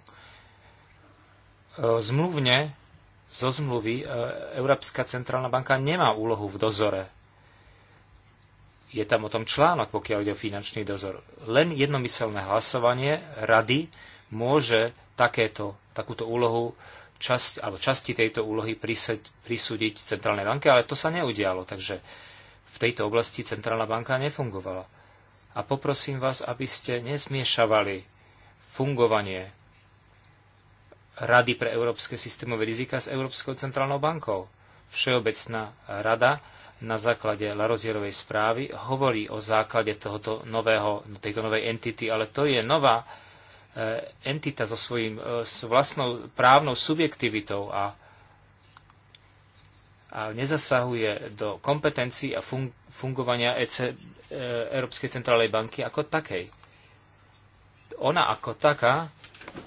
Speaker 3: zmluvne zo zmluvy Európska centrálna banka nemá úlohu v dozore. Je tam o tom článok, pokiaľ ide o finančný dozor. Len jednomyselné hlasovanie rady môže takéto, takúto úlohu časť, alebo časti tejto úlohy prisúdiť Centrálnej banke, ale to sa neudialo. Takže v tejto oblasti centrálna banka nefungovala. A poprosím vás, aby ste nezmiešavali fungovanie Rady pre európske systémové rizika s Európskou centrálnou bankou. Všeobecná rada na základe Larozierovej správy hovorí o základe tohoto nového, tejto novej entity, ale to je nová eh, entita so, svojím, eh, s vlastnou právnou subjektivitou a a nezasahuje do kompetencií a fun- fungovania EC, e, Európskej centrálnej banky ako takej. Ona ako taká,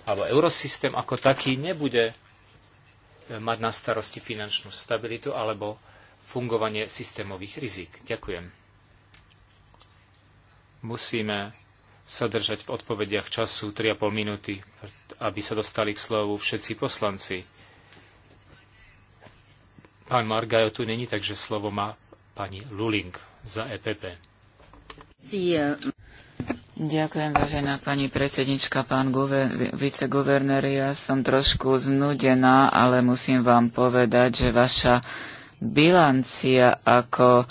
Speaker 3: alebo eurosystém ako taký nebude e, mať na starosti finančnú stabilitu alebo fungovanie systémových rizik. Ďakujem. Musíme sa držať v odpovediach času 3,5 minúty, aby sa dostali k slovu všetci poslanci Pán Margajo tu není, takže slovo má pani Luling za EPP.
Speaker 2: Eh. Ďakujem, vážená pani predsednička, pán guver- viceguvernér. Ja som trošku znudená, ale musím vám povedať, že vaša bilancia ako e,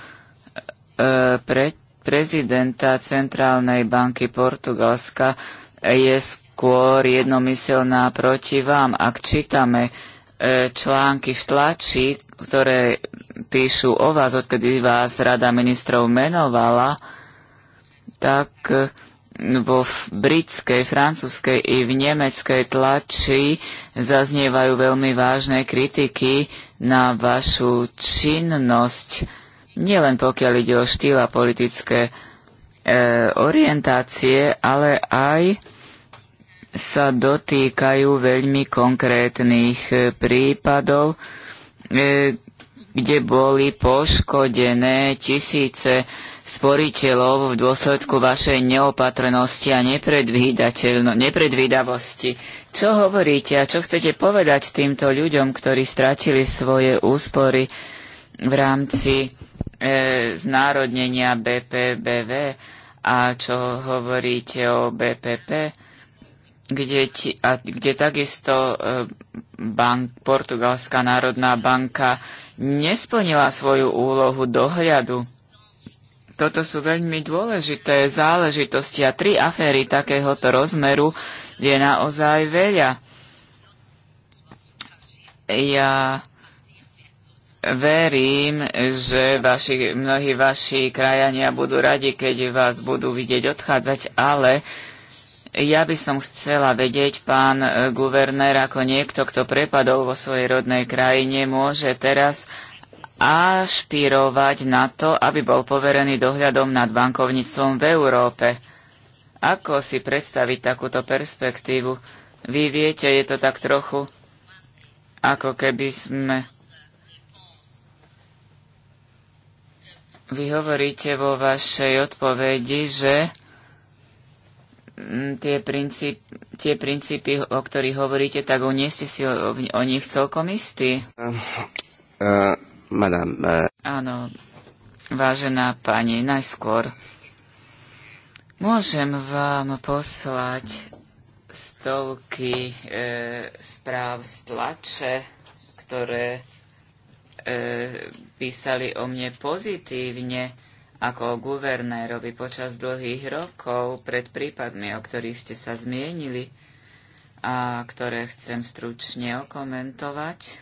Speaker 2: pre, prezidenta Centrálnej banky Portugalska je skôr jednomyselná proti vám. Ak čítame E, články v tlači, ktoré píšu o vás, odkedy vás Rada ministrov menovala, tak e, vo britskej, francúzskej i v nemeckej tlači zaznievajú veľmi vážne kritiky na vašu činnosť, nielen pokiaľ ide o štýl a politické e, orientácie, ale aj sa dotýkajú veľmi konkrétnych e, prípadov, e, kde boli poškodené tisíce sporiteľov v dôsledku vašej neopatrnosti a nepredvídavosti. Čo hovoríte a čo chcete povedať týmto ľuďom, ktorí stratili svoje úspory v rámci e, znárodnenia BPBV a čo hovoríte o BPP? kde, ti, a kde takisto e, bank, Portugalská národná banka nesplnila svoju úlohu dohľadu. Toto sú veľmi dôležité záležitosti a tri aféry takéhoto rozmeru je naozaj veľa. Ja verím, že vaši, mnohí vaši krajania budú radi, keď vás budú vidieť odchádzať, ale uh, ja by som chcela vedieť, pán e, guvernér, ako niekto, kto prepadol vo svojej rodnej krajine, môže teraz ašpirovať na to, aby bol poverený dohľadom nad bankovníctvom v Európe. Ako si predstaviť takúto perspektívu? Vy viete, je to tak trochu ako keby sme... Vy hovoríte vo vašej odpovedi, že tie, princíp, tie princípy, o ktorých hovoríte, tak o nie ste si o, o nich celkom istí. Uh,
Speaker 1: uh, madame, uh...
Speaker 2: Áno, vážená pani, najskôr môžem vám poslať stovky e, správ z tlače, ktoré e, písali o mne pozitívne ako guvernérovi počas dlhých rokov pred prípadmi, o ktorých ste sa zmienili a ktoré chcem stručne okomentovať.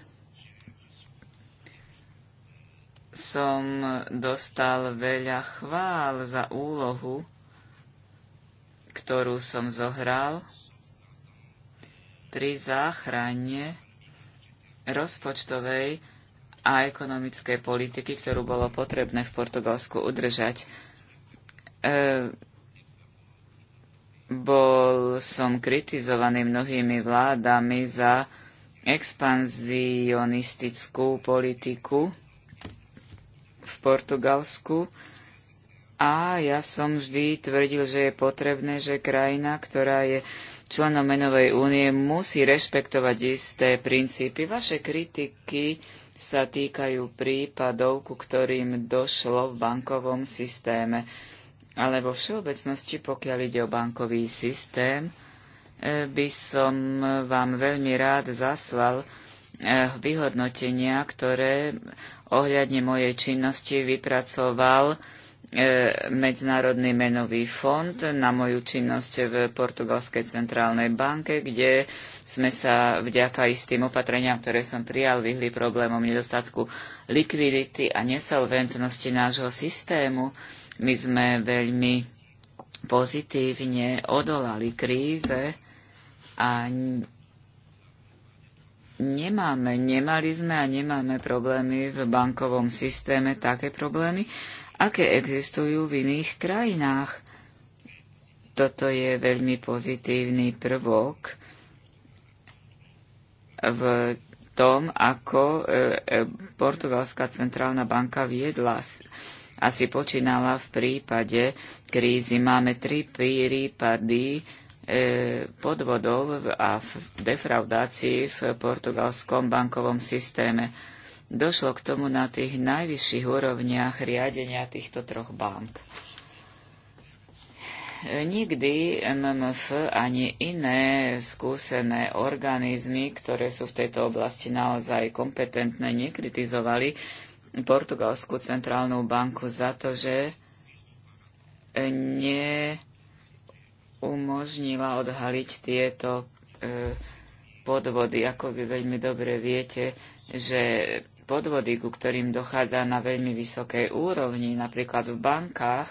Speaker 2: Som dostal veľa chvál za úlohu, ktorú som zohral pri záchrane rozpočtovej a ekonomickej politiky, ktorú bolo potrebné v Portugalsku udržať. E, bol som kritizovaný mnohými vládami za expanzionistickú politiku v Portugalsku a ja som vždy tvrdil, že je potrebné, že krajina, ktorá je členom menovej únie, musí rešpektovať isté princípy. Vaše kritiky sa týkajú prípadov, ku ktorým došlo v bankovom systéme. Ale vo všeobecnosti, pokiaľ ide o bankový systém, e, by som vám veľmi rád zaslal e, vyhodnotenia, ktoré ohľadne mojej činnosti vypracoval E, Medzinárodný menový fond na moju činnosť v Portugalskej centrálnej banke, kde sme sa vďaka istým opatreniam, ktoré som prijal, vyhli problémom nedostatku likvidity a nesolventnosti nášho systému. My sme veľmi pozitívne odolali kríze a nemáme, nemali sme a nemáme problémy v bankovom systéme, také problémy, aké existujú v iných krajinách. Toto je veľmi pozitívny prvok v tom, ako e, e, Portugalská centrálna banka viedla a si počínala v prípade krízy. Máme tri prípady e, podvodov a defraudácií v portugalskom bankovom systéme došlo k tomu na tých najvyšších úrovniach riadenia týchto troch bank. Nikdy MMF ani iné skúsené organizmy, ktoré sú v tejto oblasti naozaj kompetentné, nekritizovali Portugalskú centrálnu banku za to, že neumožnila odhaliť tieto e, podvody. Ako vy veľmi dobre viete, že podvody, ku ktorým dochádza na veľmi vysokej úrovni, napríklad v bankách,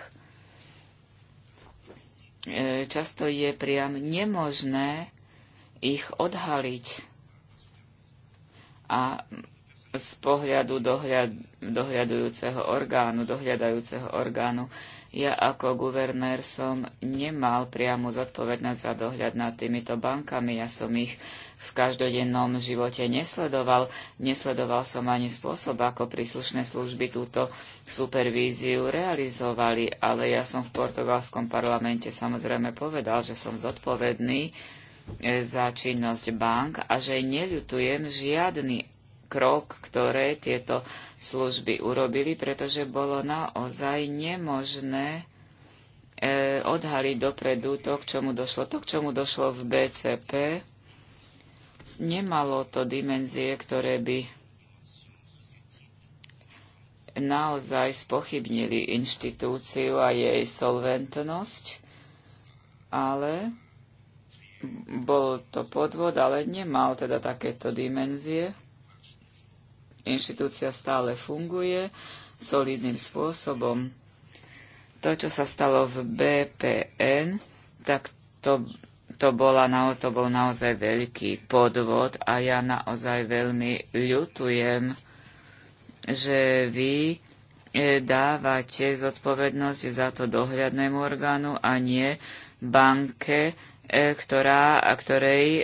Speaker 2: e, často je priam nemožné ich odhaliť. A z pohľadu dohľad, dohľadujúceho orgánu, dohľadajúceho orgánu. Ja ako guvernér som nemal priamu zodpovednosť za dohľad nad týmito bankami. Ja som ich v každodennom živote nesledoval. Nesledoval som ani spôsob, ako príslušné služby túto supervíziu realizovali, ale ja som v portugalskom parlamente samozrejme povedal, že som zodpovedný e, za činnosť bank a že neľutujem žiadny krok, ktoré tieto služby urobili, pretože bolo naozaj nemožné e, odhaliť dopredu to, k čomu došlo. To, k čomu došlo v BCP, Nemalo to dimenzie, ktoré by naozaj spochybnili inštitúciu a jej solventnosť, ale bol to podvod, ale nemal teda takéto dimenzie. Inštitúcia stále funguje solidným spôsobom. To, čo sa stalo v BPN, tak to to, bola, to bol naozaj veľký podvod a ja naozaj veľmi ľutujem, že vy e, dávate zodpovednosť za to dohľadnému orgánu a nie banke, e, ktorá, a ktorej e,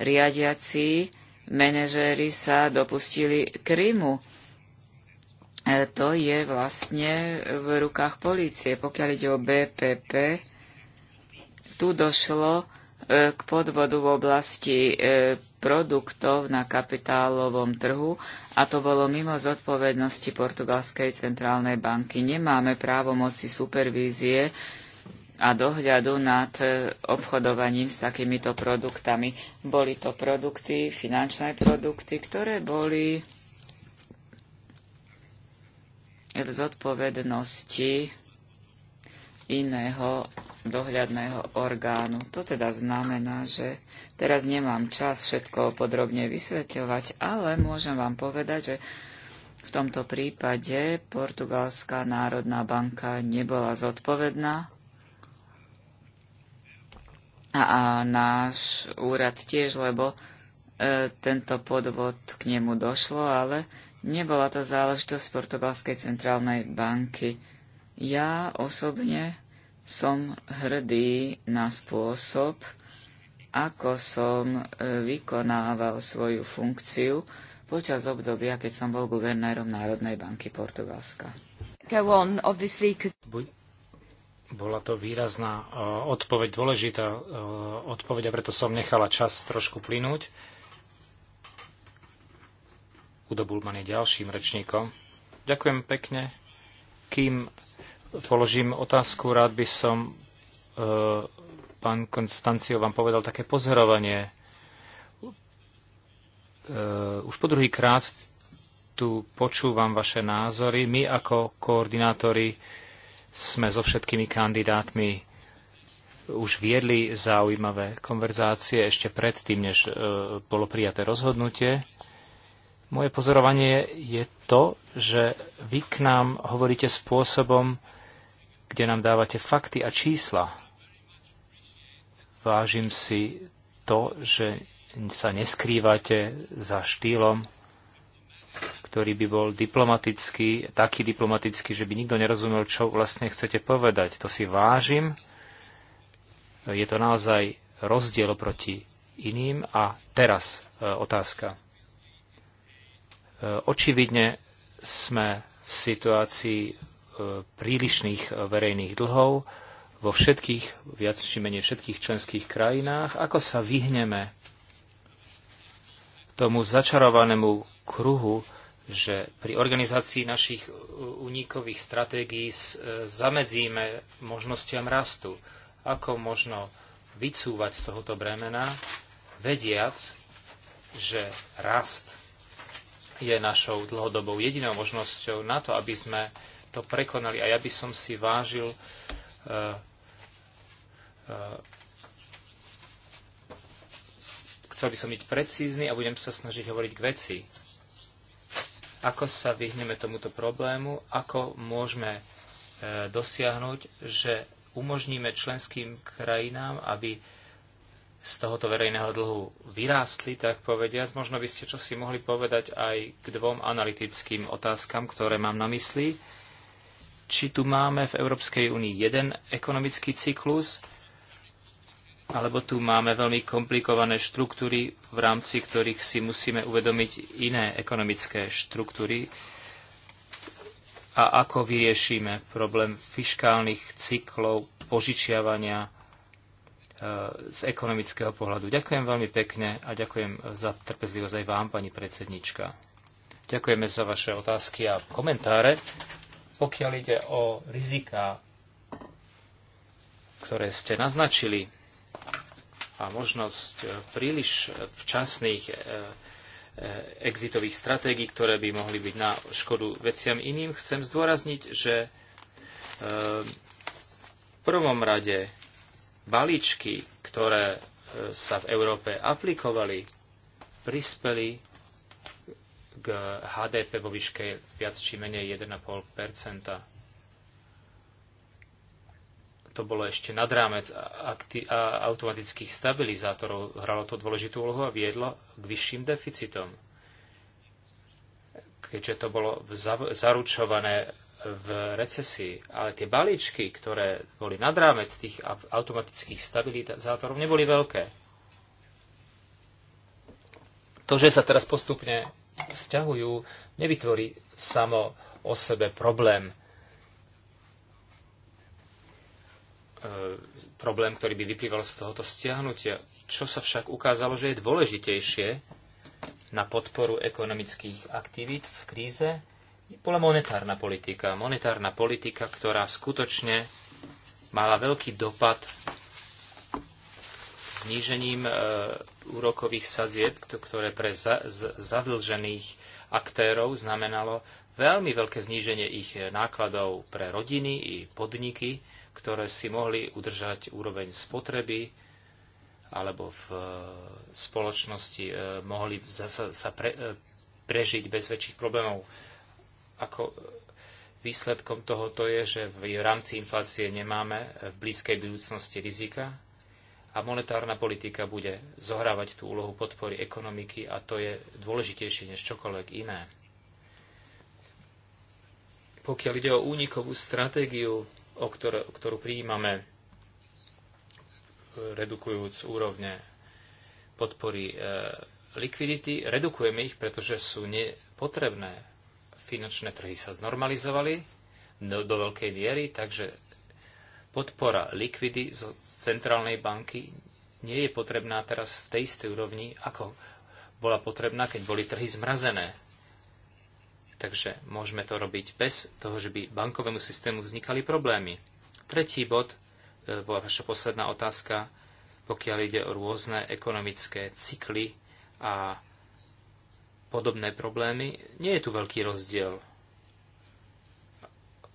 Speaker 2: riadiaci manažéri sa dopustili Krymu. E, to je vlastne v rukách polície. Pokiaľ ide o BPP, tu došlo e, k podvodu v oblasti e, produktov na kapitálovom trhu a to bolo mimo zodpovednosti Portugalskej centrálnej banky. Nemáme právomoci supervízie a dohľadu nad e, obchodovaním s takýmito produktami. Boli to produkty, finančné produkty, ktoré boli v zodpovednosti iného dohľadného orgánu. To teda znamená, že teraz nemám čas všetko podrobne vysvetľovať, ale môžem vám povedať, že v tomto prípade Portugalská národná banka nebola zodpovedná a, a náš úrad tiež, lebo e, tento podvod k nemu došlo, ale nebola to záležitosť Portugalskej centrálnej banky. Ja osobne som hrdý na spôsob, ako som e, vykonával svoju funkciu počas obdobia, keď som bol guvernérom Národnej banky Portugalska.
Speaker 3: Bola to výrazná e, odpoveď, dôležitá e, odpoveď a preto som nechala čas trošku plynúť. Udo Bulman je ďalším rečníkom. Ďakujem pekne. Kým položím otázku, rád by som, e, pán Konstancio, vám povedal také pozorovanie. E, už po druhý krát tu počúvam vaše názory. My ako koordinátori sme so všetkými kandidátmi už viedli zaujímavé konverzácie ešte predtým, než e, bolo prijaté rozhodnutie. Moje pozorovanie je to, že vy k nám hovoríte spôsobom, kde nám dávate fakty a čísla. Vážim si to, že sa neskrývate za štýlom, ktorý by bol diplomatický, taký diplomatický, že by nikto nerozumel, čo vlastne chcete povedať. To si vážim. Je to naozaj rozdiel proti iným. A teraz e, otázka. E, očividne sme v situácii prílišných verejných dlhov vo všetkých, viac či menej všetkých členských krajinách, ako sa vyhneme tomu začarovanému kruhu, že pri organizácii našich unikových stratégií e, zamedzíme možnostiam rastu. Ako možno vycúvať z tohoto bremena, vediac, že rast je našou dlhodobou jedinou možnosťou na to, aby sme to prekonali. A ja by som si vážil uh, uh, chcel by som byť precízny a budem sa snažiť hovoriť k veci. Ako sa vyhneme tomuto problému, ako môžeme e, dosiahnuť, že umožníme členským krajinám, aby z tohoto verejného dlhu vyrástli, tak povediať. Možno by ste čo si mohli povedať aj k dvom analytickým otázkam, ktoré mám na mysli či tu máme v Európskej únii jeden ekonomický cyklus, alebo tu máme veľmi komplikované štruktúry, v rámci ktorých si musíme uvedomiť iné ekonomické štruktúry a ako vyriešime problém fiškálnych cyklov požičiavania e, z ekonomického pohľadu. Ďakujem veľmi pekne a ďakujem za trpezlivosť aj vám, pani predsednička. Ďakujeme za vaše otázky a komentáre. Pokiaľ ide o rizika, ktoré ste naznačili a možnosť e, príliš e, včasných e, exitových stratégií, ktoré by mohli byť na škodu veciam iným, chcem zdôrazniť, že v prvom rade balíčky, ktoré sa v Európe aplikovali, prispeli k HDP vo výške viac či menej 1,5 To bolo ešte nad rámec automatických stabilizátorov. Hralo to dôležitú úlohu a viedlo k vyšším deficitom. Keďže to bolo zaručované v recesii, ale tie balíčky, ktoré boli nad rámec tých automatických stabilizátorov, neboli veľké. To, že sa teraz postupne vzťahujú, nevytvorí samo o sebe problém. E, problém, ktorý by vyplýval z tohoto stiahnutia. Čo sa však ukázalo, že je dôležitejšie na podporu ekonomických aktivít v kríze, bola monetárna politika. Monetárna politika, ktorá skutočne mala veľký dopad snížením e, úrokových sadzieb, ktoré pre zadlžených aktérov znamenalo veľmi veľké zníženie ich e, nákladov pre rodiny i podniky, ktoré si mohli udržať úroveň spotreby alebo v e, spoločnosti mohli zasa, sa pre, prežiť bez väčších problémov. Ako výsledkom tohoto je, že v rámci inflácie nemáme v blízkej budúcnosti rizika, a monetárna politika bude zohrávať tú úlohu podpory ekonomiky a to je dôležitejšie než čokoľvek iné. Pokiaľ ide o únikovú stratégiu, o ktor- ktorú prijímame, redukujúc úrovne podpory e, likvidity, redukujeme ich, pretože sú nepotrebné. Finančné trhy sa znormalizovali do, do veľkej miery, takže Podpora likvidy z centrálnej banky nie je potrebná teraz v tej istej úrovni, ako bola potrebná, keď boli trhy zmrazené. Takže môžeme to robiť bez toho, že by bankovému systému vznikali problémy. Tretí bod e, bola vaša posledná otázka, pokiaľ ide o rôzne ekonomické cykly a podobné problémy. Nie je tu veľký rozdiel.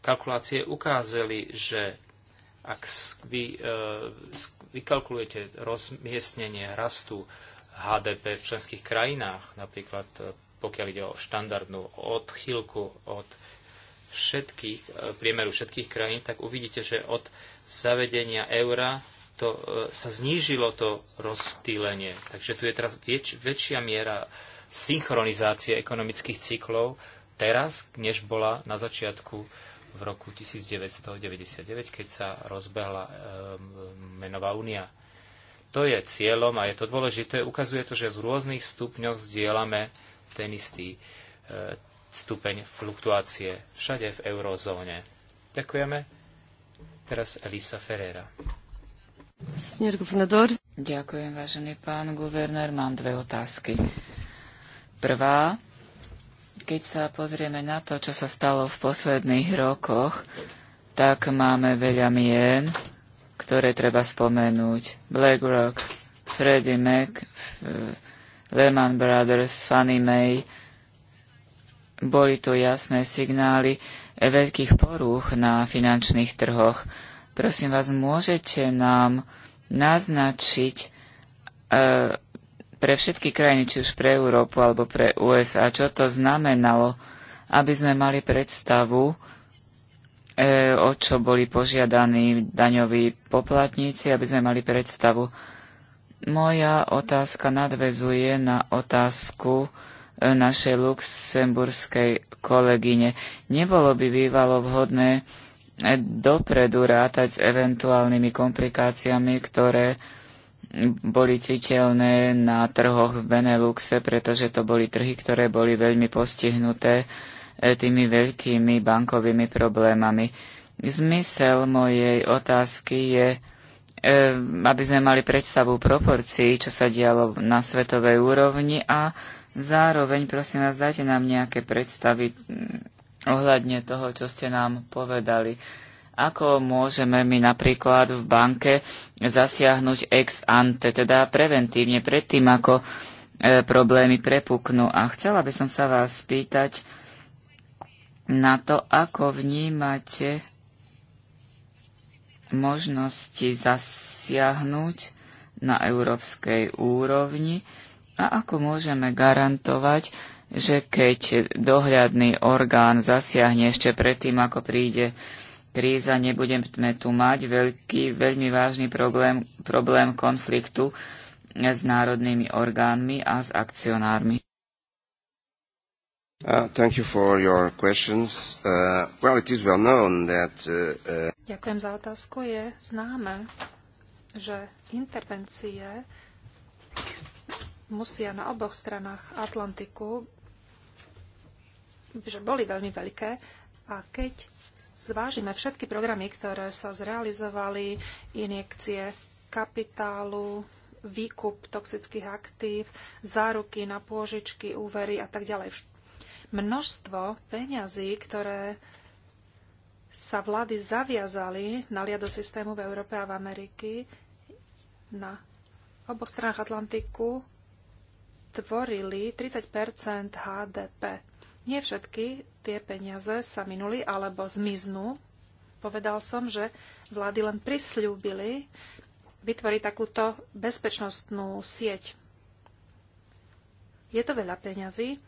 Speaker 3: Kalkulácie ukázali, že ak vy e, vykalkulujete rozmiestnenie rastu HDP v členských krajinách, napríklad e, pokiaľ ide o štandardnú odchýlku od všetkých, e, priemeru všetkých krajín, tak uvidíte, že od zavedenia eura to, sa znížilo to rozptýlenie. Takže tu je teraz väč, väčšia miera synchronizácie ekonomických cyklov teraz, než bola na začiatku v roku 1999, keď sa rozbehla ehm, menová únia. To je cieľom a je to dôležité. Ukazuje to, že v rôznych stupňoch zdieľame ten istý e, stupeň fluktuácie všade v eurozóne. Ďakujeme. Teraz Elisa
Speaker 2: Ferreira. Ďakujem, vážený pán guvernér. Mám dve otázky. Prvá, keď sa pozrieme na to, čo sa stalo v posledných rokoch, tak máme veľa mien, ktoré treba spomenúť. BlackRock, Freddie Mac, eh, Lehman Brothers, Fannie Mae. Boli tu jasné signály veľkých porúch na finančných trhoch. Prosím vás, môžete nám naznačiť, eh, pre všetky krajiny, či už pre Európu alebo pre USA. Čo to znamenalo, aby sme mali predstavu, e, o čo boli požiadaní daňoví poplatníci, aby sme mali predstavu. Moja otázka nadvezuje na otázku e, našej luxemburskej kolegyne. Nebolo by bývalo vhodné e, dopredu rátať s eventuálnymi komplikáciami, ktoré boli citeľné na trhoch v Beneluxe, pretože to boli trhy, ktoré boli veľmi postihnuté e, tými veľkými bankovými problémami. Zmysel mojej otázky je, e, aby sme mali predstavu proporcií, čo sa dialo na svetovej úrovni a zároveň, prosím vás, dajte nám nejaké predstavy mm, ohľadne toho, čo ste nám povedali. Ako môžeme my napríklad v banke zasiahnuť ex ante, teda preventívne predtým, ako e, problémy prepuknú. A chcela by som sa vás spýtať na to, ako vnímate možnosti zasiahnuť na európskej úrovni a ako môžeme garantovať, že keď dohľadný orgán zasiahne ešte predtým, ako príde kríza, nebudeme tu mať veľký, veľmi vážny problém, problém konfliktu s národnými orgánmi a s akcionármi. Uh, uh, uh,
Speaker 1: Ďakujem za otázku. Je známe, že intervencie musia na oboch stranách Atlantiku, že boli veľmi veľké a keď zvážime všetky programy, ktoré sa zrealizovali, injekcie kapitálu, výkup toxických aktív, záruky na pôžičky, úvery a tak ďalej. Množstvo peňazí, ktoré sa vlády zaviazali naliať do systému v Európe a v Ameriky na oboch stranách Atlantiku tvorili 30 HDP. Nie všetky tie peniaze sa minuli alebo zmiznú. Povedal som, že vlády len prisľúbili vytvoriť takúto bezpečnostnú sieť. Je to veľa peňazí.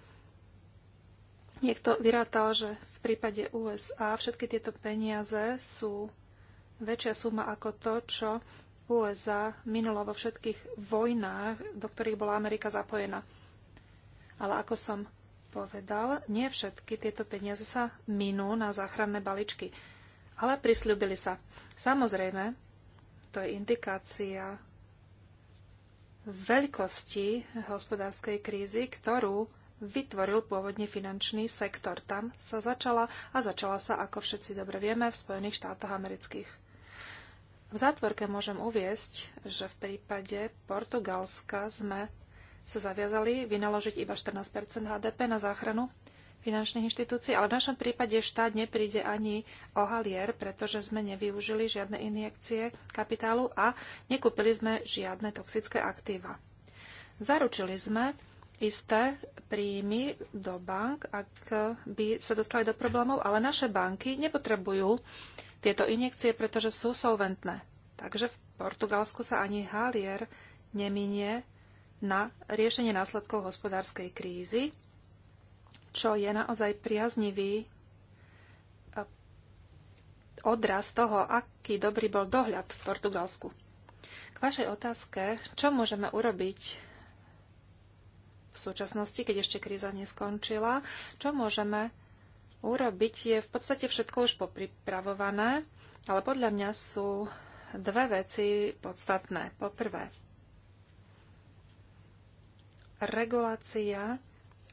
Speaker 1: Niekto vyrátal, že v prípade USA všetky tieto peniaze sú väčšia suma ako to, čo USA minulo vo všetkých vojnách, do ktorých bola Amerika zapojená. Ale ako som povedal, nie všetky tieto peniaze sa minú na záchranné baličky, ale prislúbili sa. Samozrejme, to je indikácia veľkosti hospodárskej krízy, ktorú vytvoril pôvodne finančný sektor. Tam sa začala a začala sa, ako všetci dobre vieme, v Spojených štátoch amerických. V zátvorke môžem uviesť, že v prípade Portugalska sme sa zaviazali vynaložiť iba 14 HDP na záchranu finančných inštitúcií, ale v našom prípade štát nepríde ani o halier, pretože sme nevyužili žiadne injekcie kapitálu a nekúpili sme žiadne toxické aktíva. Zaručili sme isté príjmy do bank, ak by sa dostali do problémov, ale naše banky nepotrebujú tieto injekcie, pretože sú solventné. Takže v Portugalsku sa ani halier neminie na riešenie následkov hospodárskej krízy, čo je naozaj priaznivý e, odraz toho, aký dobrý bol dohľad v Portugalsku. K vašej otázke, čo môžeme urobiť v súčasnosti, keď ešte kríza neskončila, čo môžeme urobiť, je v podstate všetko už popripravované, ale podľa mňa sú dve veci podstatné. Poprvé, regulácia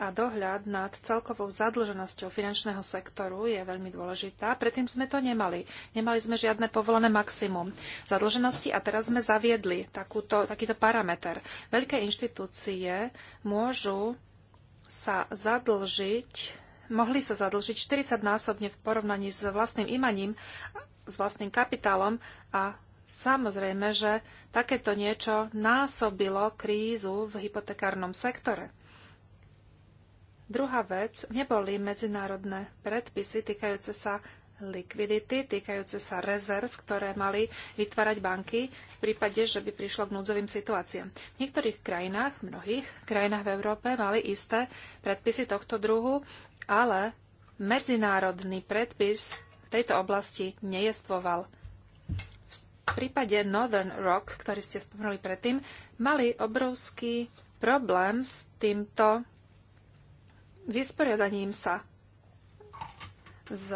Speaker 1: a dohľad nad celkovou zadlženosťou finančného sektoru je veľmi dôležitá. Predtým sme to nemali. Nemali sme žiadne povolené maximum zadlženosti a teraz sme zaviedli takúto, takýto parameter. Veľké inštitúcie môžu sa zadlžiť mohli sa zadlžiť 40-násobne v porovnaní s vlastným imaním, s vlastným kapitálom a Samozrejme, že takéto niečo násobilo krízu v hypotekárnom sektore. Druhá vec, neboli medzinárodné predpisy týkajúce sa likvidity, týkajúce sa rezerv, ktoré mali vytvárať banky v prípade, že by prišlo k núdzovým situáciám. V niektorých krajinách, mnohých krajinách v Európe mali isté predpisy tohto druhu, ale medzinárodný predpis v tejto oblasti nejestvoval prípade Northern Rock, ktorý ste spomenuli predtým, mali obrovský problém s týmto vysporiadaním sa s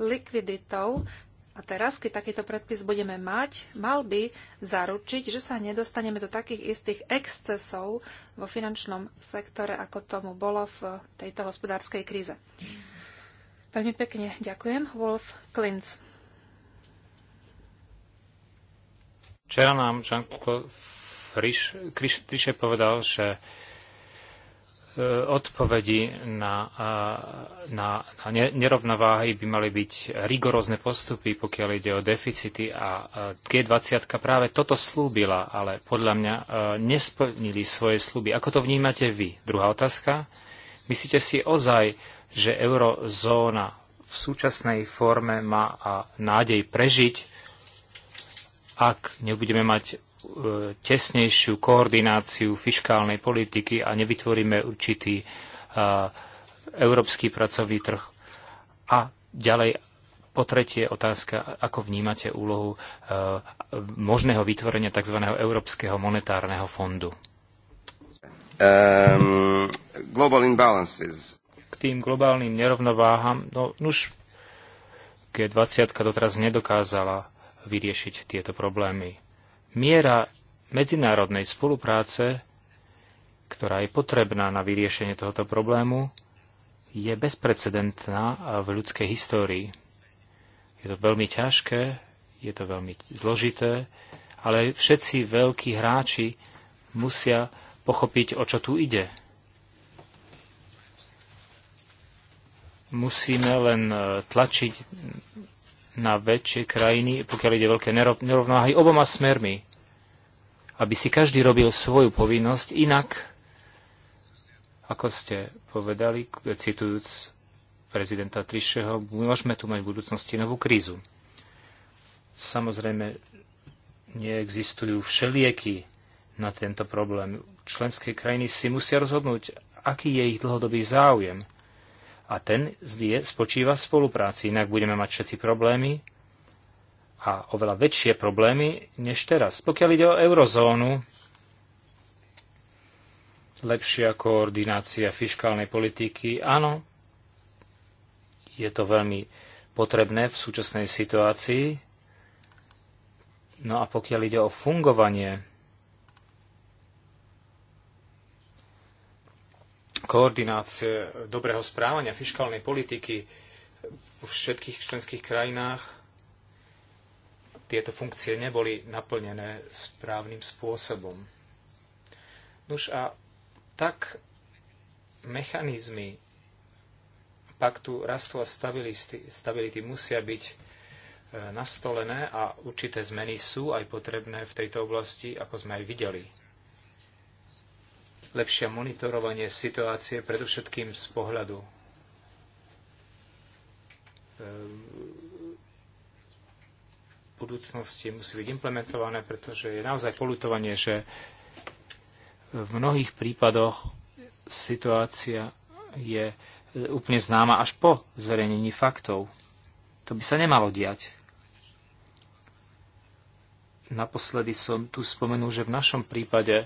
Speaker 1: likviditou. A teraz, keď takýto predpis budeme mať, mal by zaručiť, že sa nedostaneme do takých istých excesov vo finančnom sektore, ako tomu bolo v tejto hospodárskej kríze. Veľmi pekne ďakujem. Wolf Klintz.
Speaker 3: Včera nám Jean-Claude Kriše povedal, že e, odpovedi na, na, na nerovnováhy by mali byť rigorózne postupy, pokiaľ ide o deficity a G20 práve toto slúbila, ale podľa mňa e, nesplnili svoje slúby. Ako to vnímate vy? Druhá otázka. Myslíte si ozaj, že eurozóna v súčasnej forme má nádej prežiť? ak nebudeme mať e, tesnejšiu koordináciu fiškálnej politiky a nevytvoríme určitý e, európsky pracovný trh. A ďalej, po tretie otázka, ako vnímate úlohu e, možného vytvorenia tzv. Európskeho monetárneho fondu?
Speaker 2: Um, global imbalances.
Speaker 3: K tým globálnym nerovnováham, no už G20 doteraz nedokázala vyriešiť tieto problémy. Miera medzinárodnej spolupráce, ktorá je potrebná na vyriešenie tohoto problému, je bezprecedentná v ľudskej histórii. Je to veľmi ťažké, je to veľmi zložité, ale všetci veľkí hráči musia pochopiť, o čo tu ide. Musíme len e, tlačiť na väčšie krajiny, pokiaľ ide veľké nerovnováhy, oboma smermi. Aby si každý robil svoju povinnosť, inak, ako ste povedali, citujúc prezidenta Trišeho, môžeme tu mať v budúcnosti novú krízu. Samozrejme, neexistujú všelieky na tento problém. Členské krajiny si musia rozhodnúť, aký je ich dlhodobý záujem a ten zdie spočíva v spolupráci, inak budeme mať všetci problémy a oveľa väčšie problémy než teraz. Pokiaľ ide o eurozónu, lepšia koordinácia fiškálnej politiky, áno, je to veľmi potrebné v súčasnej situácii. No a pokiaľ ide o fungovanie koordinácie dobrého správania fiskálnej politiky vo všetkých členských krajinách tieto funkcie neboli naplnené správnym spôsobom. Nuž a tak mechanizmy paktu rastu a stability, stability musia byť e, nastolené a určité zmeny sú aj potrebné v tejto oblasti, ako sme aj videli lepšie monitorovanie situácie, predovšetkým z pohľadu V ehm, budúcnosti musí byť implementované, pretože je naozaj polutovanie, že v mnohých prípadoch situácia je e, úplne známa až po zverejnení faktov. To by sa nemalo diať. Naposledy som tu spomenul, že v našom prípade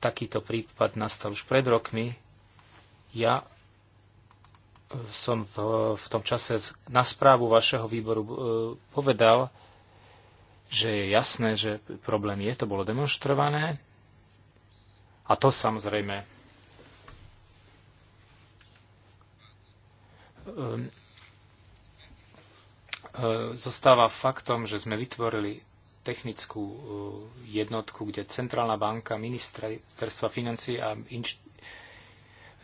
Speaker 3: Takýto prípad nastal už pred rokmi. Ja e, som v, v tom čase na správu vašeho výboru e, povedal, že je jasné, že problém je, to bolo demonstrované. A to samozrejme e, e, zostáva faktom, že sme vytvorili technickú e, jednotku, kde Centrálna banka, ministerstva financí a inš,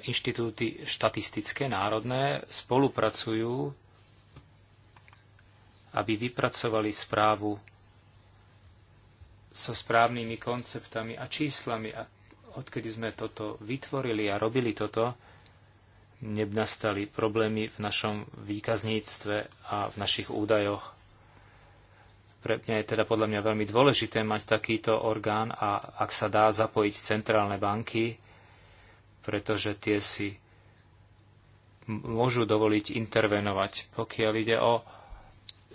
Speaker 3: inštitúty štatistické národné spolupracujú, aby vypracovali správu so správnymi konceptami a číslami. A odkedy sme toto vytvorili a robili toto, nebnastali problémy v našom výkazníctve a v našich údajoch pre mňa je teda podľa mňa veľmi dôležité mať takýto orgán a ak sa dá zapojiť centrálne banky, pretože tie si môžu dovoliť intervenovať. Pokiaľ ide o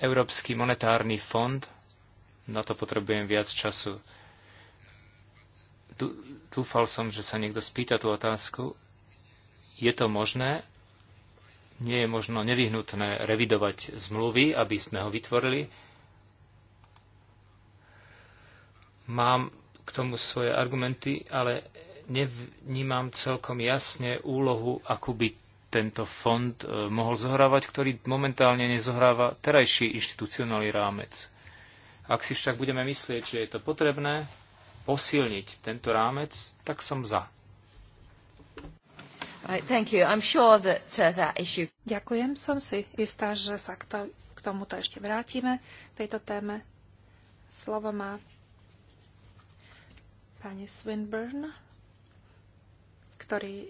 Speaker 3: Európsky monetárny fond, na to potrebujem viac času. Dúfal som, že sa niekto spýta tú otázku. Je to možné? Nie je možno nevyhnutné revidovať zmluvy, aby sme ho vytvorili, Mám k tomu svoje argumenty, ale nevnímam celkom jasne úlohu, akú by tento fond e, mohol zohrávať, ktorý momentálne nezohráva terajší inštitucionálny rámec. Ak si však budeme myslieť, že je to potrebné posilniť tento rámec, tak som za.
Speaker 1: Uh, Ďakujem, som si istá, že sa k, k tomuto ešte vrátime, tejto téme. Slovo má pani Swinburne, ktorý,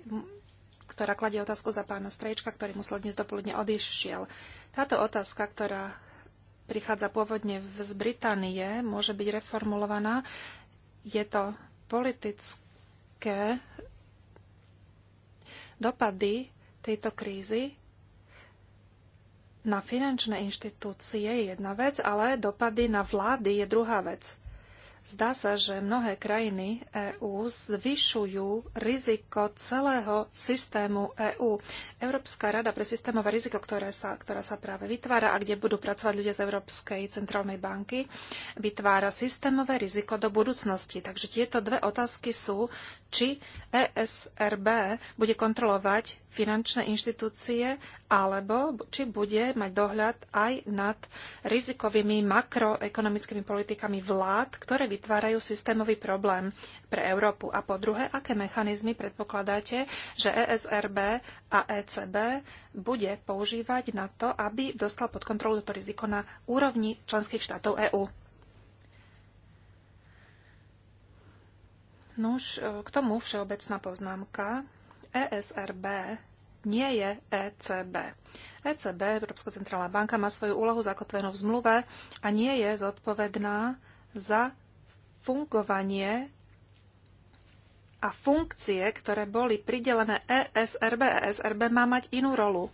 Speaker 1: ktorá kladie otázku za pána Strejčka, ktorý musel dnes dopoludne odišiel. Táto otázka, ktorá prichádza pôvodne z Británie, môže byť reformulovaná. Je to politické dopady tejto krízy na finančné inštitúcie je jedna vec, ale dopady na vlády je druhá vec. Zdá sa, že mnohé krajiny EÚ zvyšujú riziko celého systému EÚ. Európska rada pre systémové riziko, ktoré sa, ktorá sa práve vytvára a kde budú pracovať ľudia z Európskej centrálnej banky, vytvára systémové riziko do budúcnosti. Takže tieto dve otázky sú, či ESRB bude kontrolovať finančné inštitúcie alebo či bude mať dohľad aj nad rizikovými makroekonomickými politikami vlád, ktoré vytvárajú systémový problém pre Európu? A po druhé, aké mechanizmy predpokladáte, že ESRB a ECB bude používať na to, aby dostal pod kontrolu toto riziko na úrovni členských štátov EÚ? Nuž, e, k tomu všeobecná poznámka. ESRB nie je ECB. ECB, Európska centrálna banka, má svoju úlohu zakotvenú v zmluve a nie je zodpovedná za fungovanie a funkcie, ktoré boli pridelené ESRB. ESRB má mať inú rolu.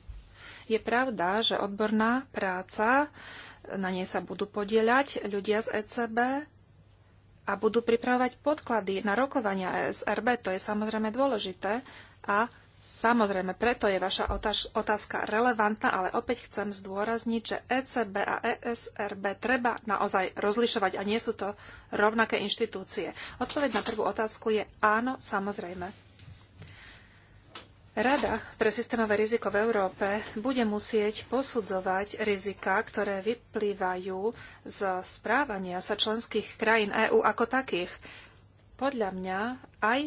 Speaker 1: Je pravda, že odborná práca, na nej sa budú podieľať ľudia z ECB a budú pripravovať podklady na rokovania ESRB. To je samozrejme dôležité a Samozrejme, preto je vaša otázka relevantná, ale opäť chcem zdôrazniť, že ECB a ESRB treba naozaj rozlišovať a nie sú to rovnaké inštitúcie. Odpoveď na prvú otázku je áno, samozrejme. Rada pre systémové riziko v Európe bude musieť posudzovať rizika, ktoré vyplývajú z správania sa členských krajín EÚ ako takých. Podľa mňa aj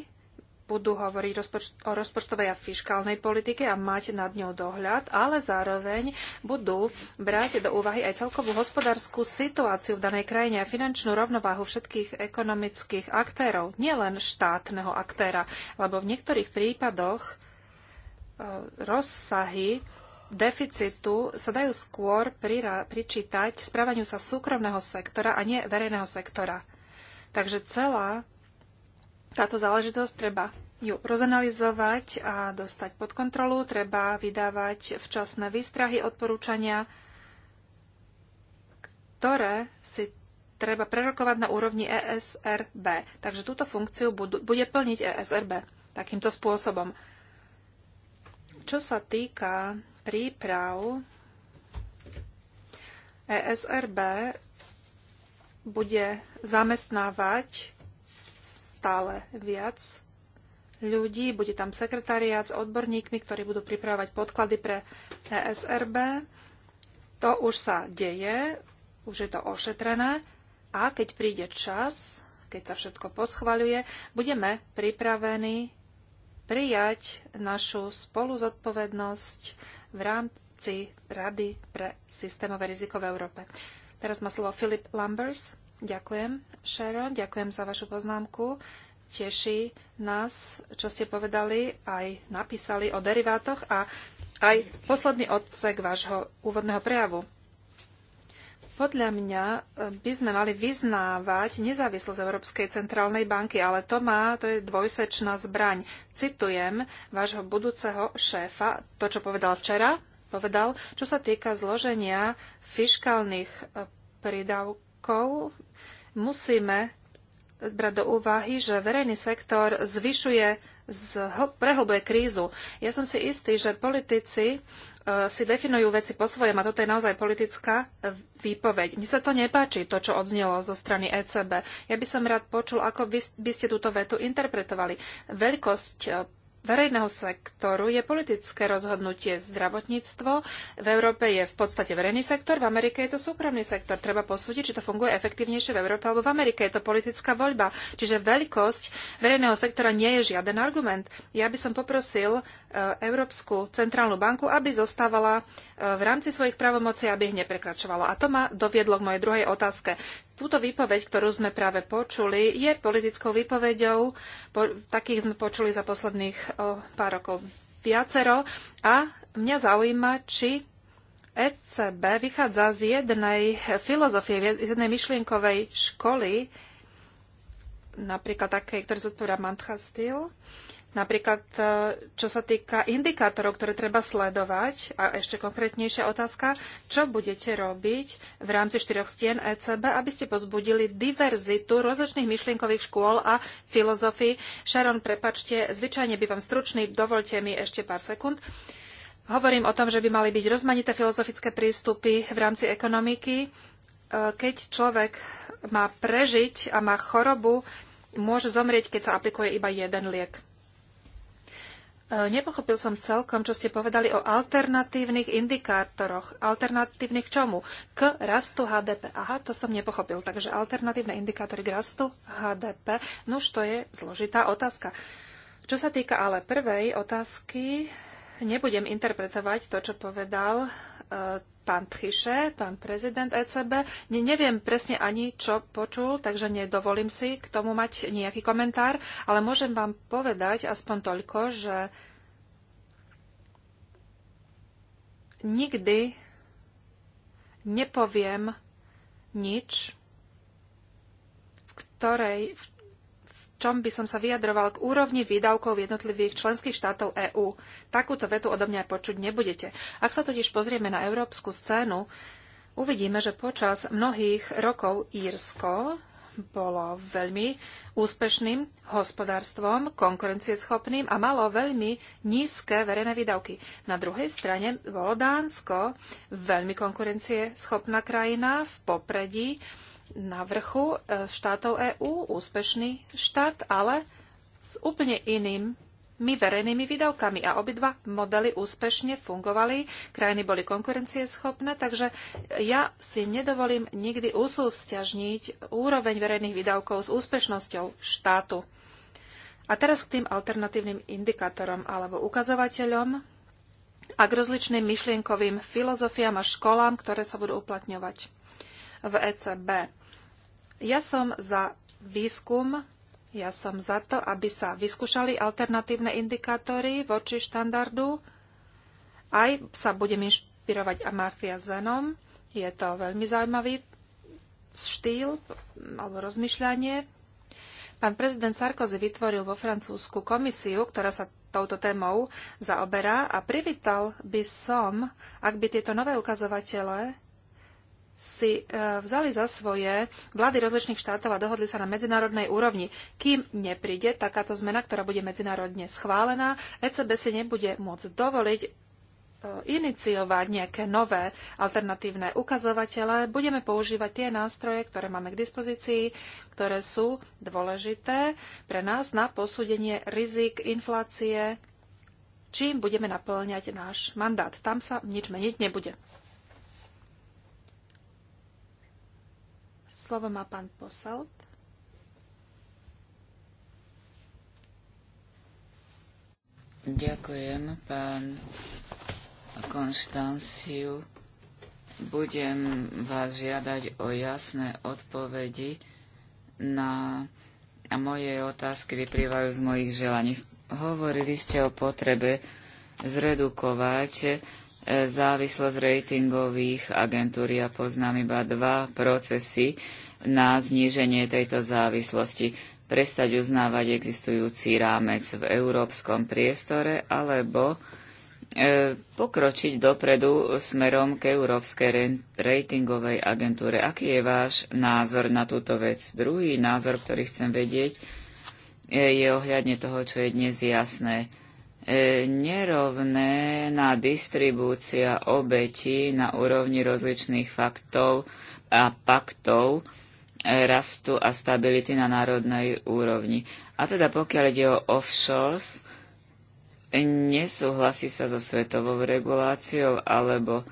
Speaker 1: budú hovoriť rozpoč- o rozpočtovej a fiškálnej politike a mať nad ňou dohľad, ale zároveň budú brať do úvahy aj celkovú hospodárskú situáciu v danej krajine a finančnú rovnováhu všetkých ekonomických aktérov, nielen štátneho aktéra, lebo v niektorých prípadoch e, rozsahy deficitu sa dajú skôr pričítať správaniu sa súkromného sektora a nie verejného sektora. Takže celá táto záležitosť treba ju rozanalizovať a dostať pod kontrolu. Treba vydávať včasné výstrahy, odporúčania, ktoré si treba prerokovať na úrovni ESRB. Takže túto funkciu bude plniť ESRB takýmto spôsobom. Čo sa týka príprav, ESRB bude zamestnávať stále viac ľudí. Bude tam sekretariát s odborníkmi, ktorí budú pripravovať podklady pre ESRB. To už sa deje, už je to ošetrené a keď príde čas, keď sa všetko poschvaľuje, budeme pripravení prijať našu spoluzodpovednosť v rámci Rady pre systémové riziko v Európe. Teraz má slovo Filip Lambers. Ďakujem, Sharon, ďakujem za vašu poznámku. Teší nás, čo ste povedali, aj napísali o derivátoch a aj posledný odsek vášho úvodného prejavu. Podľa mňa eh, by sme mali vyznávať nezávislosť Európskej centrálnej banky, ale to má, to je dvojsečná zbraň. Citujem vášho budúceho šéfa, to, čo povedal včera, povedal, čo sa týka zloženia fiškálnych eh, prídavkov, Musíme brať do úvahy, že verejný sektor zvyšuje, prehlbuje krízu. Ja som si istý, že politici e, si definujú veci po svojom a toto je naozaj politická e, výpoveď. Mne sa to nepáči, to, čo odznelo zo strany ECB. Ja by som rád počul, ako by, ste túto vetu interpretovali. Veľkosť e, verejného sektoru je politické rozhodnutie zdravotníctvo. V Európe je v podstate verejný sektor, v Amerike je to súkromný sektor. Treba posúdiť, či to funguje efektívnejšie v Európe alebo v Amerike. Je to politická voľba. Čiže veľkosť verejného sektora nie je žiaden argument. Ja by som poprosil e, Európsku centrálnu banku, aby zostávala e, v rámci svojich právomocí, aby ich neprekračovala. A to ma doviedlo k mojej druhej otázke túto výpoveď, ktorú sme práve počuli, je politickou výpoveďou. Po, takých sme počuli za posledných o, pár rokov viacero. A mňa zaujíma, či ECB vychádza z jednej filozofie, z jednej myšlienkovej školy, napríklad takej, ktorý zodpovedá Mantra Steele, Napríklad, e, čo sa týka indikátorov, ktoré treba sledovať, a ešte konkrétnejšia otázka, čo budete robiť v rámci štyroch stien ECB, aby ste pozbudili diverzitu rozličných myšlienkových škôl a filozofií. Sharon, prepačte, zvyčajne bývam stručný, dovolte mi ešte pár sekúnd. Hovorím o tom, že by mali byť rozmanité filozofické prístupy v rámci ekonomiky. E, keď človek má prežiť a má chorobu, môže zomrieť, keď sa aplikuje iba jeden liek. Nepochopil som celkom, čo ste povedali o alternatívnych indikátoroch. Alternatívnych čomu? K rastu HDP. Aha, to som nepochopil. Takže alternatívne indikátory k rastu HDP. no už to je zložitá otázka. Čo sa týka ale prvej otázky, nebudem interpretovať to, čo povedal e, pán Tchyše, pán prezident ECB. Ne, neviem presne ani, čo počul, takže nedovolím si k tomu mať nejaký komentár, ale môžem vám povedať aspoň toľko, že nikdy nepoviem nič, v ktorej, v čom by som sa vyjadroval k úrovni výdavkov jednotlivých členských štátov EÚ. Takúto vetu odo mňa počuť nebudete. Ak sa totiž pozrieme na európsku scénu, uvidíme, že počas mnohých rokov Írsko bolo veľmi úspešným hospodárstvom, konkurencieschopným a malo veľmi nízke verejné výdavky. Na druhej strane bolo Dánsko veľmi konkurencieschopná krajina v popredí na vrchu e, štátov EÚ, úspešný štát, ale s úplne inými verejnými výdavkami. A obidva modely úspešne fungovali, krajiny boli konkurencieschopné, takže ja si nedovolím nikdy usúvzťažniť úroveň verejných výdavkov s úspešnosťou štátu. A teraz k tým alternatívnym indikátorom alebo ukazovateľom a k rozličným myšlienkovým filozofiám a školám, ktoré sa budú uplatňovať v ECB. Ja som za výskum, ja som za to, aby sa vyskúšali alternatívne indikátory voči štandardu. Aj sa budem inšpirovať Amartya Zenom. Je to veľmi zaujímavý štýl alebo rozmýšľanie. Pán prezident Sarkozy vytvoril vo Francúzsku komisiu, ktorá sa touto témou zaoberá a privítal by som, ak by tieto nové ukazovatele si e, vzali za svoje vlády rozličných štátov a dohodli sa na medzinárodnej úrovni. Kým nepríde takáto zmena, ktorá bude medzinárodne schválená, ECB si nebude môcť dovoliť e, iniciovať nejaké nové alternatívne ukazovatele. Budeme používať tie nástroje, ktoré máme k dispozícii, ktoré sú dôležité pre nás na posúdenie rizik inflácie, čím budeme naplňať náš mandát. Tam sa nič meniť nebude. Slovo má pán Posalt.
Speaker 2: Ďakujem, pán Konštanciu. Budem vás žiadať o jasné odpovedi na moje otázky vyplývajú z mojich želaní. Hovorili ste o potrebe zredukovať závislosť ratingových agentúr. Ja poznám iba dva procesy na zníženie tejto závislosti. Prestať uznávať existujúci rámec v európskom priestore alebo e, pokročiť dopredu smerom k Európskej ratingovej agentúre. Aký je váš názor na túto vec? Druhý názor, ktorý chcem vedieť, e, je ohľadne toho, čo je dnes jasné E, nerovné na distribúcia obetí na úrovni rozličných faktov a paktov e, rastu a stability na národnej úrovni. A teda pokiaľ ide o offshores, nesúhlasí sa so svetovou reguláciou alebo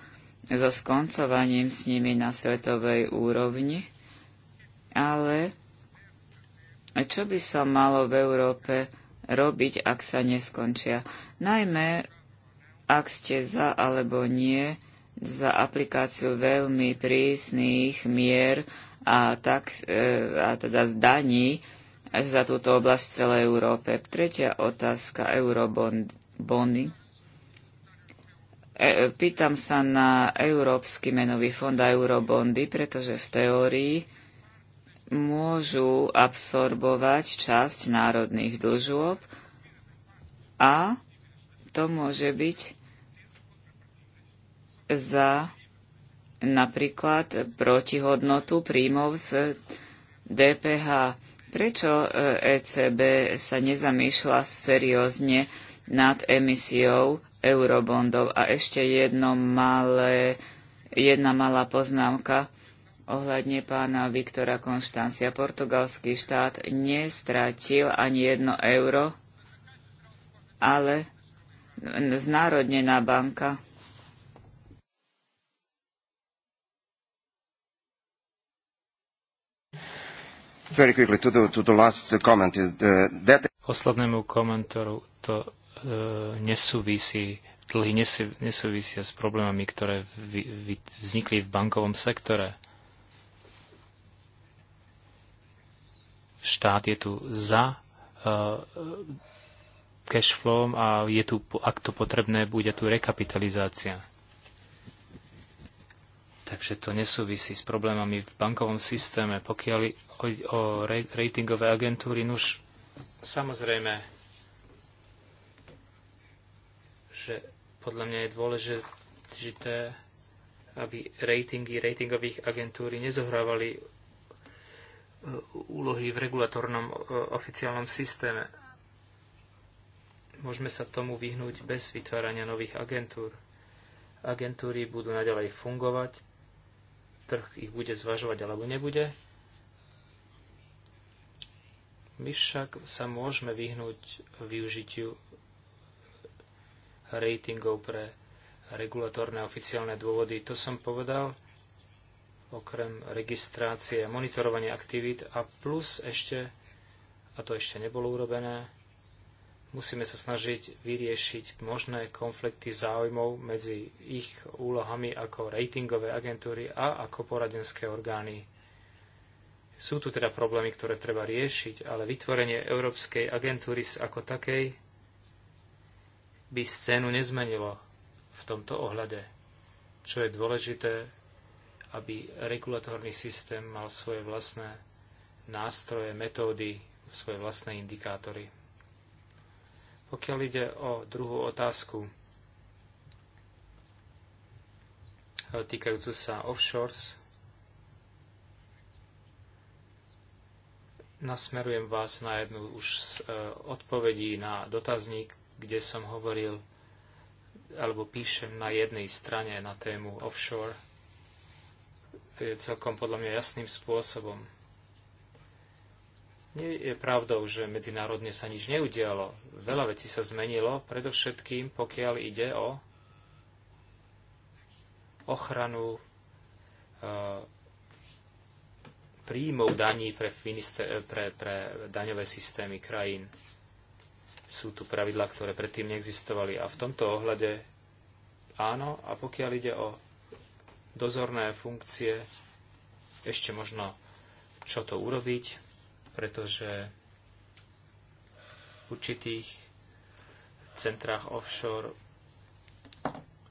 Speaker 2: so skoncovaním s nimi na svetovej úrovni, ale čo by sa malo v Európe robiť, ak sa neskončia. Najmä, ak ste za alebo nie, za aplikáciu veľmi prísnych mier a, tax, e, a teda zdaní za túto oblasť v celej Európe. Tretia otázka, eurobony. E, e, pýtam sa na Európsky menový fond a eurobondy, pretože v teórii môžu absorbovať časť národných dlžôb a to môže byť za napríklad protihodnotu príjmov z DPH. Prečo ECB e sa nezamýšľa seriózne nad emisiou eurobondov? A ešte jedno malé, jedna malá poznámka ohľadne pána Viktora Konštancia. Portugalský štát nestratil ani jedno euro, ale znárodnená banka.
Speaker 3: Very quickly to the, to the last comment. Uh, that... Poslednému komentoru to uh, nesúvisí dlhy nesúvisia s problémami, ktoré vznikli v bankovom sektore. štát je tu za eh, cash flowom a je tu, ak to potrebné, bude tu rekapitalizácia. Takže to nesúvisí s problémami v bankovom systéme. Pokiaľ o, o ratingové agentúry, nuž samozrejme, že podľa mňa je dôležité, aby ratingy ratingových agentúry nezohrávali E, úlohy v regulatornom e, oficiálnom systéme. Môžeme sa tomu vyhnúť bez vytvárania nových agentúr. Agentúry budú naďalej fungovať, trh ich bude zvažovať alebo nebude. My však sa môžeme vyhnúť využitiu ratingov pre regulatorné oficiálne dôvody. To som povedal okrem registrácie a monitorovania aktivít a plus ešte, a to ešte nebolo urobené, musíme sa snažiť vyriešiť možné konflikty záujmov medzi ich úlohami ako ratingové agentúry a ako poradenské orgány. Sú tu teda problémy, ktoré treba riešiť, ale vytvorenie Európskej agentúry ako takej by scénu nezmenilo v tomto ohľade. Čo je dôležité, aby regulatórny systém mal svoje vlastné nástroje, metódy, svoje vlastné indikátory. Pokiaľ ide o druhú otázku e, týkajúcu sa offshores, nasmerujem vás na jednu už z e, odpovedí na dotazník, kde som hovoril alebo píšem na jednej strane na tému offshore je celkom podľa mňa jasným spôsobom. Nie je pravdou, že medzinárodne sa nič neudialo. Veľa vecí sa zmenilo, predovšetkým pokiaľ ide o ochranu e, príjmov daní pre, minister, e, pre, pre daňové systémy krajín. Sú tu pravidlá, ktoré predtým neexistovali. A v tomto ohľade áno, a pokiaľ ide o dozorné funkcie, ešte možno čo to urobiť, pretože v určitých centrách offshore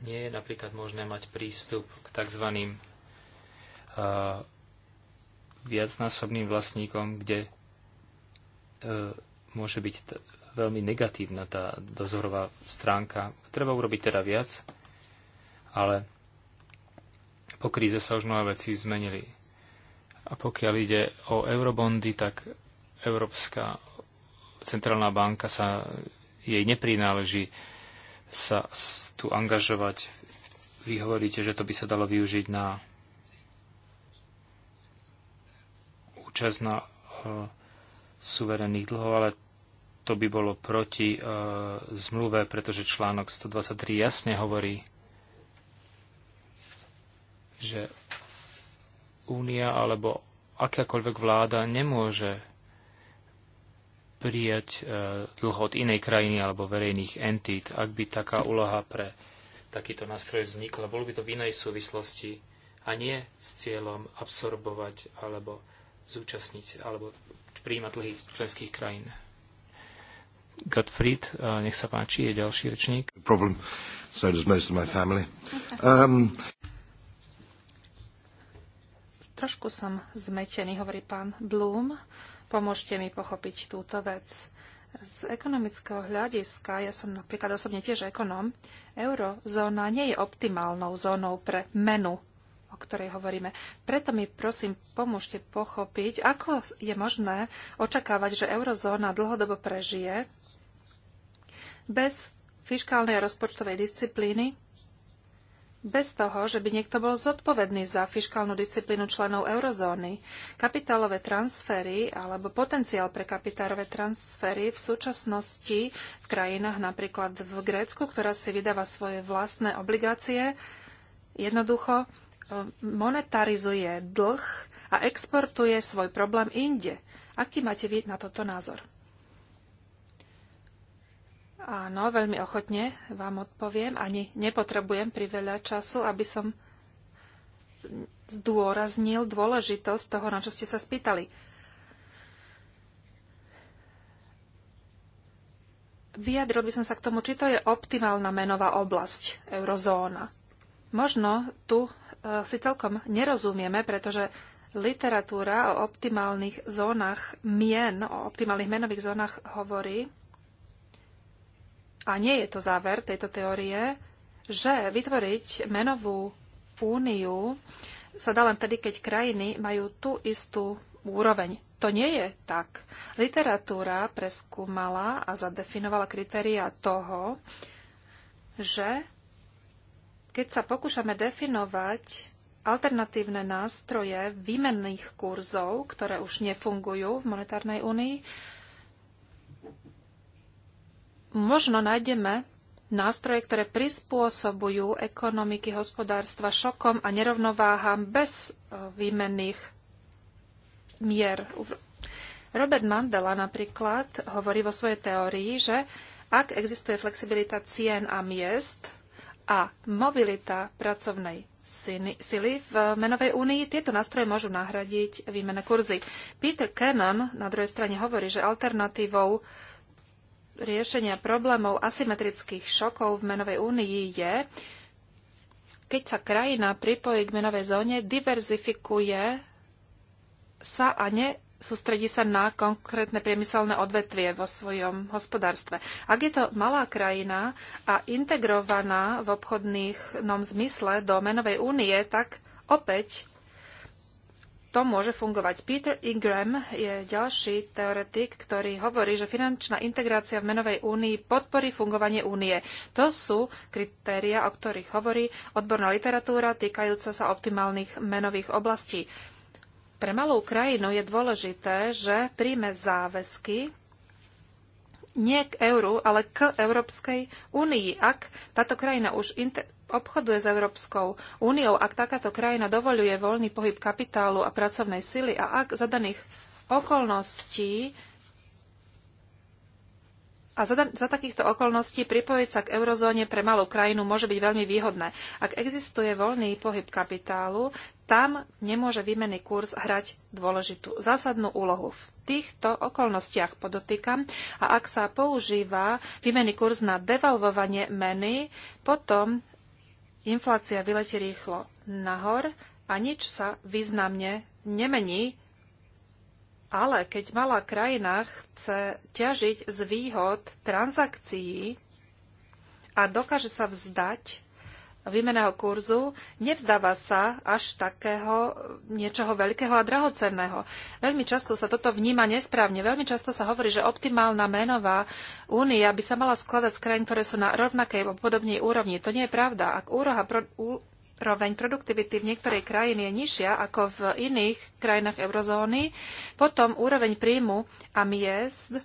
Speaker 3: nie je napríklad možné mať prístup k tzv. viacnásobným vlastníkom, kde e, môže byť veľmi negatívna tá dozorová stránka. Treba urobiť teda viac, ale po kríze sa už mnohé veci zmenili. A pokiaľ ide o eurobondy, tak Európska centrálna banka sa jej neprináleží sa tu angažovať. Vy hovoríte, že to by sa dalo využiť na účasť na uh, suverénnych dlhov, ale to by bolo proti uh, zmluve, pretože článok 123 jasne hovorí, že únia alebo akákoľvek vláda nemôže prijať e, dlho od inej krajiny alebo verejných entít, ak by taká úloha pre takýto nástroj vznikla. Bolo by to v inej súvislosti a nie s cieľom absorbovať alebo zúčastniť alebo prijímať dlhy z členských krajín. Gottfried, e, nech sa páči, je ďalší rečník.
Speaker 1: Problem. So does most of my family. Um... Trošku som zmetený, hovorí pán Bloom. Pomôžte mi pochopiť túto vec. Z ekonomického hľadiska, ja som napríklad osobne tiež ekonóm, eurozóna nie je optimálnou zónou pre menu, o ktorej hovoríme. Preto mi prosím pomôžte pochopiť, ako je možné očakávať, že eurozóna dlhodobo prežije bez fiskálnej a rozpočtovej disciplíny, bez toho, že by niekto bol zodpovedný za fiskálnu disciplínu členov eurozóny. Kapitálové transfery alebo potenciál pre kapitálové transfery v súčasnosti v krajinách napríklad v Grécku, ktorá si vydáva svoje vlastné obligácie, jednoducho e, monetarizuje dlh a exportuje svoj problém inde. Aký máte vy na toto názor? Áno, veľmi ochotne vám odpoviem. Ani nepotrebujem priveľa času, aby som zdôraznil dôležitosť toho, na čo ste sa spýtali. Vyjadril by som sa k tomu, či to je optimálna menová oblasť, eurozóna. Možno tu e, si celkom nerozumieme, pretože literatúra o optimálnych zónach mien, o optimálnych menových zónach hovorí, a nie je to záver tejto teórie, že vytvoriť menovú úniu sa dá len tedy, keď krajiny majú tú istú úroveň. To nie je tak. Literatúra preskúmala a zadefinovala kritéria toho, že keď sa pokúšame definovať alternatívne nástroje výmenných kurzov, ktoré už nefungujú v monetárnej únii, možno nájdeme nástroje, ktoré prispôsobujú ekonomiky hospodárstva šokom a nerovnováham bez e, výmenných mier. Robert Mandela napríklad hovorí vo svojej teórii, že ak existuje flexibilita cien a miest a mobilita pracovnej sily v menovej únii, tieto nástroje môžu nahradiť výmene kurzy. Peter Cannon na druhej strane hovorí, že alternatívou uh, riešenia problémov asymetrických šokov v menovej únii je, keď sa krajina pripojí k menovej zóne, diverzifikuje sa a sústredí sa na konkrétne priemyselné odvetvie vo svojom hospodárstve. Ak je to malá krajina a integrovaná v obchodných zmysle do menovej únie, tak opäť to môže fungovať. Peter Ingram je ďalší teoretik, ktorý hovorí, že finančná integrácia v menovej únii podporí fungovanie únie. To sú kritéria, o ktorých hovorí odborná literatúra týkajúca sa optimálnych menových oblastí. Pre malú krajinu je dôležité, že príjme záväzky nie k euru, ale k Európskej únii. Ak táto krajina už obchoduje s Európskou úniou, ak takáto krajina dovoluje voľný pohyb kapitálu a pracovnej sily a ak zadaných okolností a za, za takýchto okolností pripojiť sa k eurozóne pre malú krajinu môže byť veľmi výhodné. Ak existuje voľný pohyb kapitálu, tam nemôže výmenný kurz hrať dôležitú zásadnú úlohu. V týchto okolnostiach podotýkam a ak sa používa výmenný kurz na devalvovanie meny, potom inflácia vyletí rýchlo nahor a nič sa významne nemení. Ale keď malá krajina chce ťažiť z výhod transakcií a dokáže sa vzdať výmeného kurzu nevzdáva sa až takého niečoho veľkého a drahocenného. Veľmi často sa toto vníma nesprávne. Veľmi často sa hovorí, že optimálna menová únia by sa mala skladať z krajín, ktoré sú na rovnakej alebo podobnej úrovni. To nie je pravda. Ak úroha pro, úroveň produktivity v niektorej krajine je nižšia ako v iných krajinách eurozóny, potom úroveň príjmu a miest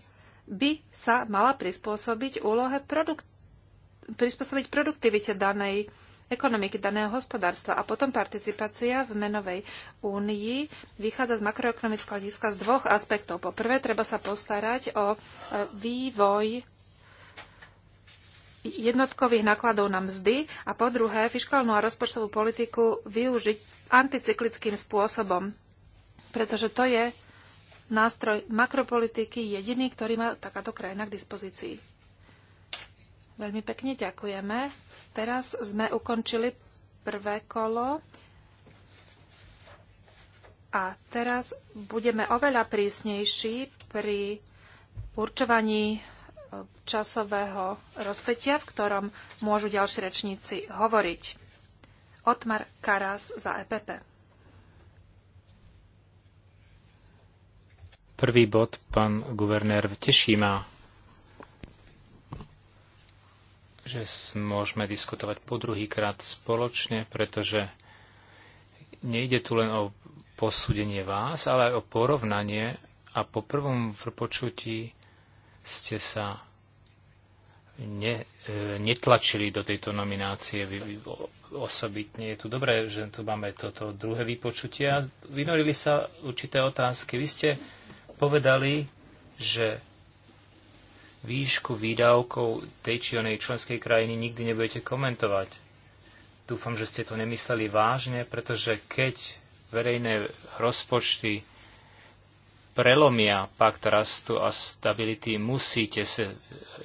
Speaker 1: by sa mala prispôsobiť úlohe produkt, prispôsobiť produktivite danej ekonomiky daného hospodárstva. A potom participácia v menovej únii vychádza z makroekonomického hľadiska z dvoch aspektov. Po prvé, treba sa postarať o e, vývoj jednotkových nákladov na mzdy a po druhé fiskálnu a rozpočtovú politiku využiť anticyklickým spôsobom, pretože to je nástroj makropolitiky jediný, ktorý má takáto krajina k dispozícii. Veľmi pekne ďakujeme. Teraz sme ukončili prvé kolo a teraz budeme oveľa prísnejší pri určovaní e, časového rozpetia, v ktorom môžu ďalší rečníci hovoriť. Otmar Karas za EPP.
Speaker 3: Prvý bod, pán guvernér, teší ma, že môžeme diskutovať po druhýkrát spoločne, pretože nejde tu len o posúdenie vás, ale aj o porovnanie a po prvom počutí ste sa ne, e, netlačili do tejto nominácie vy, vy, osobitne. Je tu dobré, že tu máme toto druhé vypočutie a vynorili sa určité otázky. Vy ste povedali, že výšku výdavkov tej či onej členskej krajiny nikdy nebudete komentovať. Dúfam, že ste to nemysleli vážne, pretože keď verejné rozpočty prelomia pakt rastu a stability, musíte sa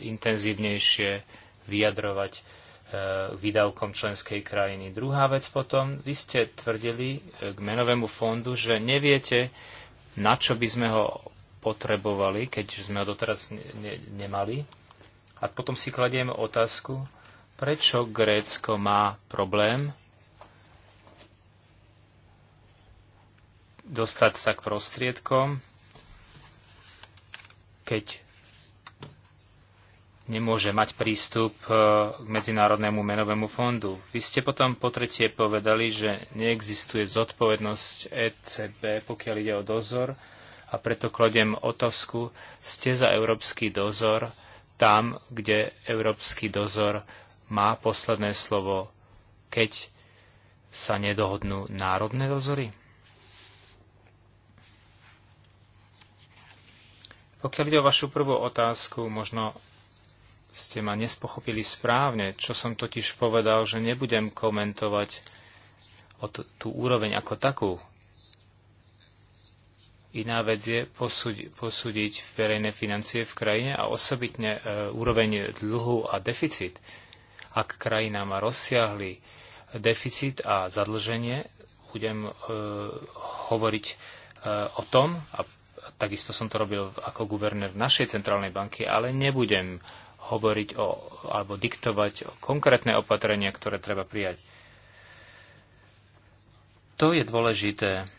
Speaker 3: intenzívnejšie vyjadrovať e, výdavkom členskej krajiny. Druhá vec potom, vy ste tvrdili e, k menovému fondu, že neviete, na čo by sme ho potrebovali, keďže sme ho doteraz ne- nemali. A potom si kladieme otázku, prečo Grécko má problém dostať sa k prostriedkom, keď nemôže mať prístup e, k Medzinárodnému menovému fondu. Vy ste potom po tretie povedali, že neexistuje zodpovednosť ECB, pokiaľ ide o dozor a preto kladiem otázku, ste za európsky dozor tam, kde európsky dozor má posledné slovo, keď sa nedohodnú národné dozory? Pokiaľ ide o vašu prvú otázku, možno ste ma nespochopili správne, čo som totiž povedal, že nebudem komentovať o tú úroveň ako takú Iná vec je posúdi, posúdiť verejné financie v krajine a osobitne e, úroveň dlhu a deficit. Ak krajina má rozsiahly deficit a zadlženie, budem e, hovoriť e, o tom, a takisto som to robil ako guvernér našej centrálnej banky, ale nebudem hovoriť o, alebo diktovať o konkrétne opatrenia, ktoré treba prijať. To je dôležité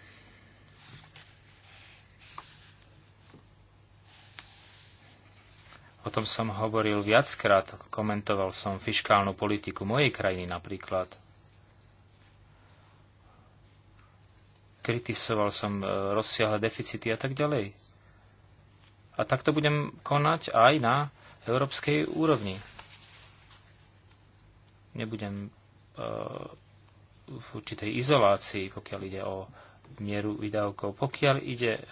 Speaker 3: O tom som hovoril viackrát, komentoval som fiškálnu politiku mojej krajiny napríklad. Kritisoval som e, rozsiahle deficity a tak ďalej. A takto budem konať aj na európskej úrovni. Nebudem e, v určitej izolácii, pokiaľ ide o mieru výdavkov. Pokiaľ ide e,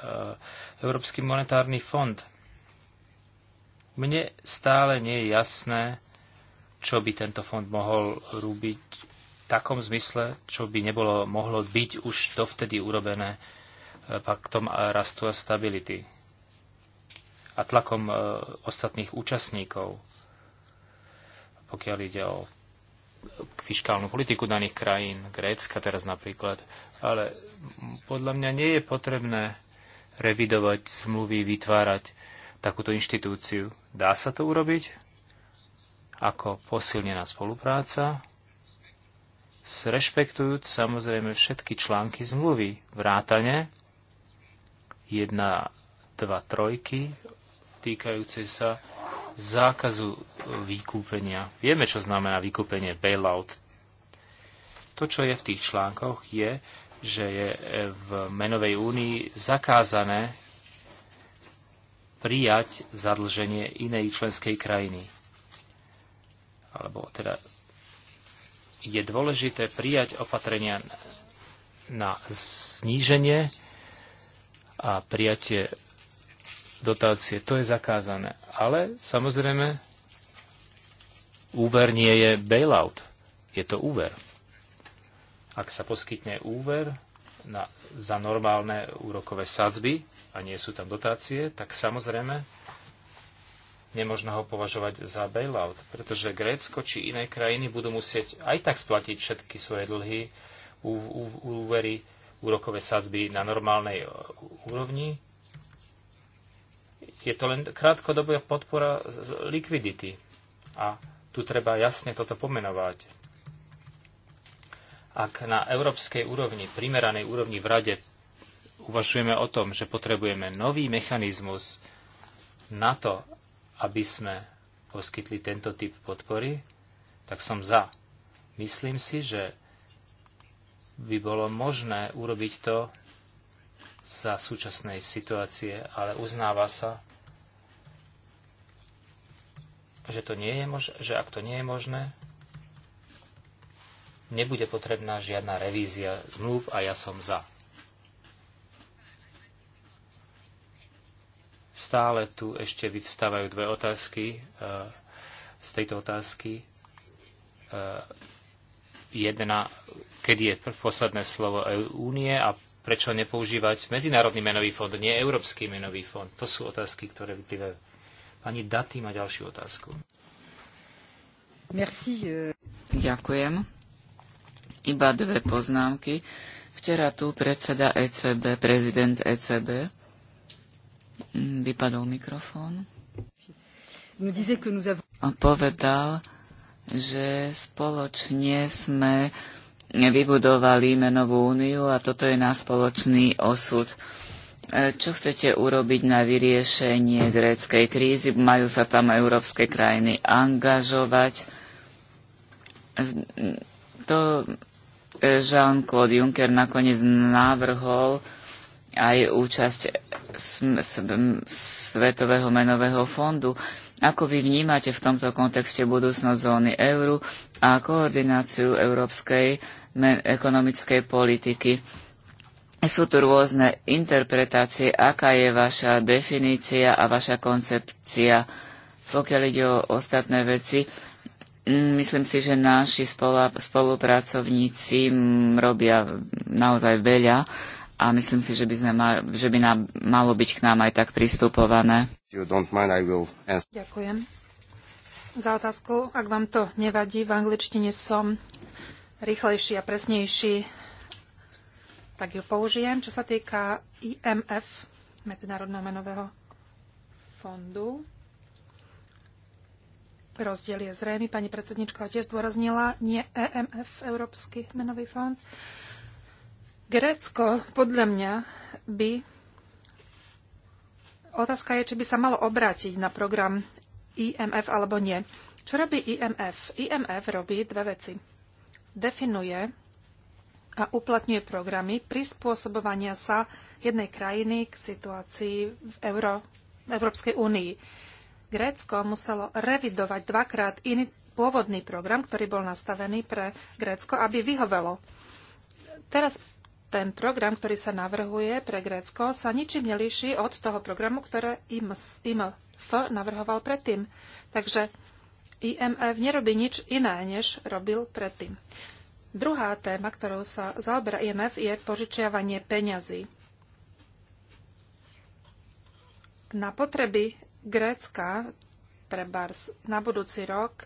Speaker 3: Európsky monetárny fond, mne stále nie je jasné, čo by tento fond mohol robiť v takom zmysle, čo by nebolo mohlo byť už dovtedy urobené e, paktom rastu a stability a tlakom e, ostatných účastníkov, pokiaľ ide o fiskálnu politiku daných krajín, Grécka teraz napríklad, ale podľa mňa nie je potrebné revidovať zmluvy, vytvárať takúto inštitúciu. Dá sa to urobiť? Ako posilnená spolupráca? Srešpektujúc samozrejme všetky články zmluvy, vrátane 1, 2, 3 týkajúce sa zákazu vykúpenia. Vieme, čo znamená vykúpenie bailout. To, čo je v tých článkoch, je, že je v menovej únii zakázané prijať zadlženie inej členskej krajiny. Alebo teda je dôležité prijať opatrenia na zníženie a prijatie dotácie. To je zakázané. Ale samozrejme, úver nie je bailout. Je to úver. Ak sa poskytne úver na, za normálne úrokové sadzby, a nie sú tam dotácie, tak samozrejme nemožno ho považovať za bailout, pretože Grécko či iné krajiny budú musieť aj tak splatiť všetky svoje dlhy, úvery, úrokové sadzby na normálnej úrovni. Je to len krátkodobá podpora likvidity a tu treba jasne toto pomenovať. Ak na európskej úrovni, primeranej úrovni v rade uvažujeme o tom, že potrebujeme nový mechanizmus na to, aby sme poskytli tento typ podpory, tak som za. Myslím si, že by bolo možné urobiť to za súčasnej situácie, ale uznáva sa, že, to nie je mož- že ak to nie je možné, nebude potrebná žiadna revízia zmluv a ja som za. Stále tu ešte vyvstávajú dve otázky eh, z tejto otázky. Eh, jedna, kedy je posledné slovo e-, únie a prečo nepoužívať Medzinárodný menový fond, nie Európsky menový fond. To sú otázky, ktoré vyplývajú. Pani Daty má ďalšiu
Speaker 2: otázku. Merci. Eh. Ďakujem. Iba dve poznámky. Včera tu predseda ECB, prezident ECB, Mm, vypadol mikrofón. A povedal, že spoločne sme vybudovali menovú úniu a toto je náš spoločný osud. E, čo chcete urobiť na vyriešenie gréckej krízy? Majú sa tam európske krajiny angažovať. E, to e, Jean-Claude Juncker nakoniec navrhol aj účasť Svetového menového fondu. Ako vy vnímate v tomto kontexte budúcnosť zóny euru a koordináciu európskej ekonomickej politiky? Sú tu rôzne interpretácie, aká je vaša definícia a vaša koncepcia. Pokiaľ ide o ostatné veci, myslím si, že naši spolupracovníci robia naozaj veľa a myslím si, že by, sme mal, že by nám malo byť k nám aj tak pristupované.
Speaker 3: Mind,
Speaker 1: Ďakujem za otázku. Ak vám to nevadí, v angličtine som rýchlejší a presnejší, tak ju použijem. Čo sa týka IMF, Medzinárodného menového fondu, rozdiel je zrejmy. Pani predsednička tiež zdôraznila, nie EMF, Európsky menový fond. Grécko, podľa mňa, by... Otázka je, či by sa malo obrátiť na program IMF alebo nie. Čo robí IMF? IMF robí dve veci. Definuje a uplatňuje programy prispôsobovania sa jednej krajiny k situácii v Euro, Európskej únii. Grécko muselo revidovať dvakrát iný pôvodný program, ktorý bol nastavený pre Grécko, aby vyhovelo. Teraz ten program, ktorý sa navrhuje pre Grécko, sa ničím nelíši od toho programu, ktoré IMF navrhoval predtým. Takže IMF nerobí nič iné, než robil predtým. Druhá téma, ktorou sa zaoberá IMF, je požičiavanie peňazí. Na potreby Grécka, trebárs na budúci rok,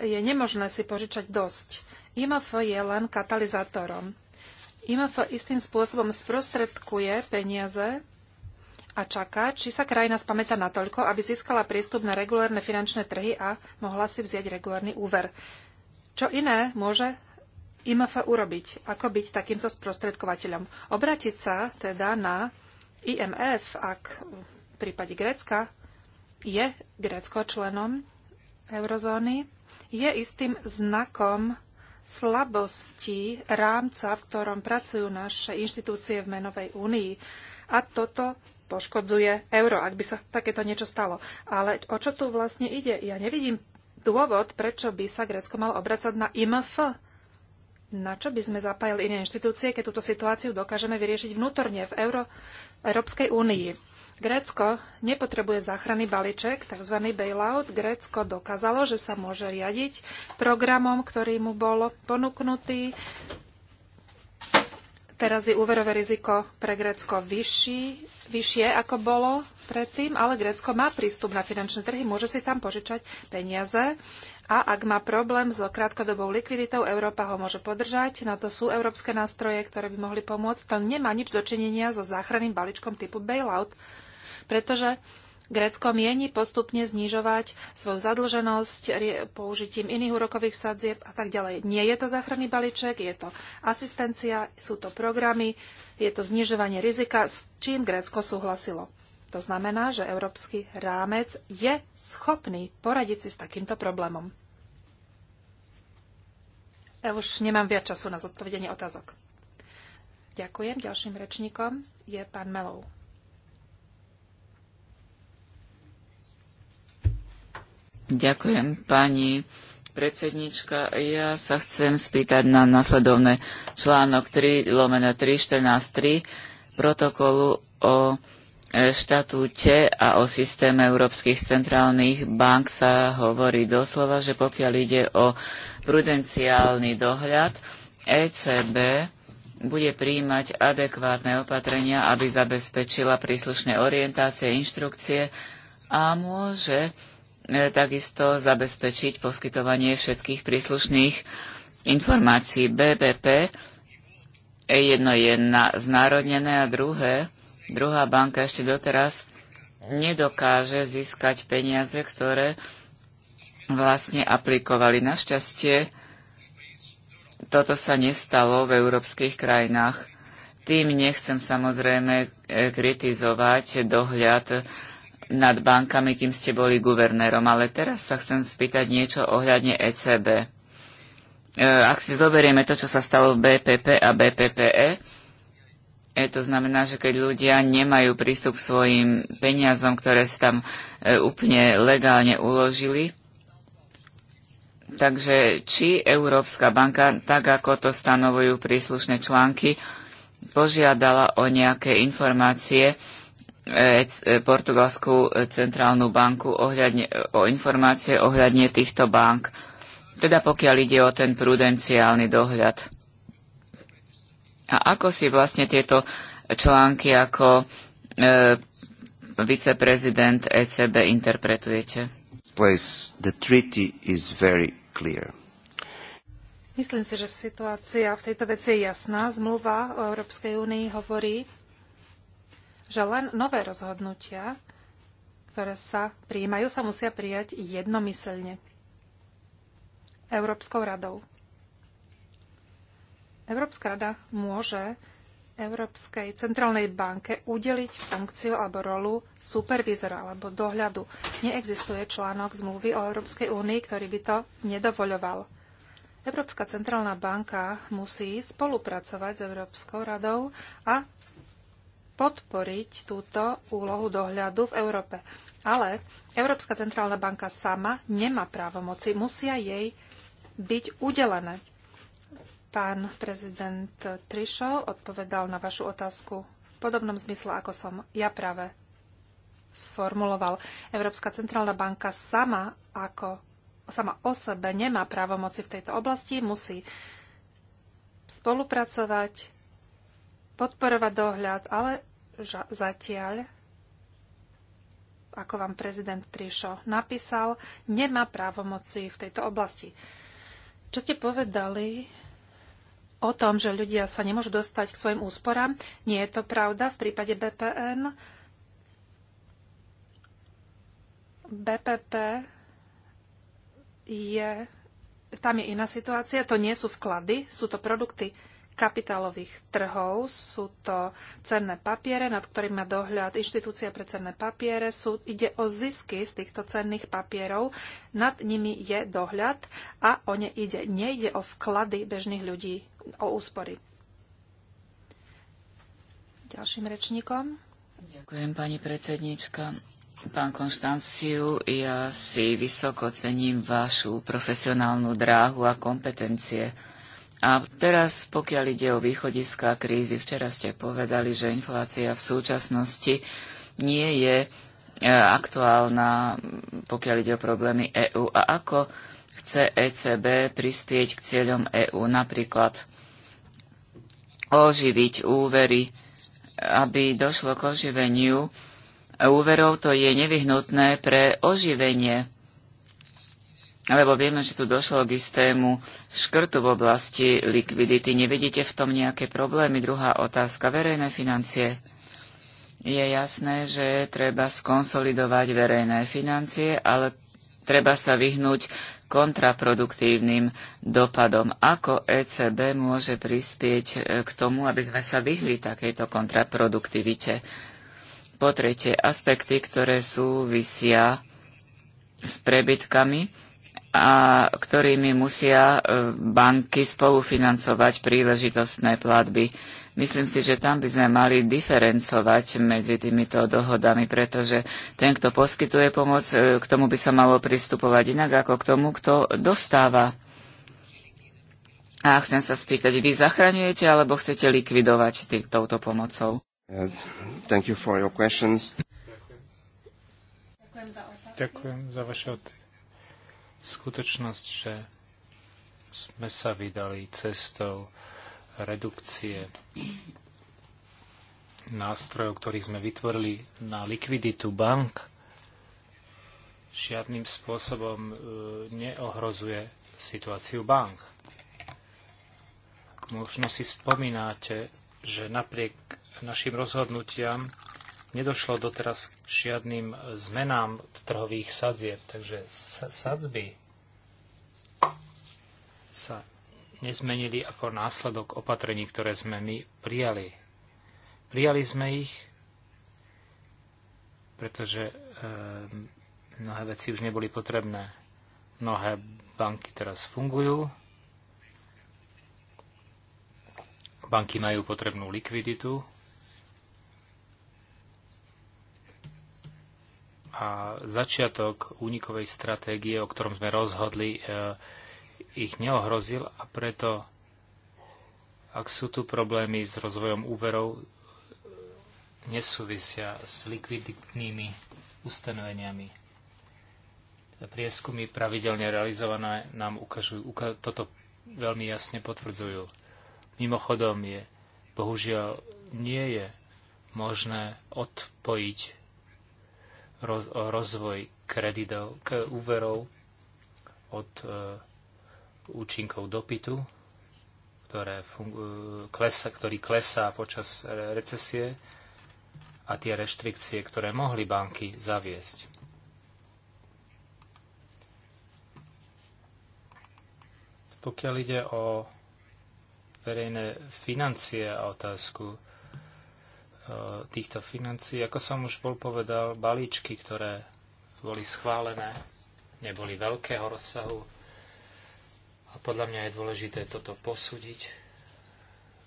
Speaker 1: je nemožné si požičať dosť. IMF je len katalizátorom IMF istým spôsobom sprostredkuje peniaze a čaká, či sa krajina spamätá natoľko, aby získala prístup na regulárne finančné trhy a mohla si vziať regulárny úver. Čo iné môže IMF urobiť? Ako byť takýmto sprostredkovateľom? Obratiť sa teda na IMF, ak v prípade Grécka je Grécko členom eurozóny, je istým znakom slabosti rámca, v ktorom pracujú naše inštitúcie v menovej únii. A toto poškodzuje euro, ak by sa takéto niečo stalo. Ale o čo tu vlastne ide? Ja nevidím dôvod, prečo by sa Grécko malo obracať na IMF. Na čo by sme zapájali iné inštitúcie, keď túto situáciu dokážeme vyriešiť vnútorne v euro, Európskej únii? Grécko nepotrebuje záchranný balíček, tzv. bailout. Grécko dokázalo, že sa môže riadiť programom, ktorý mu bol ponúknutý. Teraz je úverové riziko pre Grécko vyšší, vyššie, ako bolo predtým, ale Grécko má prístup na finančné trhy, môže si tam požičať peniaze a ak má problém so krátkodobou likviditou, Európa ho môže podržať. Na to sú európske nástroje, ktoré by mohli pomôcť. To nemá nič dočinenia so záchranným balíčkom typu bailout pretože Grécko mieni postupne znižovať svoju zadlženosť použitím iných úrokových sadzieb a tak ďalej. Nie je to záchranný balíček, je to asistencia, sú to programy, je to znižovanie rizika, s čím Grécko súhlasilo. To znamená, že európsky rámec je schopný poradiť si s takýmto problémom. Ja už nemám viac času na zodpovedenie otázok. Ďakujem. Ďalším rečníkom je pán Melov.
Speaker 2: Ďakujem, pani predsednička. Ja sa chcem spýtať na nasledovné článok 3, lomeno 3, 14, 3 protokolu o e, štatúte a o systéme európskych centrálnych bank sa hovorí doslova, že pokiaľ ide o prudenciálny dohľad, ECB bude príjmať adekvátne opatrenia, aby zabezpečila príslušné orientácie, inštrukcie a môže E, takisto zabezpečiť poskytovanie všetkých príslušných informácií. BBP jedno je na, znárodnené a druhé, druhá banka ešte doteraz nedokáže získať peniaze, ktoré vlastne aplikovali. Našťastie toto sa nestalo v európskych krajinách. Tým nechcem samozrejme e, kritizovať dohľad nad bankami, kým ste boli guvernérom, ale teraz sa chcem spýtať niečo ohľadne ECB. E, ak si zoberieme to, čo sa stalo v BPP a BPPE, e, to znamená, že keď ľudia nemajú prístup k svojim peniazom, ktoré si tam e, úplne legálne uložili. Takže či Európska banka, tak ako to stanovujú príslušné články, požiadala o nejaké informácie E e, portugalskú e, centrálnu banku ohľadne, o informácie ohľadne týchto bank, teda pokiaľ ide o ten prudenciálny dohľad. A ako si vlastne tieto články ako e, viceprezident ECB interpretujete?
Speaker 3: Place, the treaty is very clear.
Speaker 1: Myslím si, že situácia v tejto veci je jasná. Zmluva o Európskej únii hovorí že len nové rozhodnutia, ktoré sa prijímajú, sa musia prijať jednomyselne Európskou radou. Európska rada môže Európskej centrálnej banke udeliť funkciu alebo rolu supervizora alebo dohľadu. Neexistuje článok zmluvy o Európskej únii, ktorý by to nedovoľoval. Európska centrálna banka musí spolupracovať s Európskou radou a podporiť túto úlohu dohľadu v Európe. Ale Európska centrálna banka sama nemá právomoci, musia jej byť udelené. Pán prezident Trišov odpovedal na vašu otázku v podobnom zmysle, ako som ja práve sformuloval. Európska centrálna banka sama, ako, sama o sebe nemá právomoci v tejto oblasti, musí spolupracovať podporovať dohľad, ale zatiaľ, ako vám prezident Trišo napísal, nemá právomoci v tejto oblasti. Čo ste povedali o tom, že ľudia sa nemôžu dostať k svojim úsporám, nie je to pravda v prípade BPN. BPP je, tam je iná situácia, to nie sú vklady, sú to produkty kapitálových trhov. Sú to cenné papiere, nad ktorým má dohľad inštitúcia pre cenné papiere. Sú, ide o zisky z týchto cenných papierov. Nad nimi je dohľad a o ne ide. Nejde o vklady bežných ľudí, o úspory. Ďalším rečníkom. Ďakujem,
Speaker 2: pani predsednička. Pán Konštanciu, ja si vysoko cením vašu profesionálnu dráhu a kompetencie. A teraz, pokiaľ ide o východiská krízy, včera ste povedali, že inflácia v súčasnosti nie je e, aktuálna, pokiaľ ide o problémy EÚ. A ako chce ECB prispieť k cieľom EÚ, napríklad oživiť úvery, aby došlo k oživeniu e, úverov, to je nevyhnutné pre oživenie lebo vieme, že tu došlo k istému škrtu v oblasti likvidity. Nevidíte v tom nejaké problémy? Druhá otázka, verejné financie. Je jasné, že treba skonsolidovať verejné financie, ale treba sa vyhnúť kontraproduktívnym dopadom. Ako ECB môže prispieť e, k tomu, aby sme sa vyhli takejto kontraproduktivite? Po tretie, aspekty, ktoré súvisia s prebytkami a ktorými musia e, banky spolufinancovať príležitostné platby. Myslím si, že tam by sme mali diferencovať medzi týmito dohodami, pretože ten, kto poskytuje pomoc, e, k tomu by sa malo pristupovať inak ako k tomu, kto dostáva. A chcem sa spýtať, vy zachraňujete alebo chcete likvidovať tý, touto pomocou?
Speaker 1: Uh, thank you for your questions.
Speaker 3: Ďakujem za, Ďakujem za vaše otázky skutočnosť, že sme sa vydali cestou redukcie nástrojov, ktorých sme vytvorili na likviditu bank, žiadnym spôsobom e, neohrozuje situáciu bank. Možno si spomínate, že napriek našim rozhodnutiam nedošlo doteraz k žiadnym zmenám trhových sadzieb, takže sadzby sa nezmenili ako následok opatrení, ktoré sme my prijali. Prijali sme ich, pretože e, mnohé veci už neboli potrebné. Mnohé banky teraz fungujú. Banky majú potrebnú likviditu, a začiatok únikovej stratégie, o ktorom sme rozhodli, e, ich neohrozil a preto, ak sú tu problémy s rozvojom úverov, nesúvisia s likvidnými ustanoveniami. Prieskumy pravidelne realizované nám ukazujú, toto veľmi jasne potvrdzujú. Mimochodom je, bohužiaľ, nie je možné odpojiť rozvoj kreditov, k úverov od e, účinkov dopytu, ktoré fungu, klesa, ktorý klesá počas recesie a tie reštrikcie, ktoré mohli banky zaviesť. Pokiaľ ide o verejné financie a otázku E, týchto financií. Ako som už bol povedal, balíčky, ktoré boli schválené, neboli veľkého rozsahu. A podľa mňa je dôležité toto posúdiť.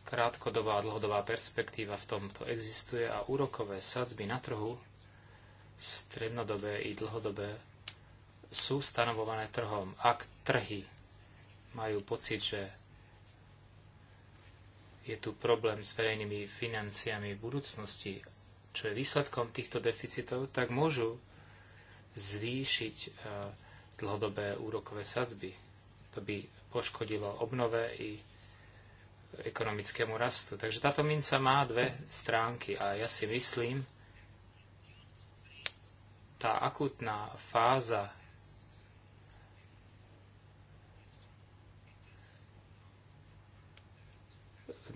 Speaker 3: Krátkodobá a dlhodobá perspektíva v tomto existuje a úrokové sadzby na trhu, strednodobé i dlhodobé, sú stanovované trhom. Ak trhy majú pocit, že je tu problém s verejnými financiami v budúcnosti, čo je výsledkom týchto deficitov, tak môžu zvýšiť e, dlhodobé úrokové sadzby. To by poškodilo obnove i ekonomickému rastu. Takže táto minca má dve stránky a ja si myslím, tá akutná fáza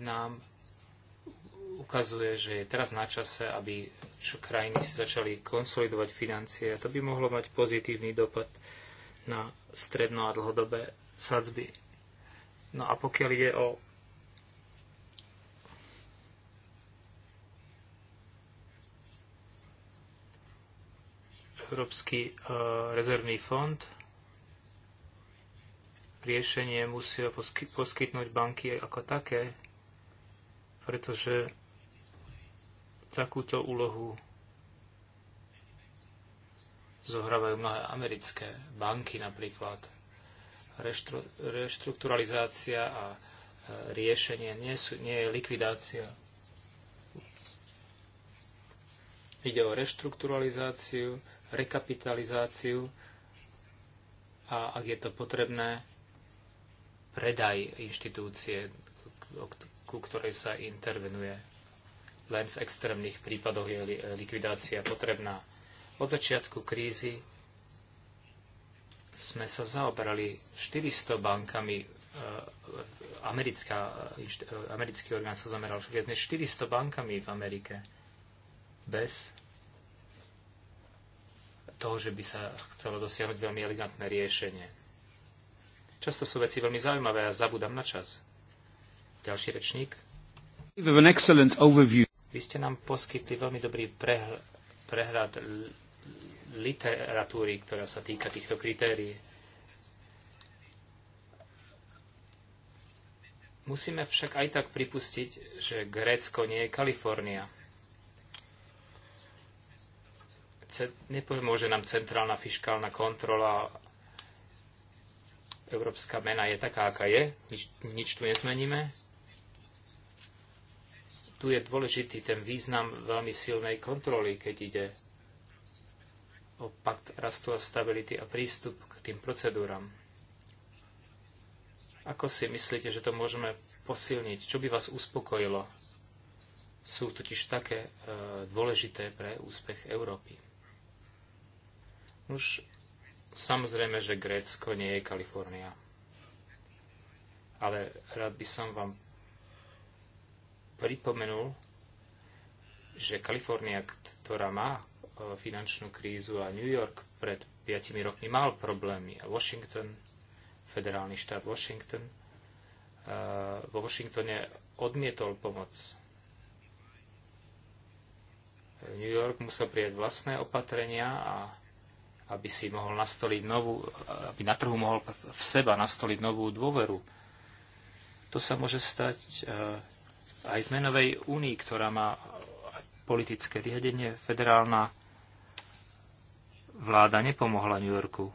Speaker 3: nám ukazuje, že je teraz na čase, aby čo krajiny si začali konsolidovať financie a to by mohlo mať pozitívny dopad na stredno a dlhodobé sadzby. No a pokiaľ ide o Európsky e, rezervný fond, riešenie musia posky, poskytnúť banky ako také, pretože takúto úlohu zohrávajú mnohé americké banky napríklad. Reštru, reštrukturalizácia a e, riešenie nie, sú, nie je likvidácia. Ide o reštrukturalizáciu, rekapitalizáciu a ak je to potrebné, predaj inštitúcie, ku ktorej sa intervenuje. Len v extrémnych prípadoch je likvidácia potrebná. Od začiatku krízy sme sa zaoberali 400 bankami. E, americká, e, e, americký orgán sa zameral viac než 400 bankami v Amerike bez toho, že by sa chcelo dosiahnuť veľmi elegantné riešenie. Často sú veci veľmi zaujímavé a zabudám na čas. Ďalší rečník. Vy ste nám poskytli veľmi dobrý prehľad, literatúry, ktorá sa týka týchto kritérií. Musíme však aj tak pripustiť, že Grécko nie je Kalifornia. Nepomôže nám centrálna fiskálna kontrola. Európska mena je taká, aká je. Nič, nič tu nezmeníme tu je dôležitý ten význam veľmi silnej kontroly, keď ide o pakt rastu a stability a prístup k tým procedúram. Ako si myslíte, že to môžeme posilniť? Čo by vás uspokojilo? Sú totiž také e, dôležité pre úspech Európy. Už samozrejme, že Grécko nie je Kalifornia. Ale rád by som vám pripomenul, že Kalifornia, ktorá má e, finančnú krízu a New York pred 5 rokmi mal problémy a Washington, federálny štát Washington, e, vo Washingtone odmietol pomoc. New York musel prijať vlastné opatrenia a aby si mohol nastoliť novú, e, aby na trhu mohol v seba nastoliť novú dôveru. To sa môže stať aj v menovej únii, ktorá má politické riadenie, federálna vláda nepomohla New Yorku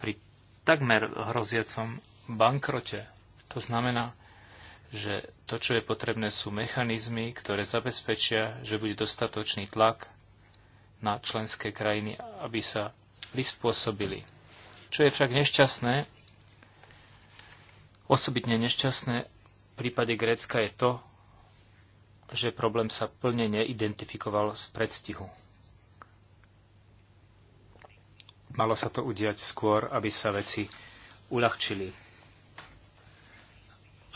Speaker 3: pri takmer hroziacom bankrote. To znamená, že to, čo je potrebné, sú mechanizmy, ktoré zabezpečia, že bude dostatočný tlak na členské krajiny, aby sa prispôsobili. Čo je však nešťastné, osobitne nešťastné v prípade Grécka je to, že problém sa plne neidentifikoval z predstihu. Malo sa to udiať skôr, aby sa veci uľahčili.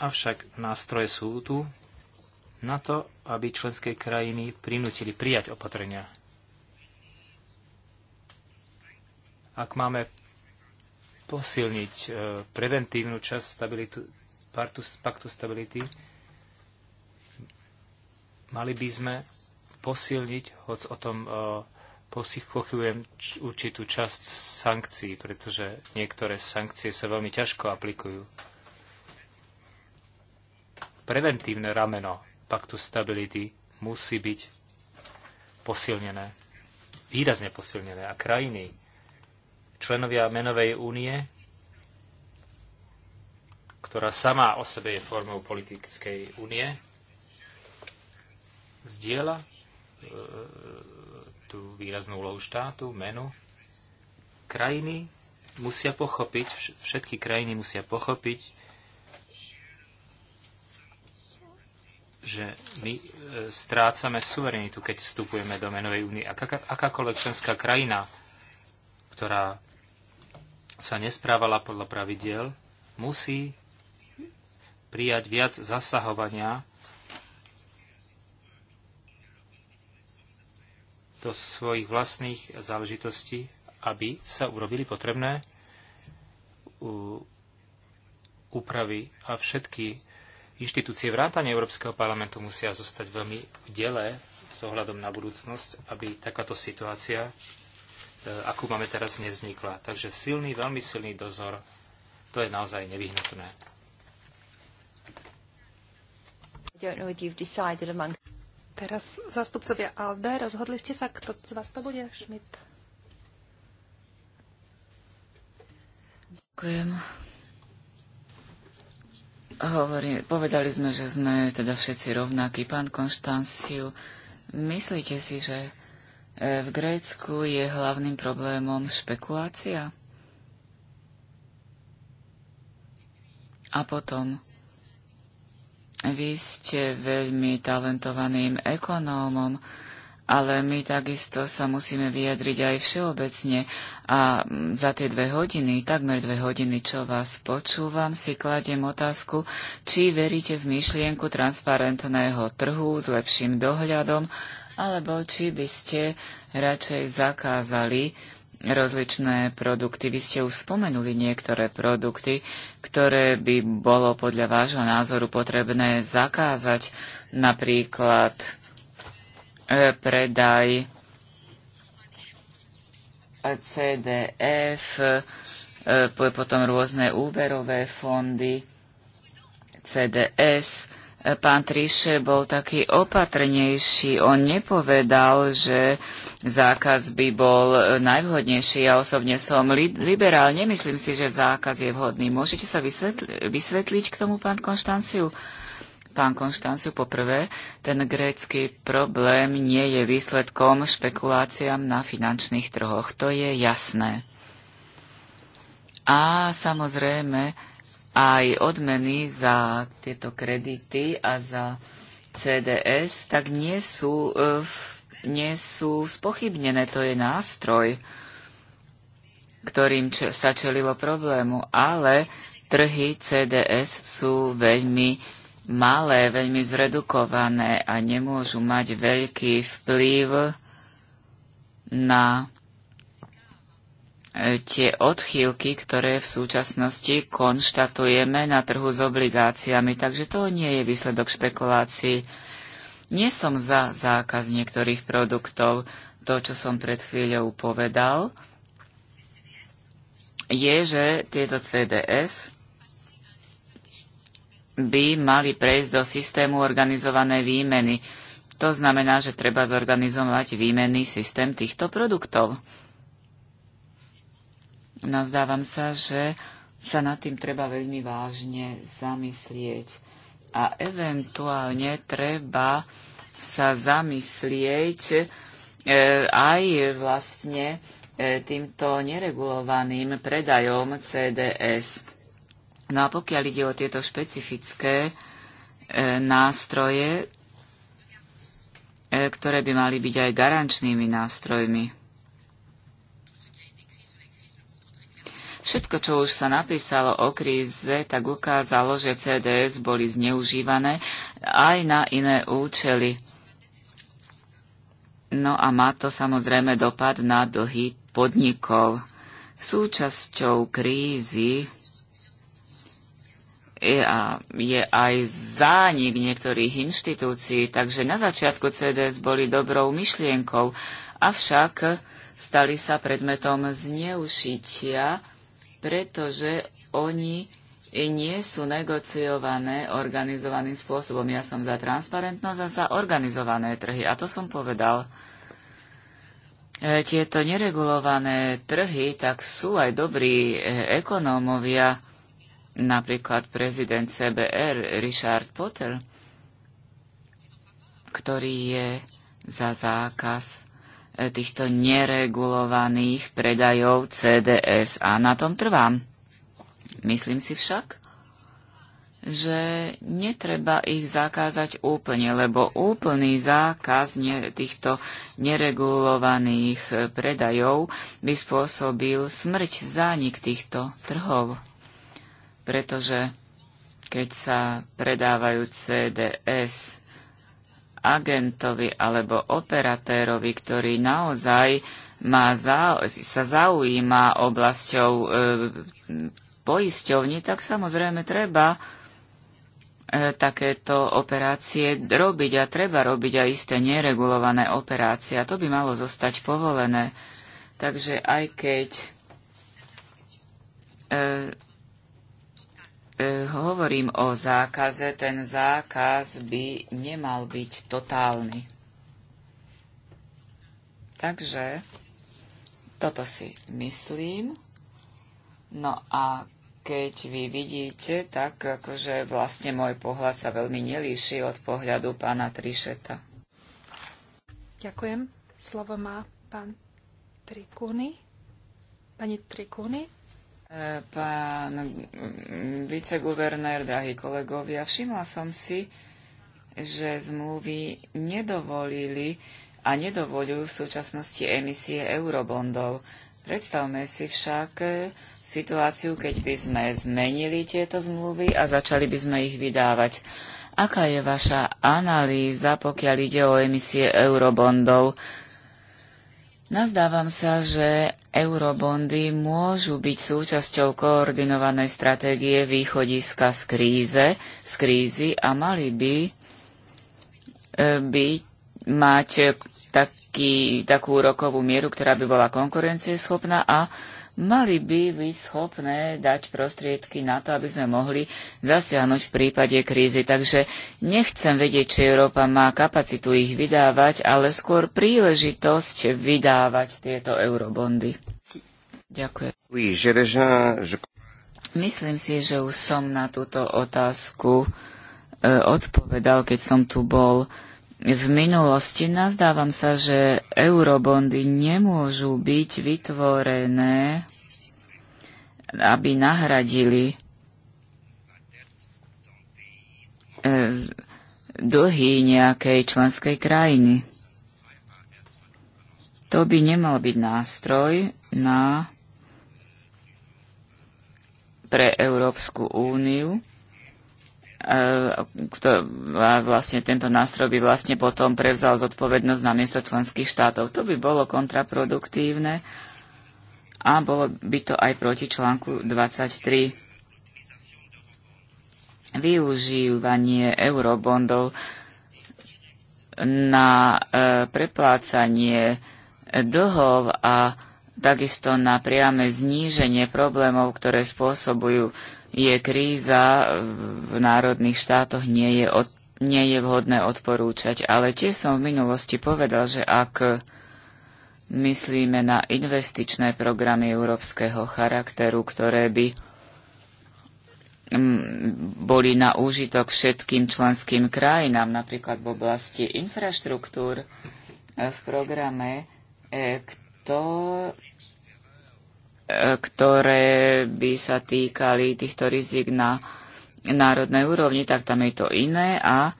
Speaker 3: Avšak nástroje sú tu na to, aby členské krajiny prinútili prijať opatrenia. Ak máme posilniť eh, preventívnu časť stabilitu, paktu stability, Mali by sme posilniť, hoď o tom e, pochybujem určitú časť sankcií, pretože niektoré sankcie sa veľmi ťažko aplikujú. Preventívne rameno paktu stability musí byť posilnené, výrazne posilnené. A krajiny, členovia menovej únie, ktorá sama o sebe je formou politickej únie, zdieľa e, e, tú výraznú úlohu štátu, menu. Krajiny musia pochopiť, všetky krajiny musia pochopiť, že my e, strácame suverenitu, keď vstupujeme do menovej únie. Aká, akákoľvek členská krajina, ktorá sa nesprávala podľa pravidiel, musí prijať viac zasahovania do svojich vlastných záležitostí, aby sa urobili potrebné úpravy a všetky inštitúcie vrátane Európskeho parlamentu musia zostať veľmi v dele s ohľadom na budúcnosť, aby takáto situácia, e, akú máme teraz, nevznikla. Takže silný, veľmi silný dozor, to je naozaj nevyhnutné.
Speaker 1: Among... Teraz zastupcovia ALDE, rozhodli ste sa, kto z vás to bude? Šmit.
Speaker 2: Ďakujem. Hovorí, povedali sme, že sme teda všetci rovnakí. Pán Konštanciu, myslíte si, že e, v Grécku je hlavným problémom špekulácia? A potom, vy ste veľmi talentovaným ekonómom, ale my takisto sa musíme vyjadriť aj všeobecne. A za tie dve hodiny, takmer dve hodiny, čo vás počúvam, si kladiem otázku, či veríte v myšlienku transparentného trhu s lepším dohľadom, alebo či by ste radšej zakázali rozličné produkty. Vy ste už spomenuli niektoré produkty, ktoré by bolo podľa vášho názoru potrebné zakázať, napríklad e, predaj CDF, e, potom rôzne úverové fondy, CDS, pán Triše bol taký opatrnejší. On nepovedal, že zákaz by bol najvhodnejší. Ja osobne som li- liberál. Nemyslím si, že zákaz je vhodný. Môžete sa vysvetli- vysvetliť k tomu, pán Konštanciu? Pán Konštanciu, poprvé, ten grécky problém nie je výsledkom špekuláciám na finančných trhoch. To je jasné. A samozrejme, aj odmeny za tieto kredity a za CDS, tak nie sú, e, nie sú spochybnené. To je nástroj, ktorým sa čelilo problému, ale trhy CDS sú veľmi malé, veľmi zredukované a nemôžu mať veľký vplyv na E, tie odchýlky, ktoré v súčasnosti konštatujeme na trhu s obligáciami. Takže to nie je výsledok špekulácií. Nie som za zákaz niektorých produktov. To, čo som pred chvíľou povedal, je, že tieto CDS by mali prejsť do systému organizovanej výmeny. To znamená, že treba zorganizovať výmenný systém týchto produktov nazdávam sa, že sa nad tým treba veľmi vážne zamyslieť a eventuálne treba sa zamyslieť e, aj vlastne e, týmto neregulovaným predajom CDS. No a pokiaľ ide o tieto špecifické e, nástroje, e, ktoré by mali byť aj garančnými nástrojmi. Všetko, čo už sa napísalo o kríze, tak ukázalo, že CDS boli zneužívané aj na iné účely. No a má to samozrejme dopad na dlhy podnikov. Súčasťou krízy je, a je aj zánik niektorých inštitúcií, takže na začiatku CDS boli dobrou myšlienkou, avšak stali sa predmetom zneušitia pretože oni nie sú negociované organizovaným spôsobom. Ja som za transparentnosť a za organizované trhy. A to som povedal. E, tieto neregulované trhy, tak sú aj dobrí e, ekonómovia, napríklad prezident CBR Richard Potter, ktorý je za zákaz týchto neregulovaných predajov CDS. A na tom trvám. Myslím si však, že netreba ich zakázať úplne, lebo úplný zákaz ne, týchto neregulovaných eh, predajov by spôsobil smrť, zánik týchto trhov. Pretože keď sa predávajú CDS agentovi alebo operatérovi, ktorý naozaj má za, sa zaujíma oblasťou e, poisťovní, tak samozrejme treba e, takéto operácie robiť a treba robiť aj isté neregulované operácie. A to by malo zostať povolené. Takže aj keď e, E, hovorím o zákaze, ten zákaz by nemal byť totálny. Takže toto si myslím. No a keď vy vidíte, tak akože vlastne môj pohľad sa veľmi nelíši od pohľadu pána Trišeta.
Speaker 1: Ďakujem. Slovo má pán Trikuny. Pani Trikuny.
Speaker 2: Pán viceguvernér, drahí kolegovia, všimla som si, že zmluvy nedovolili a nedovolujú v súčasnosti emisie eurobondov. Predstavme si však situáciu, keď by sme zmenili tieto zmluvy a začali by sme ich vydávať. Aká je vaša analýza, pokiaľ ide o emisie eurobondov? Nazdávam sa, že eurobondy môžu byť súčasťou koordinovanej stratégie východiska z kríze, z krízy a mali by e, byť, mať taký, takú rokovú mieru, ktorá by bola konkurencieschopná a mali by byť schopné dať prostriedky na to, aby sme mohli zasiahnuť v prípade krízy. Takže nechcem vedieť, či Európa má kapacitu ich vydávať, ale skôr príležitosť vydávať tieto eurobondy. Ďakujem. Myslím si, že už som na túto otázku eh, odpovedal, keď som tu bol v minulosti nazdávam sa, že eurobondy nemôžu byť vytvorené, aby nahradili e, dlhy nejakej členskej krajiny. To by nemal byť nástroj na pre Európsku úniu, E, kto, vlastne tento nástroj by vlastne potom prevzal zodpovednosť na miesto členských štátov. To by bolo kontraproduktívne a bolo by to aj proti článku 23. Využívanie eurobondov na e, preplácanie dlhov a takisto na priame zníženie problémov, ktoré spôsobujú je kríza v národných štátoch, nie je, od, nie je vhodné odporúčať. Ale tiež som v minulosti povedal, že ak myslíme na investičné programy európskeho charakteru, ktoré by mm, boli na úžitok všetkým členským krajinám, napríklad v oblasti infraštruktúr v programe, e, kto, ktoré by sa týkali týchto rizik na národnej úrovni, tak tam je to iné a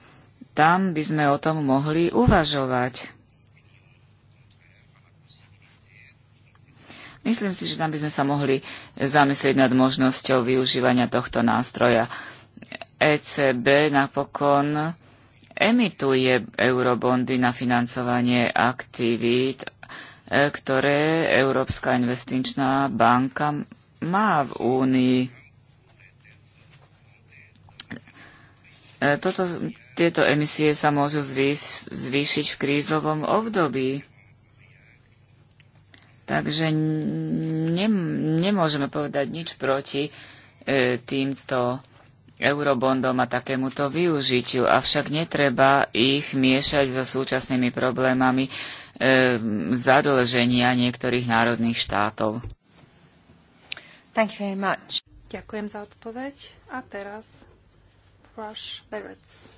Speaker 2: tam by sme o tom mohli uvažovať. Myslím si, že tam by sme sa mohli zamyslieť nad možnosťou využívania tohto nástroja. ECB napokon emituje eurobondy na financovanie aktivít ktoré Európska investičná banka má v Únii. Toto, tieto emisie sa môžu zvýš, zvýšiť v krízovom období. Takže ne, nemôžeme povedať nič proti e, týmto eurobondom a takémuto využitiu, avšak netreba ich miešať so súčasnými problémami e, zadlženia niektorých národných štátov.
Speaker 1: Thank you very much. Ďakujem za odpoveď. A teraz Rush Barretts.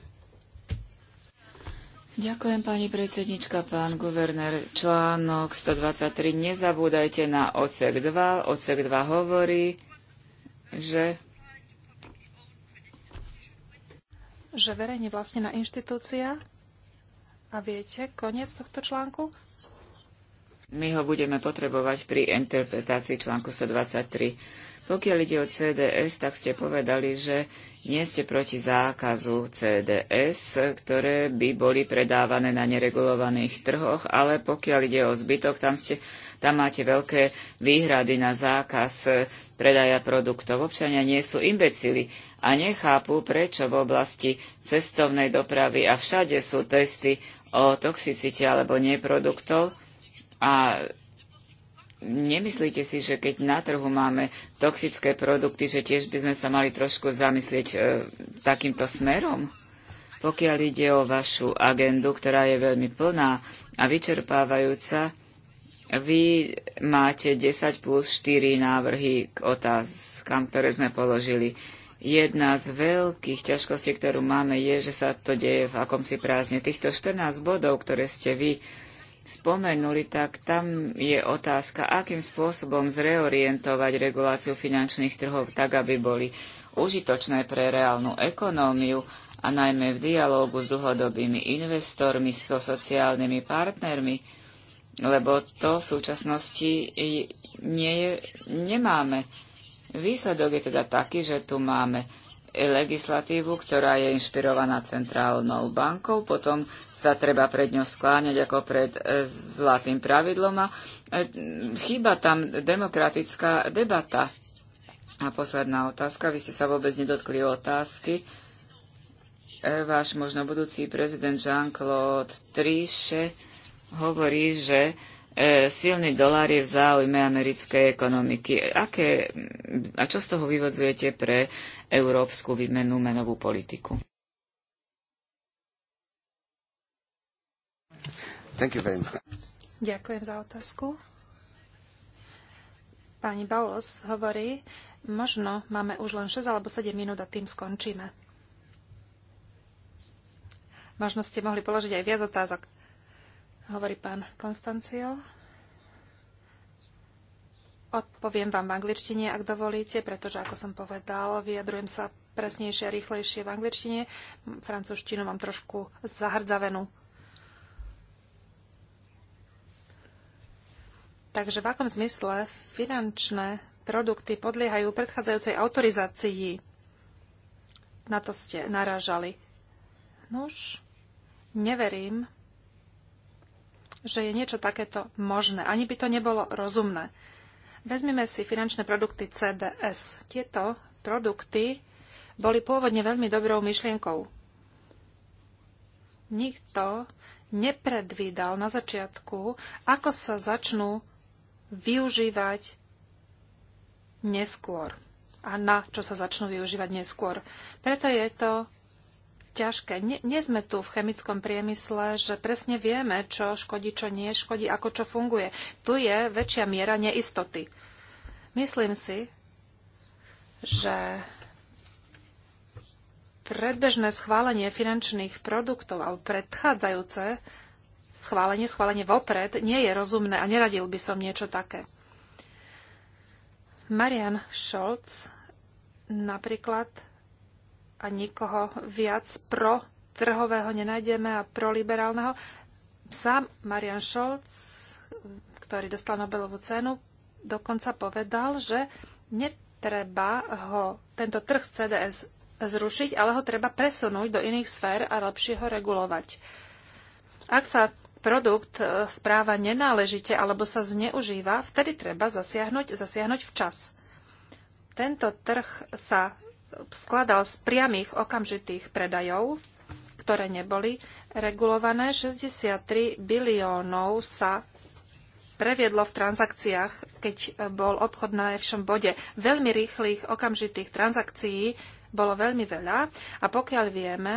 Speaker 2: Ďakujem pani predsednička, pán guvernér. Článok 123. Nezabúdajte na odsek 2. Odsek 2 hovorí, že
Speaker 1: že verejne vlastnená inštitúcia a viete koniec tohto článku?
Speaker 2: My ho budeme potrebovať pri interpretácii článku 123. Pokiaľ ide o CDS, tak ste povedali, že nie ste proti zákazu CDS, ktoré by boli predávané na neregulovaných trhoch, ale pokiaľ ide o zbytok, tam, ste, tam máte veľké výhrady na zákaz predaja produktov. Občania nie sú imbecili a nechápu, prečo v oblasti cestovnej dopravy a všade sú testy o toxicite alebo neproduktov a nemyslíte si, že keď na trhu máme toxické produkty, že tiež by sme sa mali trošku zamyslieť e, takýmto smerom? Pokiaľ ide o vašu agendu, ktorá je veľmi plná a vyčerpávajúca, vy máte 10 plus 4 návrhy k otázkam, ktoré sme položili. Jedna z veľkých ťažkostí, ktorú máme, je, že sa to deje v akomsi prázdne. Týchto 14 bodov, ktoré ste vy spomenuli, tak tam je otázka, akým spôsobom zreorientovať reguláciu finančných trhov tak, aby boli užitočné pre reálnu ekonómiu a najmä v dialógu s dlhodobými investormi, so sociálnymi partnermi, lebo to v súčasnosti nie je, nemáme. Výsledok je teda taký, že tu máme legislatívu, ktorá je inšpirovaná centrálnou bankou, potom sa treba pred ňou skláňať ako pred e, zlatým pravidlom a e, chýba tam demokratická debata. A posledná otázka, vy ste sa vôbec nedotkli otázky. E, váš možno budúci prezident Jean-Claude Trichet hovorí, že E, silný dolár je v záujme americkej ekonomiky. Aké, a čo z toho vyvodzujete pre európsku výmenu menovú politiku? Thank you very much.
Speaker 1: Ďakujem za otázku. Pani Baulos hovorí, možno máme už len 6 alebo 7 minút a tým skončíme. Možno ste mohli položiť aj viac otázok hovorí pán Konstancio. Odpoviem vám v angličtine, ak dovolíte, pretože, ako som povedal, vyjadrujem sa presnejšie a rýchlejšie v angličtine. Francúzštinu mám trošku zahrdzavenú. Takže v akom zmysle finančné produkty podliehajú predchádzajúcej autorizácii? Na to ste narážali? Nuž, neverím, že je niečo takéto možné. Ani by to nebolo rozumné. Vezmime si finančné produkty CDS. Tieto produkty boli pôvodne veľmi dobrou myšlienkou. Nikto nepredvídal na začiatku, ako sa začnú využívať neskôr a na čo sa začnú využívať neskôr. Preto je to ťažké. Nie, nie sme tu v chemickom priemysle, že presne vieme, čo škodí, čo nie škodí, ako čo funguje. Tu je väčšia miera neistoty. Myslím si, že predbežné schválenie finančných produktov alebo predchádzajúce schválenie, schválenie vopred, nie je rozumné a neradil by som niečo také. Marian Scholz napríklad a nikoho viac pro trhového nenájdeme a pro liberálneho. Sám Marian Scholz, ktorý dostal Nobelovú cenu, dokonca povedal, že netreba ho, tento trh z CDS zrušiť, ale ho treba presunúť do iných sfér a lepšie ho regulovať. Ak sa produkt e, správa nenáležite alebo sa zneužíva, vtedy treba zasiahnuť, zasiahnuť včas. Tento trh sa skladal z priamých okamžitých predajov, ktoré neboli regulované. 63 biliónov sa previedlo v transakciách, keď bol obchod na najvšom bode. Veľmi rýchlych okamžitých transakcií bolo veľmi veľa a pokiaľ vieme,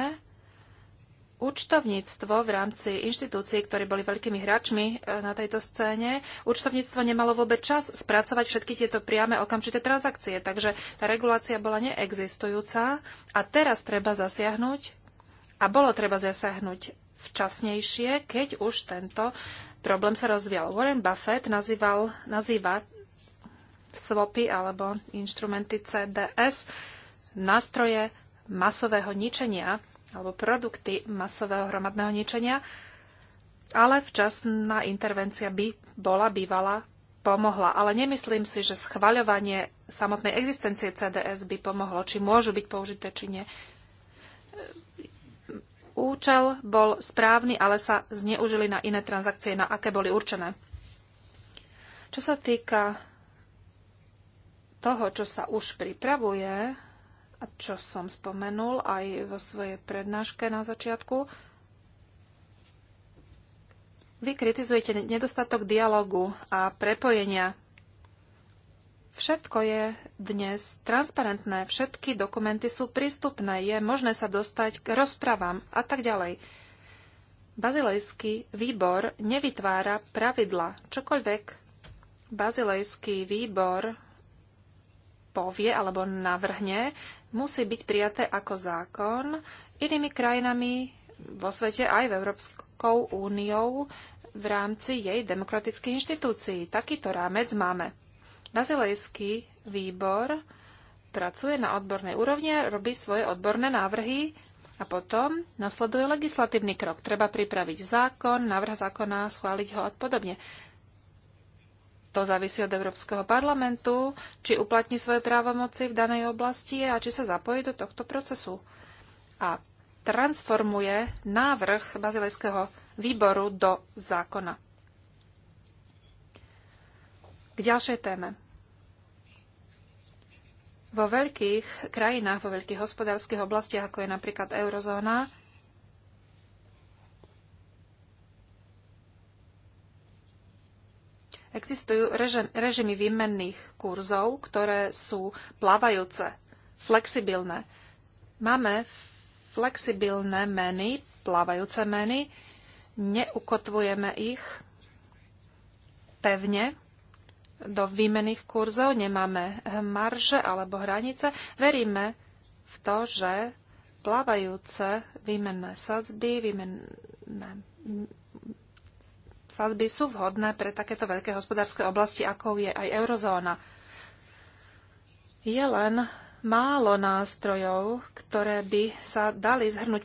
Speaker 1: účtovníctvo v rámci inštitúcií, ktorí boli veľkými hráčmi e, na tejto scéne, účtovníctvo nemalo vôbec čas spracovať všetky tieto priame okamžité transakcie, takže tá regulácia bola neexistujúca a teraz treba zasiahnuť a bolo treba zasiahnuť včasnejšie, keď už tento problém sa rozvíjal. Warren Buffett nazýval, nazýva swapy alebo inštrumenty CDS nástroje masového ničenia alebo produkty masového hromadného ničenia, ale včasná intervencia by bola bývala pomohla. Ale nemyslím si, že schvaľovanie samotnej existencie CDS by pomohlo, či môžu byť použité, či nie. Účel bol správny, ale sa zneužili na iné transakcie, na aké boli určené. Čo sa týka toho, čo sa už pripravuje, čo som spomenul aj vo svojej prednáške na začiatku. Vy kritizujete nedostatok dialogu a prepojenia. Všetko je dnes transparentné, všetky dokumenty sú prístupné, je možné sa dostať k rozprávam a tak ďalej. Bazilejský výbor nevytvára pravidla. Čokoľvek bazilejský výbor povie alebo navrhne, musí byť prijaté ako zákon inými krajinami vo svete aj v Európskou úniou v rámci jej demokratických inštitúcií. Takýto rámec máme. Bazilejský výbor pracuje na odbornej úrovni, robí svoje odborné návrhy a potom nasleduje legislatívny krok. Treba pripraviť zákon, návrh zákona, schváliť ho a podobne to závisí od Európskeho parlamentu, či uplatní svoje právomoci v danej oblasti a či sa zapojí do tohto procesu. A transformuje návrh bazilejského výboru do zákona. K ďalšej téme. Vo veľkých krajinách, vo veľkých hospodárskych oblastiach, ako je napríklad eurozóna, Existujú režim, režimy výmenných kurzov, ktoré sú plávajúce, flexibilné. Máme flexibilné meny, plávajúce meny, neukotvujeme ich pevne do výmenných kurzov, nemáme marže alebo hranice. Veríme v to, že plávajúce výmenné sadzby, výmenné sadzby sú vhodné pre takéto veľké hospodárske oblasti, ako je aj eurozóna. Je len málo nástrojov, ktoré by sa dali zhrnúť